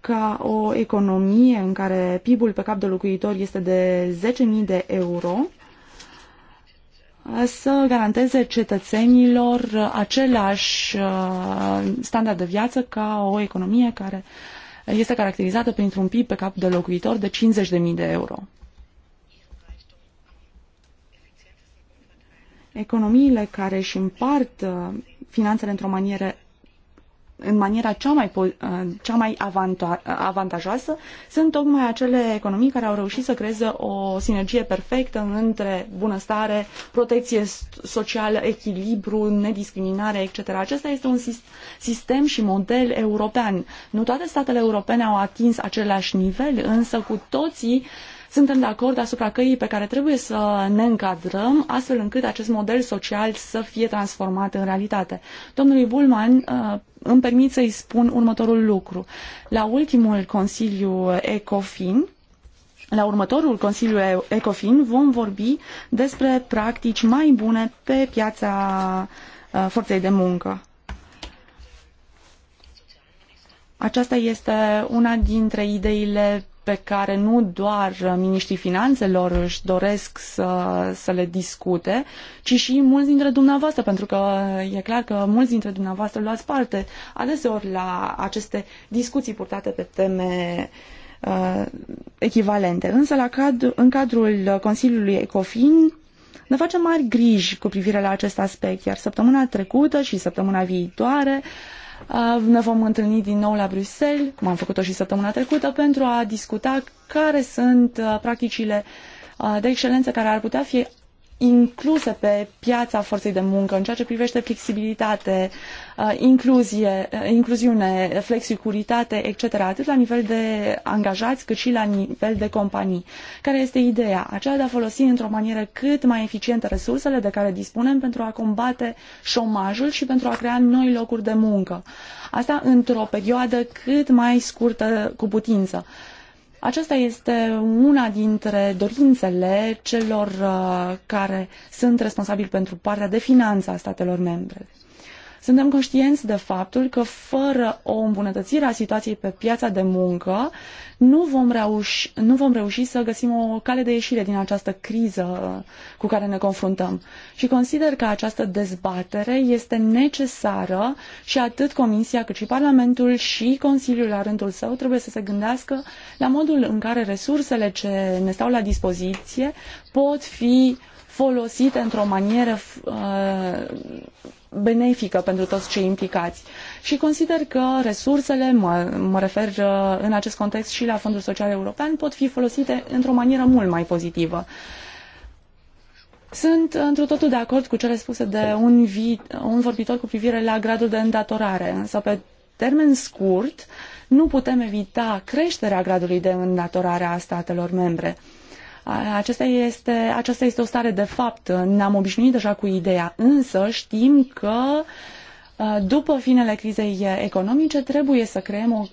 ca o economie în care PIB-ul pe cap de locuitor este de 10.000 de euro uh, să garanteze cetățenilor uh, același standard de viață ca o economie care uh, este caracterizată printr-un PIB pe cap de locuitor de 50.000 de euro. Economiile care își împart uh, finanțele într-o manieră în maniera cea mai, uh, cea mai avantajoasă sunt tocmai acele economii care au reușit să creeze o sinergie perfectă între bunăstare, protecție socială, echilibru, nediscriminare, etc. Acesta este un sistem și model european. Nu toate statele europene au atins același nivel, însă cu toții uh, suntem de acord asupra căii pe care trebuie să ne încadrăm, astfel încât acest model social să fie transformat în realitate. Domnului Bulman, uh, îmi permit să-i spun următorul lucru. La ultimul Consiliu ECOFIN, la următorul Consiliu ECOFIN vom vorbi despre practici mai bune pe piața uh, forței de muncă. Aceasta este una dintre ideile pe care nu doar miniștrii finanțelor își doresc să, să le discute, ci și mulți dintre dumneavoastră, pentru că e clar că mulți dintre dumneavoastră luați parte adeseori la aceste discuții purtate pe teme uh, echivalente. Însă la cad- în cadrul Consiliului ECOFIN ne facem mari griji cu privire la acest aspect, iar săptămâna trecută și săptămâna viitoare uh, Uh, ne vom întâlni din nou la Bruxelles, cum am făcut-o și săptămâna trecută, pentru a discuta care sunt uh, practicile uh, de excelență care ar putea fi incluse pe piața forței de muncă în ceea ce privește flexibilitate, uh, incluzie, uh, incluziune, flexicuritate, etc., atât la nivel de angajați cât și la nivel de companii. Care este ideea? Aceea de a folosi într-o manieră cât mai eficientă resursele de care dispunem pentru a combate șomajul și pentru a crea noi locuri de muncă. Asta într-o perioadă cât mai scurtă cu putință. Aceasta este una dintre dorințele celor uh, care sunt responsabili pentru partea de finanță a statelor membre. Suntem conștienți de faptul că fără o îmbunătățire a situației pe piața de muncă, nu vom, reuși, nu vom reuși să găsim o cale de ieșire din această criză cu care ne confruntăm. Și consider că această dezbatere este necesară și atât Comisia cât și Parlamentul și Consiliul la rândul său trebuie să se gândească la modul în care resursele ce ne stau la dispoziție pot fi folosite într-o manieră uh, benefică pentru toți cei implicați. Și consider că resursele, mă, mă refer uh, în acest context și la Fondul Social European, pot fi folosite într-o manieră mult mai pozitivă. Sunt într totul de acord cu cele spuse de un, vi, un vorbitor cu privire la gradul de îndatorare, însă pe termen scurt nu putem evita creșterea gradului de îndatorare a statelor membre. Uh, aceasta este, aceasta este o stare de fapt. Ne-am obișnuit deja cu ideea, însă știm că uh, după finele crizei economice trebuie să creăm o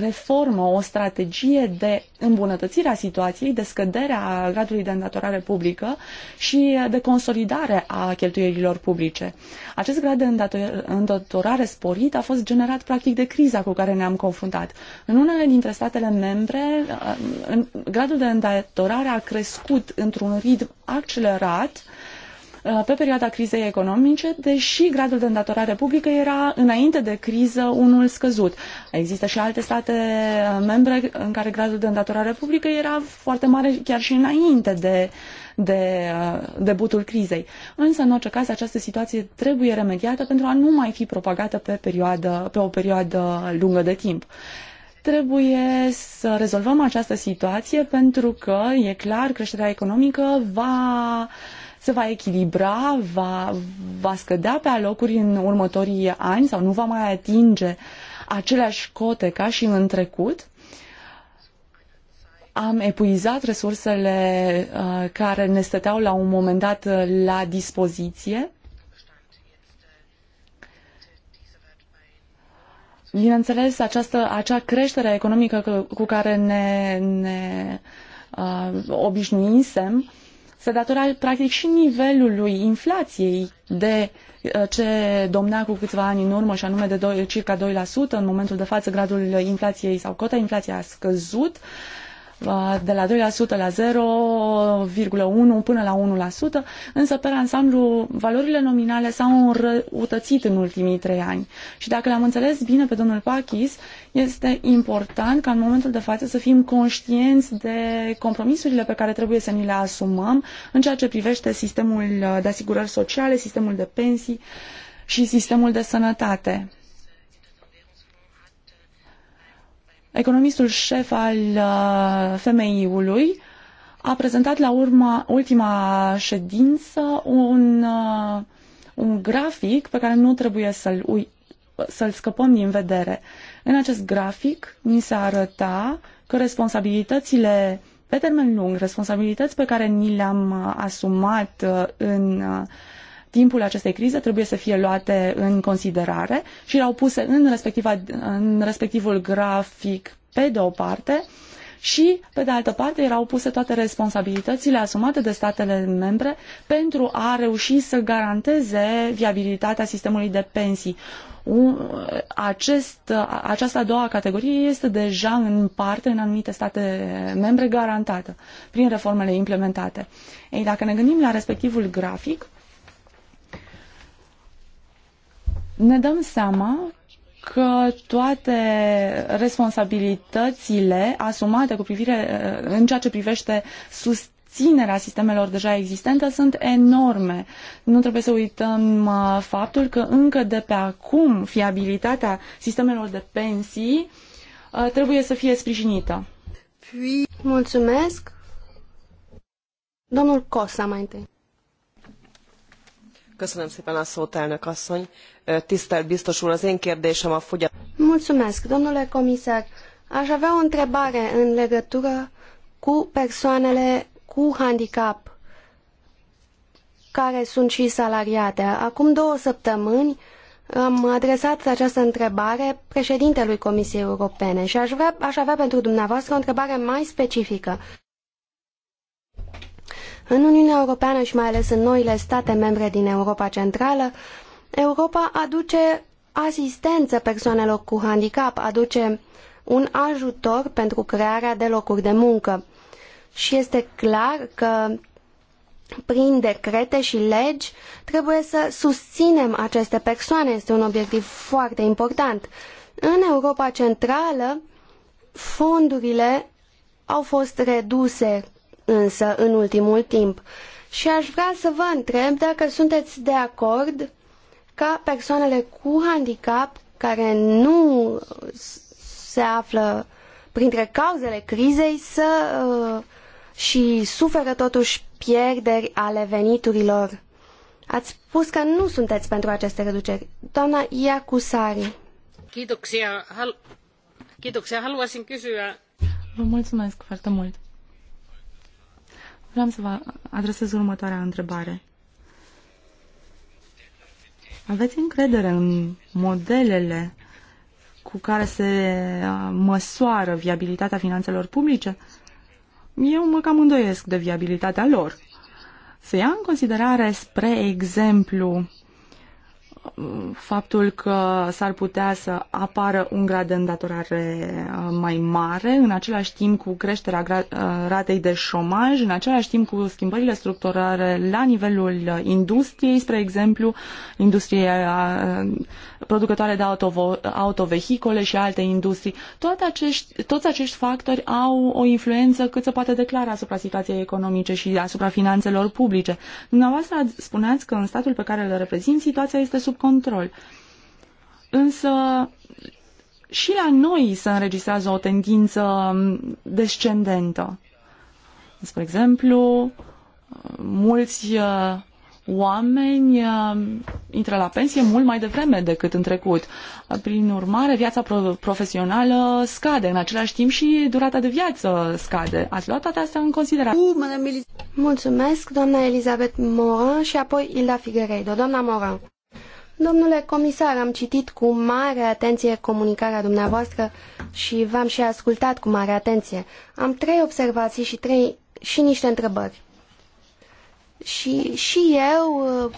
reformă, o strategie de îmbunătățire a situației, de scădere a gradului de îndatorare publică și de consolidare a cheltuielilor publice. Acest grad de îndatorare sporit a fost generat practic de criza cu care ne-am confruntat. În unele dintre statele membre, gradul de îndatorare a crescut într-un ritm accelerat Uh, pe perioada crizei economice, deși gradul de îndatorare publică era înainte de criză unul scăzut. Există și alte state uh, membre în care gradul de îndatorare publică era foarte mare chiar și înainte de de uh, debutul crizei. Însă, în orice caz, această situație trebuie remediată pentru a nu mai fi propagată pe, perioadă, pe o perioadă lungă de timp trebuie să rezolvăm această situație pentru că, e clar, creșterea economică va se va echilibra, va, va scădea pe alocuri în următorii ani sau nu va mai atinge aceleași cote ca și în trecut? am epuizat resursele uh, care ne stăteau la un moment dat uh, la dispoziție. Bineînțeles, această, acea creștere economică cu care ne, ne uh, obișnuisem se datora practic și nivelului inflației de uh, ce domnea cu câțiva ani în urmă și anume de 2, circa 2%, în momentul de față gradul inflației sau cota inflației a scăzut, uh, Uh, de la 2% la 0,1 până la 1%, însă pe ansamblu valorile nominale s-au înrăutățit în ultimii trei ani. Și dacă l-am înțeles bine pe domnul Pachis, este important ca în momentul de față să fim conștienți de compromisurile pe care trebuie să ni le asumăm în ceea ce privește sistemul uh, de asigurări sociale, sistemul de pensii și sistemul de sănătate. economistul șef al uh, FMI-ului, a prezentat la urma, ultima ședință un, uh, un grafic pe care nu trebuie să-l ui, să-l scăpăm din vedere. În acest grafic mi se arăta că responsabilitățile pe termen lung, responsabilități pe care ni le-am uh, asumat în timpul acestei crize trebuie să fie luate în considerare și erau puse în, în respectivul grafic pe de o parte și, pe de altă parte, erau puse toate responsabilitățile asumate de statele membre pentru a reuși să garanteze viabilitatea sistemului de pensii. Acest, această a doua categorie este deja în parte în anumite state membre garantată prin reformele implementate. Ei, dacă ne gândim la respectivul grafic, ne dăm seama că toate responsabilitățile asumate cu privire uh, în ceea ce privește susținerea ținerea sistemelor deja existente sunt enorme. Nu trebuie să uităm uh, faptul că încă de pe acum fiabilitatea sistemelor de pensii uh, trebuie să fie sprijinită. Mulțumesc. Domnul Cosa mai întâi. Köszönöm szépen a szót, elnök asszony. Tisztelt biztos úr, az én kérdésem a fogyasztó... Mulțumesc, domnule comisar. Aș avea o întrebare în legătură cu persoanele cu handicap care sunt și salariate. Acum două săptămâni am adresat această întrebare președintelui Comisiei Europene și aș, vrea, aș avea pentru dumneavoastră o întrebare mai specifică. În Uniunea Europeană și mai ales în noile state membre din Europa Centrală, Europa aduce asistență persoanelor cu handicap, aduce un ajutor pentru crearea de locuri de muncă. Și este clar că prin decrete și legi trebuie să susținem aceste persoane. Este un obiectiv foarte important. În Europa Centrală, fondurile au fost reduse însă în ultimul timp. Și aș vrea să vă întreb dacă sunteți de acord ca persoanele cu handicap care nu se află printre cauzele crizei să uh, și suferă totuși pierderi ale veniturilor. Ați spus că nu sunteți pentru aceste reduceri. Doamna Iacusari. Kiitoksia. Hal- Kiitoksia. Haluaisin kysyä. Vă mulțumesc foarte mult. Vreau să vă adresez următoarea întrebare. Aveți încredere în modelele cu care se uh, măsoară viabilitatea finanțelor publice? Eu mă cam îndoiesc de viabilitatea lor. Se ia în considerare, spre exemplu, faptul că s-ar putea să apară un grad de îndatorare uh, mai mare, în același timp cu creșterea uh, ratei de șomaj, în același timp cu schimbările structurale la nivelul uh, industriei, spre exemplu, industriei producătoare de autovehicole și alte industrii. Toate acești, toți acești factori au o influență cât se poate declara asupra situației economice și asupra finanțelor publice. Dumneavoastră spuneați că în statul pe care îl reprezint situația este sub control. Însă și la noi se înregistrează o tendință um, descendentă. Spre exemplu, mulți uh, oameni um, intră la pensie mult mai devreme decât în trecut. Prin urmare, viața profesională scade, în același timp și durata de viață scade. Ați luat toate astea în considerare? Uh, Mulțumesc, doamna Elizabeth Moran și apoi Ilda Figueiredo. Doamna Moran. Domnule comisar, am citit cu mare atenție comunicarea dumneavoastră și v-am și ascultat cu mare atenție. Am trei observații și, trei, și niște întrebări. Și, și eu uh,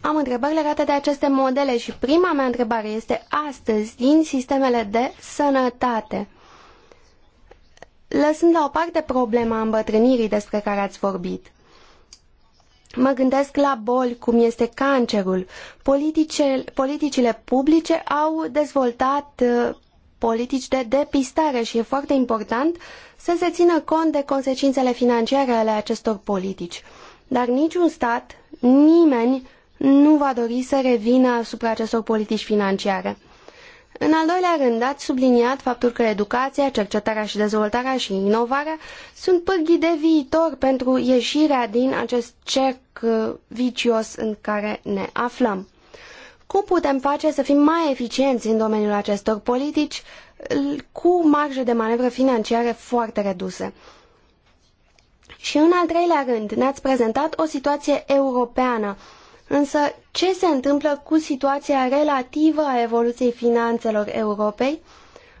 am întrebări legate de aceste modele și prima mea întrebare este astăzi din sistemele de sănătate. Lăsând la o parte problema îmbătrânirii despre care ați vorbit, Mă gândesc la boli cum este cancerul. Politice, politicile publice au dezvoltat uh, politici de depistare și e foarte important să se țină cont de consecințele financiare ale acestor politici. Dar niciun stat, nimeni, nu va dori să revină asupra acestor politici financiare. În al doilea rând, ați subliniat faptul că educația, cercetarea și dezvoltarea și inovarea sunt pârghii de viitor pentru ieșirea din acest cerc uh, vicios în care ne aflăm. Cum putem face să fim mai eficienți în domeniul acestor politici cu marje de manevră financiare foarte reduse? Și în al treilea rând, ne-ați prezentat o situație europeană Însă, ce se întâmplă cu situația relativă a evoluției finanțelor Europei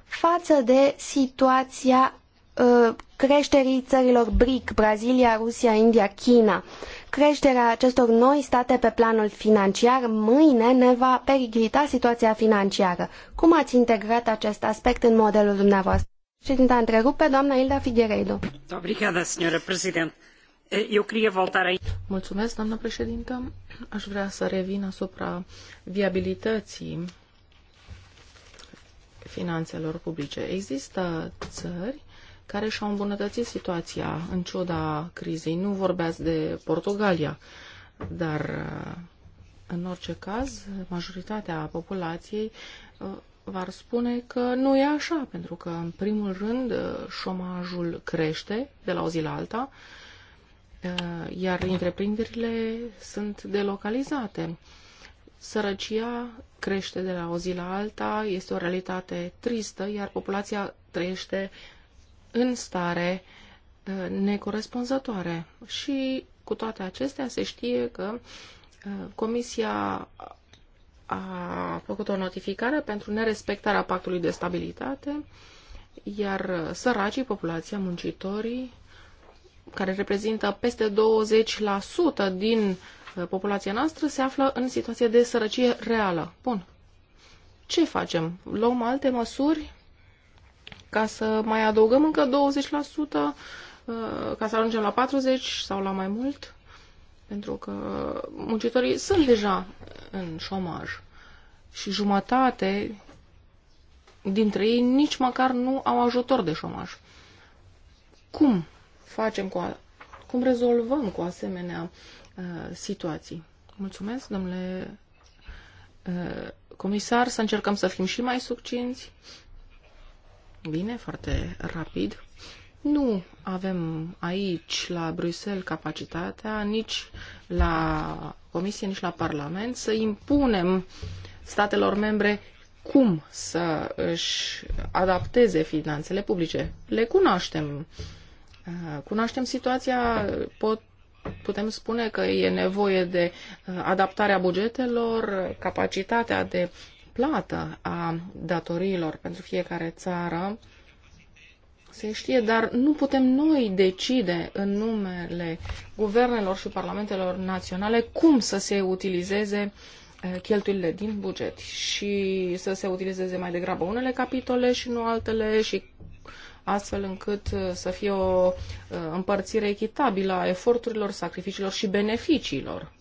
față de situația ă, creșterii țărilor BRIC, Brazilia, Rusia, India, China? Creșterea acestor noi state pe planul financiar mâine ne va periglita situația financiară. Cum ați integrat acest aspect în modelul dumneavoastră? Ședinta întrerupe, doamna Ilda Figueiredo. Obrigada, senhora Presidente. Eu crie voltarea. Mulțumesc, doamnă președintă. Aș vrea să revin asupra viabilității finanțelor publice. Există țări care și-au îmbunătățit situația în ciuda crizei. Nu vorbeați de Portugalia, dar în orice caz, majoritatea populației uh, v-ar spune că nu e așa, pentru că, în primul rând, uh, șomajul crește de la o zi la alta, Eh, iar întreprinderile sunt delocalizate. Sărăcia crește de la o zi la alta, este o realitate tristă, iar populația trăiește în stare eh, necorespunzătoare. Și cu toate acestea se știe că eh, Comisia a făcut o notificare pentru nerespectarea pactului de stabilitate, iar săracii, populația, muncitorii, care reprezintă peste 20% din uh, populația noastră, se află în situație de sărăcie reală. Bun. Ce facem? Luăm alte măsuri ca să mai adăugăm încă 20%? Uh, ca să ajungem la 40 sau la mai mult, pentru că muncitorii sunt deja în șomaj și jumătate dintre ei nici măcar nu au ajutor de șomaj. Cum facem cu a, cum rezolvăm cu asemenea uh, situații. Mulțumesc, domnule uh, comisar, să încercăm să fim și mai succinți. Bine, foarte rapid. Nu avem aici, la Bruxelles, capacitatea, nici la Comisie, nici la Parlament, să impunem statelor membre cum să își adapteze finanțele publice. Le cunoaștem. Uh, Ah, cunoaștem situația, pot, putem spune că e nevoie de ah, adaptarea bugetelor, capacitatea de plată a datoriilor pentru fiecare țară. Se știe, dar nu putem noi decide în numele guvernelor și parlamentelor naționale cum să se utilizeze eh, cheltuielile din buget și să se utilizeze mai degrabă unele capitole și nu altele și astfel încât uh, să fie o uh, împărțire echitabilă a eforturilor, sacrificiilor și beneficiilor.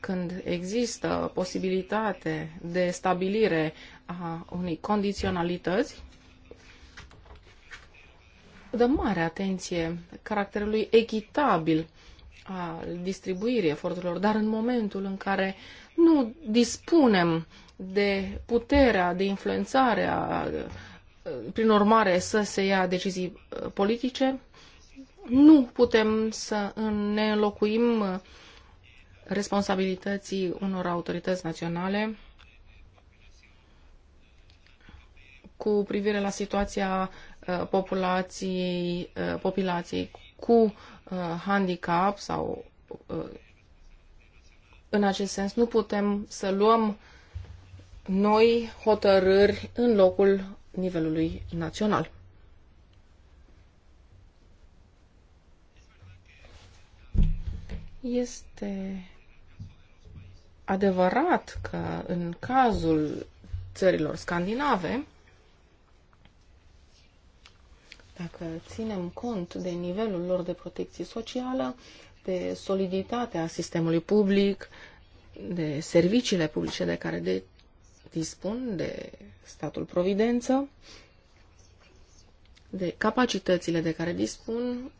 Când există posibilitate de stabilire a unei condiționalități, dă mare atenție caracterului echitabil al distribuirii eforturilor, dar în momentul în care nu dispunem de puterea de influențare a prin urmare, să se ia decizii uh, politice. Nu putem să ne înlocuim uh, responsabilității unor autorități naționale cu privire la situația uh, populației, populației cu handicap sau în acest sens nu putem să luăm noi hotărâri în locul nivelului național. Este adevărat că în cazul țărilor scandinave, dacă ținem cont de nivelul lor de protecție socială, de soliditatea sistemului public, de serviciile publice de care de dispun de statul providență, de capacitățile de care dispun,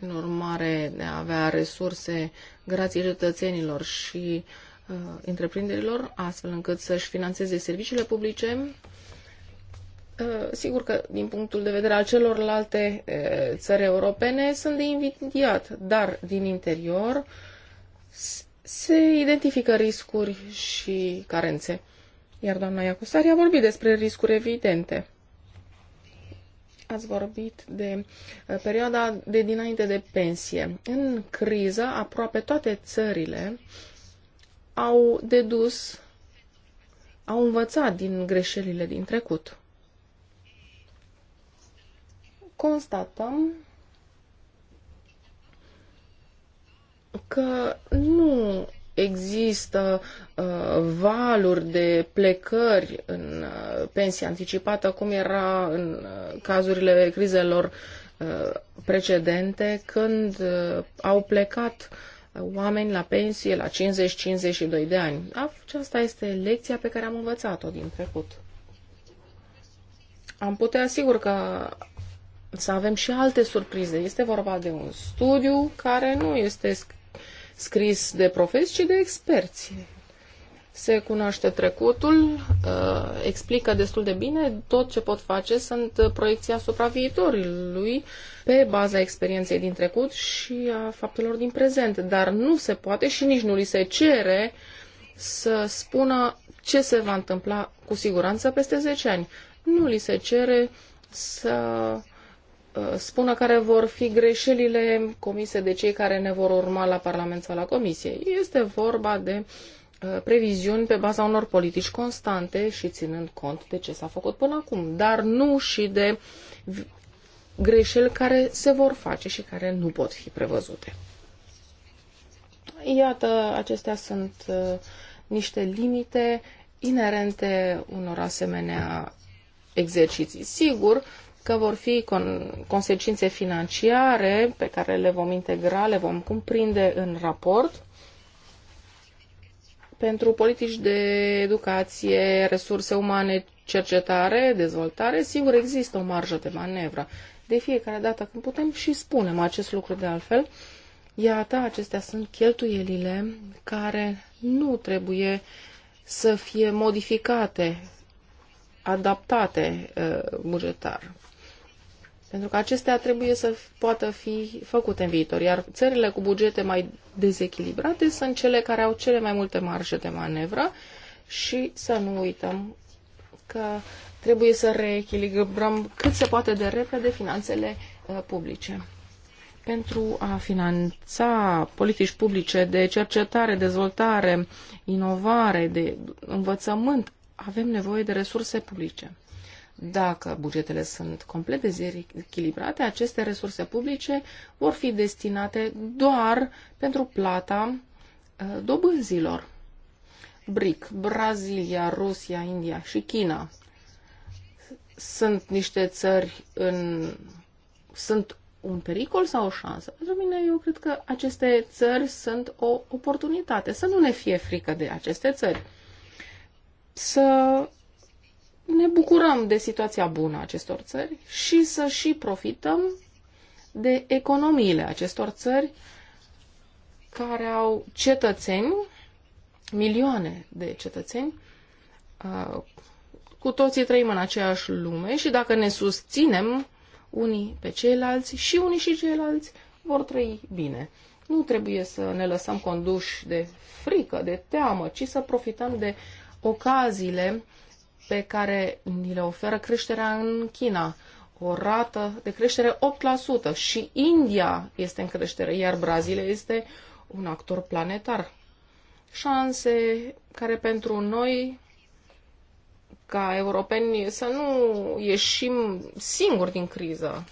în urmare de a avea resurse grație cetățenilor și uh, întreprinderilor, astfel încât să-și financeze serviciile publice. Uh, sigur că, din punctul de vedere al celorlalte uh, țări europene, sunt de invidiat, dar din interior se identifică riscuri și carențe. Iar doamna Iacusari a vorbit despre riscuri evidente. Ați vorbit de eh, perioada de dinainte de pensie. În criză, aproape toate țările au dedus, au învățat din greșelile din trecut. Constatăm că nu există uh, valuri de plecări în uh, pensie anticipată, cum era în uh, cazurile crizelor uh, precedente, când uh, au plecat uh, oameni la pensie la 50-52 de ani. Aceasta este lecția pe care am învățat-o din trecut. Am putea, sigur că să avem și alte surprize. Este vorba de un studiu care nu este scris de profesi, ci de experți. Se cunoaște trecutul, uh, explică destul de bine tot ce pot face, sunt proiecții asupra viitorului pe baza experienței din trecut și a faptelor din prezent, dar nu se poate și nici nu li se cere să spună ce se va întâmpla cu siguranță peste 10 ani. Nu li se cere să spună care vor fi greșelile comise de cei care ne vor urma la Parlament sau la Comisie. Este vorba de uh, previziuni pe baza unor politici constante și ținând cont de ce s-a făcut până acum, dar nu și de greșeli care se vor face și care nu pot fi prevăzute. Iată, acestea sunt uh, niște limite inerente unor asemenea exerciții. Sigur, că vor fi con- consecințe financiare pe care le vom integra, le vom cumprinde în raport pentru politici de educație, resurse umane, cercetare, dezvoltare, sigur există o marjă de manevră. De fiecare dată când putem și spunem acest lucru de altfel, iată, acestea sunt cheltuielile care nu trebuie să fie modificate, adaptate uh, bugetar. Pentru că acestea trebuie să poată fi făcute în viitor, iar țările cu bugete mai dezechilibrate sunt cele care au cele mai multe marje de manevră și să nu uităm că trebuie să reechilibrăm cât se poate de repede finanțele uh, publice. Pentru a finanța politici publice de cercetare, dezvoltare, inovare, de învățământ, avem nevoie de resurse publice. Dacă bugetele sunt complet dezechilibrate, aceste resurse publice vor fi destinate doar pentru plata uh, dobânzilor. BRIC, Brazilia, Rusia, India și China sunt niște țări în... sunt un pericol sau o șansă? Pentru mine, eu cred că aceste țări sunt o oportunitate. Să nu ne fie frică de aceste țări. Să ne bucurăm de situația bună a acestor țări și să și profităm de economiile acestor țări care au cetățeni, milioane de cetățeni, uh, cu toții trăim în aceeași lume și dacă ne susținem unii pe ceilalți și unii și ceilalți vor trăi bine. Nu trebuie să ne lăsăm conduși de frică, de teamă, ci să profităm de ocaziile uh, pe care ni le oferă creșterea în China. O rată de creștere 8% și India este în creștere, iar Brazilia este un actor planetar. Șanse care pentru noi, ca europeni, să nu ieșim singuri din criză,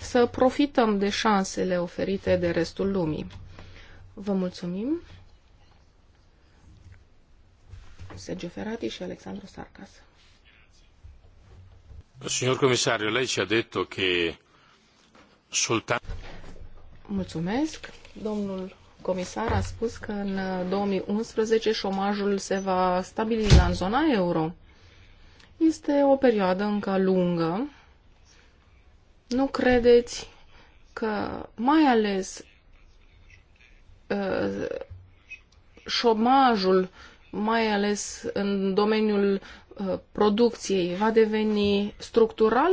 să profităm de șansele oferite de restul lumii. Vă mulțumim! Sergio Ferrati și Alexandru Sarcas. Signor Comisario, lei ci-a detto che soltanto... Mulțumesc. Domnul comisar a spus că în 2011 șomajul se va stabili la în zona euro. Este o perioadă încă lungă. Nu credeți că mai ales uh, șomajul mai ales în domeniul uh, producției, va deveni structural?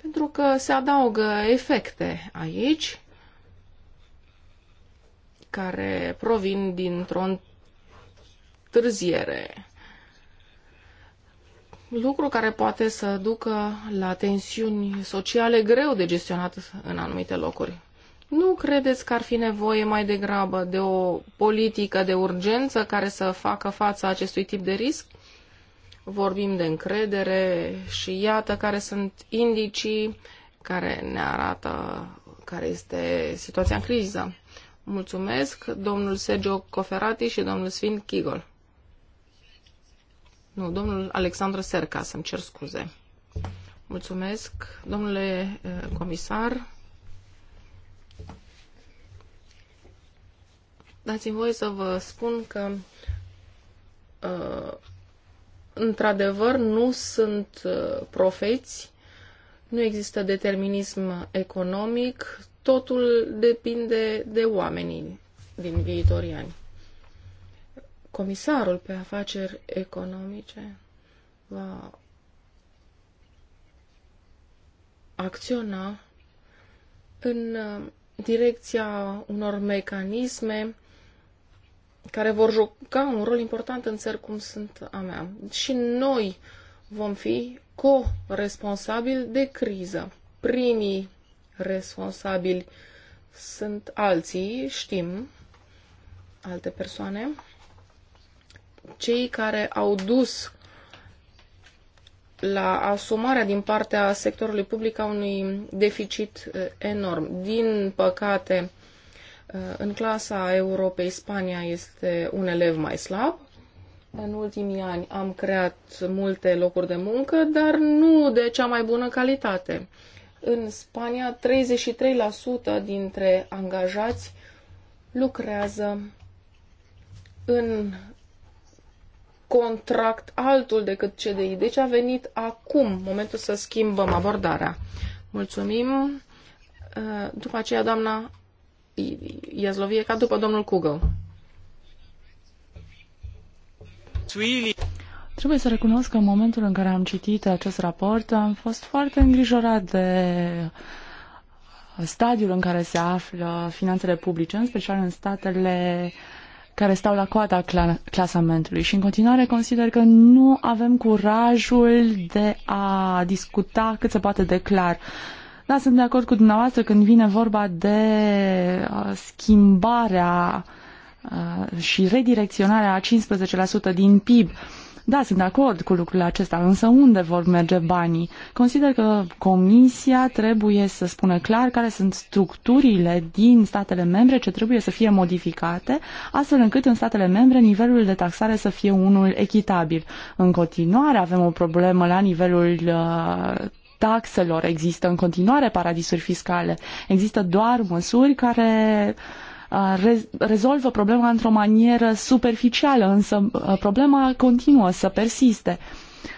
Pentru că se adaugă efecte aici care provin dintr-o întârziere. Lucru care poate să ducă la tensiuni sociale greu de gestionat în anumite locuri. Nu credeți că ar fi nevoie mai degrabă de o politică de urgență care să facă fața acestui tip de risc? Vorbim de încredere și iată care sunt indicii care ne arată care este situația în criză. Mulțumesc, domnul Sergio Coferati și domnul Sfin Chigol. Nu, domnul Alexandru Serca, să-mi cer scuze. Mulțumesc, domnule eh, comisar. dați-mi voi să vă spun că uh, într-adevăr nu sunt uh, profeți, nu există determinism economic, totul depinde de oamenii din viitorii ani. Comisarul pe afaceri economice va acționa în uh, direcția unor mecanisme care vor juca un rol important în țări cum sunt a mea. Și noi vom fi co-responsabili de criză. Primii responsabili sunt alții, știm, alte persoane, cei care au dus la asumarea din partea sectorului public a unui deficit eh, enorm. Din păcate, Eh, în clasa Europei, Spania este un elev mai slab. În ultimii ani am creat multe locuri de muncă, dar nu de cea mai bună calitate. În Spania, 33% dintre angajați lucrează în contract altul decât CDI. Deci a venit acum momentul să schimbăm abordarea. Mulțumim. Eh, după aceea, doamna Iazlovieca după domnul Kugel. Trebuie să recunosc că în momentul în care am citit acest raport am fost foarte îngrijorat de stadiul în care se află finanțele publice, în special în statele care stau la coada cl clasamentului și în continuare consider că nu avem curajul de a discuta cât se poate de clar uh, da, sunt de acord cu dumneavoastră când vine vorba de uh, schimbarea uh, și redirecționarea a 15% din PIB. Da, sunt de acord cu lucrurile acesta, însă unde vor merge banii? Consider că Comisia trebuie să spună clar care sunt structurile din statele membre ce trebuie să fie modificate, astfel încât în statele membre nivelul de taxare să fie unul echitabil. În continuare avem o problemă la nivelul uh, taxelor, există în continuare paradisuri fiscale, există doar măsuri care uh, rezolvă problema într-o manieră superficială, însă uh, problema continuă să persiste.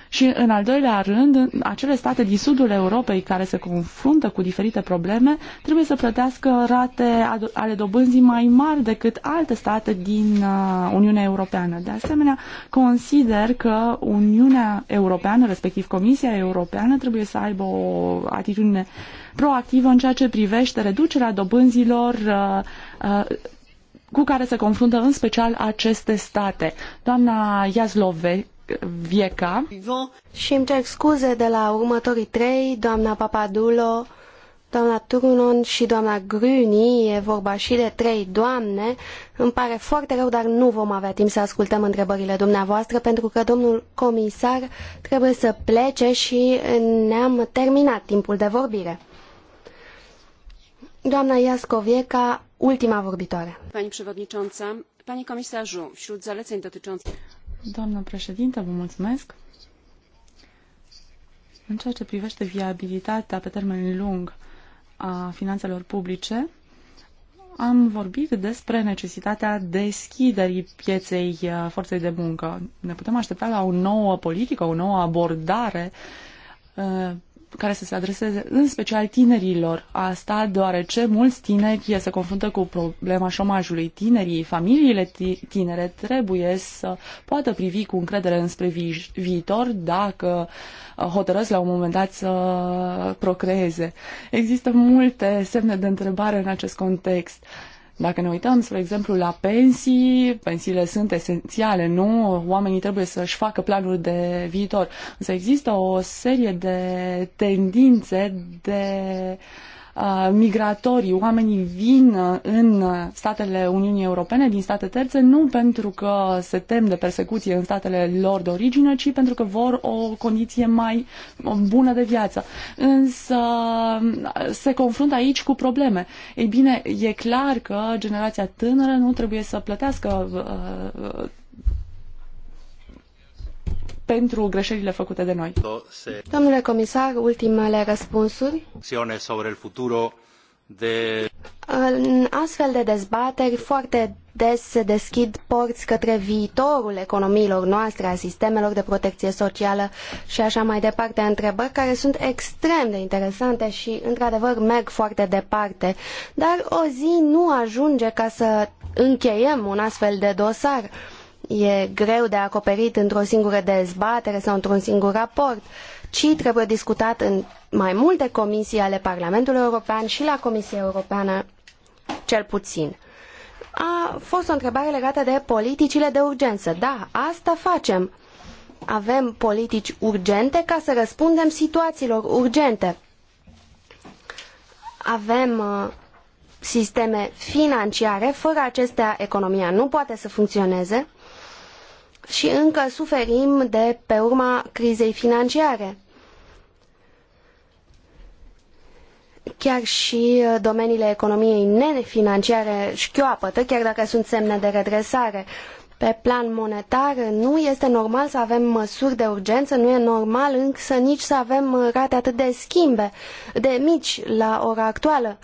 Și, în al doilea rând, acele state din sudul Europei care se confruntă cu diferite probleme trebuie să plătească rate ale dobânzii mai mari decât alte state din uh, Uniunea Europeană. De asemenea, consider că Uniunea Europeană, respectiv Comisia Europeană, trebuie să aibă o atitudine proactivă în ceea ce privește reducerea dobânzilor uh, uh, cu care se confruntă în special aceste state. Doamna Iazlovec, Vieca. Și îmi cer scuze de la următorii trei, doamna Papadulo, doamna Turunon și doamna Gruni, e vorba și de trei doamne. Îmi pare foarte rău, dar nu vom avea timp să ascultăm întrebările dumneavoastră, pentru că domnul comisar trebuie să plece și ne-am terminat timpul de vorbire. Doamna Iascovieca, ultima vorbitoare. Pani przewodnicząca, pani komisarzu, wśród zaleceń dotyczących... Doamnă președinte, vă mulțumesc. În ceea ce privește viabilitatea pe termen lung a finanțelor publice, am vorbit despre necesitatea deschiderii pieței uh, forței de muncă. Ne putem aștepta la o nouă politică, o nouă abordare uh, care să se adreseze în special tinerilor. Asta deoarece mulți tineri se confruntă cu problema șomajului. Tinerii, familiile tinere trebuie să poată privi cu încredere înspre vi- viitor dacă uh, hotărăsc la un moment dat să procreeze. Există multe semne de întrebare în acest context. Uh, dacă ne uităm, spre exemplu, la pensii, pensiile sunt esențiale, nu? Oamenii trebuie să-și facă planuri de viitor. Însă există o serie de tendințe de uh, Uh, migratorii, oamenii vin uh, în uh, statele Uniunii Europene din state terțe nu pentru că se tem de persecuție în statele lor de origine, ci pentru că vor o condiție mai bună de viață. Însă se confruntă aici cu probleme. Ei bine, e clar că generația tânără nu trebuie să plătească pentru greșelile făcute de noi. Domnule comisar, ultimele răspunsuri. de... În astfel de dezbateri, foarte des se deschid porți către viitorul economiilor noastre, a sistemelor de protecție socială și așa mai departe, întrebări care sunt extrem de interesante și, într-adevăr, merg foarte departe. Dar o zi nu ajunge ca să încheiem un astfel de dosar e greu de acoperit într-o singură dezbatere sau într-un singur raport, ci trebuie discutat în mai multe comisii ale Parlamentului European și la Comisia Europeană cel puțin. A fost o întrebare legată de politicile de urgență. Da, asta facem. Avem politici urgente ca să răspundem situațiilor urgente. Avem uh, sisteme financiare, fără acestea economia nu poate să funcționeze și încă suferim de pe urma crizei financiare. Chiar și uh, domeniile economiei nefinanciare șchioapătă, chiar dacă sunt semne de redresare. Pe plan monetar, nu este normal să avem măsuri de urgență, nu e normal însă nici să avem uh, rate atât de schimbe, de mici la ora actuală.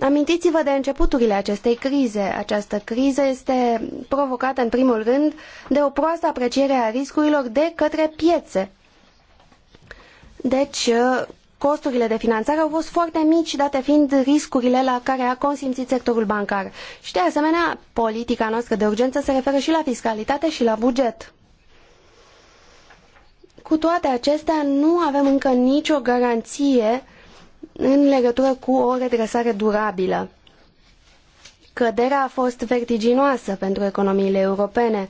Amintiți-vă de începuturile acestei crize. Această criză este provocată în primul rând de o proastă apreciere a riscurilor de către piețe. Deci, costurile de finanțare au fost foarte mici, date fiind riscurile la care a consimțit sectorul bancar. Și, de asemenea, politica noastră de urgență se referă și la fiscalitate și la buget. Cu toate acestea, nu avem încă nicio garanție în legătură cu o redresare durabilă. Căderea a fost vertiginoasă pentru economiile europene.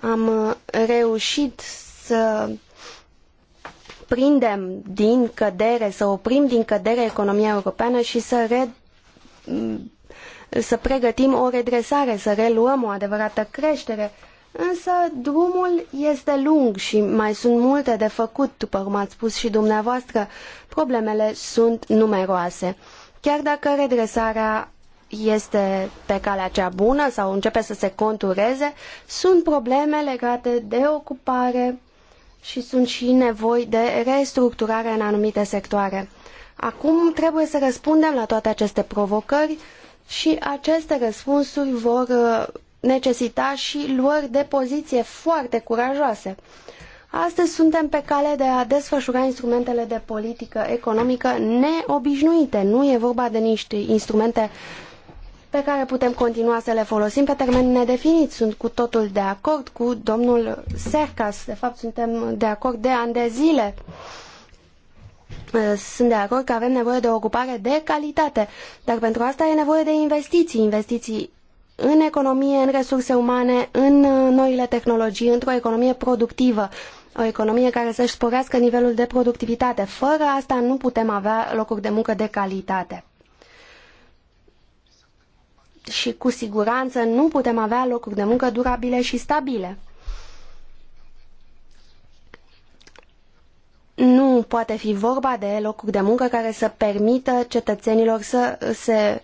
Am uh, reușit să prindem din cădere, să oprim din cădere economia europeană și să, re... Mm, să pregătim o redresare, să reluăm o adevărată creștere Însă drumul este lung și mai sunt multe de făcut, după cum ați spus și dumneavoastră. Problemele sunt numeroase. Chiar dacă redresarea este pe calea cea bună sau începe să se contureze, sunt probleme legate de ocupare și sunt și nevoi de restructurare în anumite sectoare. Acum trebuie să răspundem la toate aceste provocări și aceste răspunsuri vor necesita și luări de poziție foarte curajoase. Astăzi suntem pe cale de a desfășura instrumentele de politică economică neobișnuite. Nu e vorba de niște instrumente pe care putem continua să le folosim pe termen nedefinit. Sunt cu totul de acord cu domnul Sercas. De fapt, suntem de acord de ani de zile. Sunt de acord că avem nevoie de o ocupare de calitate, dar pentru asta e nevoie de investiții, investiții în economie, în resurse umane, în uh, noile tehnologii, într-o economie productivă, o economie care să-și sporească nivelul de productivitate. Fără asta nu putem avea locuri de muncă de calitate. Și cu siguranță nu putem avea locuri de muncă durabile și stabile. nu poate fi vorba de locuri de muncă care să permită cetățenilor să se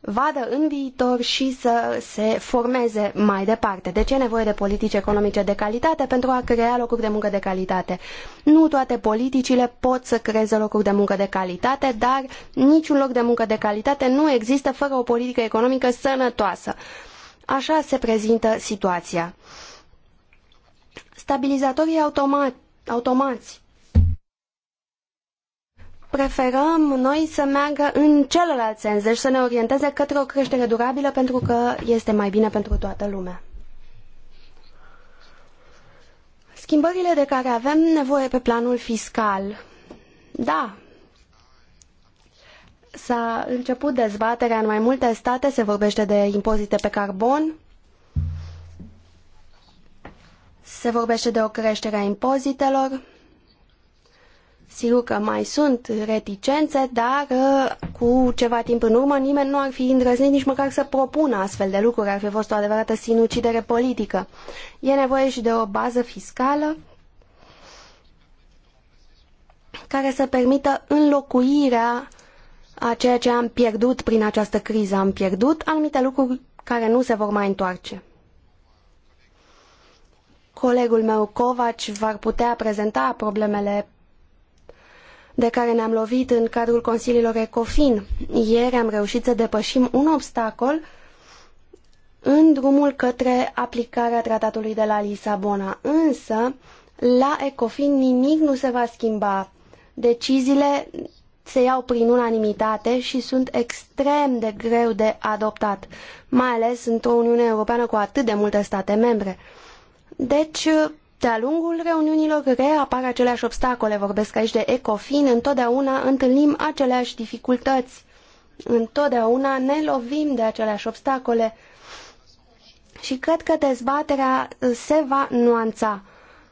vadă în viitor și să se formeze mai departe. De deci ce e nevoie de politici economice de calitate? Pentru a crea locuri de muncă de calitate. Nu toate politicile pot să creeze locuri de muncă de calitate, dar niciun loc de muncă de calitate nu există fără o politică economică sănătoasă. Așa se prezintă situația. Stabilizatorii automa automați preferăm noi să meargă în celălalt sens, deci să ne orienteze către o creștere durabilă pentru că este mai bine pentru toată lumea. Schimbările de care avem nevoie pe planul fiscal. Da, s-a început dezbaterea în mai multe state, se vorbește de impozite pe carbon, se vorbește de o creștere a impozitelor, Sigur că mai sunt reticențe, dar uh, cu ceva timp în urmă nimeni nu ar fi îndrăznit nici măcar să propună astfel de lucruri. Ar fi fost o adevărată sinucidere politică. E nevoie și de o bază fiscală care să permită înlocuirea a ceea ce am pierdut prin această criză. Am pierdut anumite lucruri care nu se vor mai întoarce. Colegul meu Covaci va putea prezenta problemele de care ne-am lovit în cadrul consiliilor ECOFIN. Ieri am reușit să depășim un obstacol în drumul către aplicarea tratatului de la Lisabona. Însă, la ECOFIN nimic nu se va schimba. Deciziile se iau prin unanimitate și sunt extrem de greu de adoptat, mai ales într-o Uniune Europeană cu atât de multe state membre. Deci, de-a lungul reuniunilor reapar aceleași obstacole, vorbesc aici de ecofin, întotdeauna întâlnim aceleași dificultăți, întotdeauna ne lovim de aceleași obstacole și cred că dezbaterea uh, se va nuanța.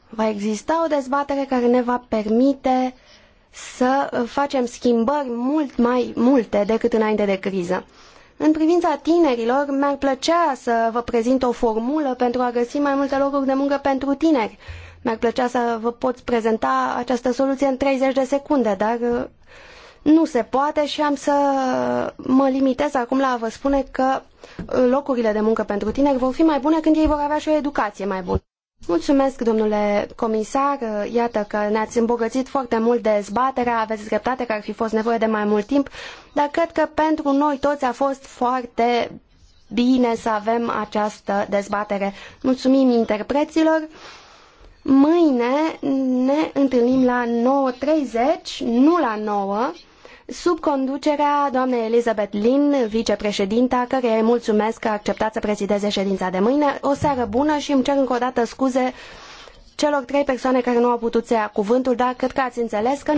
Va exista o dezbatere care ne va permite să uh, facem schimbări mult mai multe decât înainte de criză. În privința tinerilor, mi-ar plăcea să vă prezint o formulă pentru a găsi mai multe locuri de muncă pentru tineri. Mi-ar plăcea să vă pot prezenta această soluție în 30 de secunde, dar uh, nu se poate și am să mă limitez acum la a vă spune că uh, locurile de muncă pentru tineri vor fi mai bune când ei vor avea și o educație mai bună. Mulțumesc, domnule comisar. Iată că ne-ați îmbogățit foarte mult dezbaterea. Aveți dreptate că ar fi fost nevoie de mai mult timp, dar cred că pentru noi toți a fost foarte bine să avem această dezbatere. Mulțumim interpreților. Mâine ne întâlnim la 9.30, nu la 9 sub conducerea doamnei Elizabeth Lin, vicepreședinta, care îi mulțumesc că a acceptat să prezideze ședința de mâine. O seară bună și îmi cer încă o dată scuze celor trei persoane care nu au putut să ia cuvântul, dar cred că ați înțeles că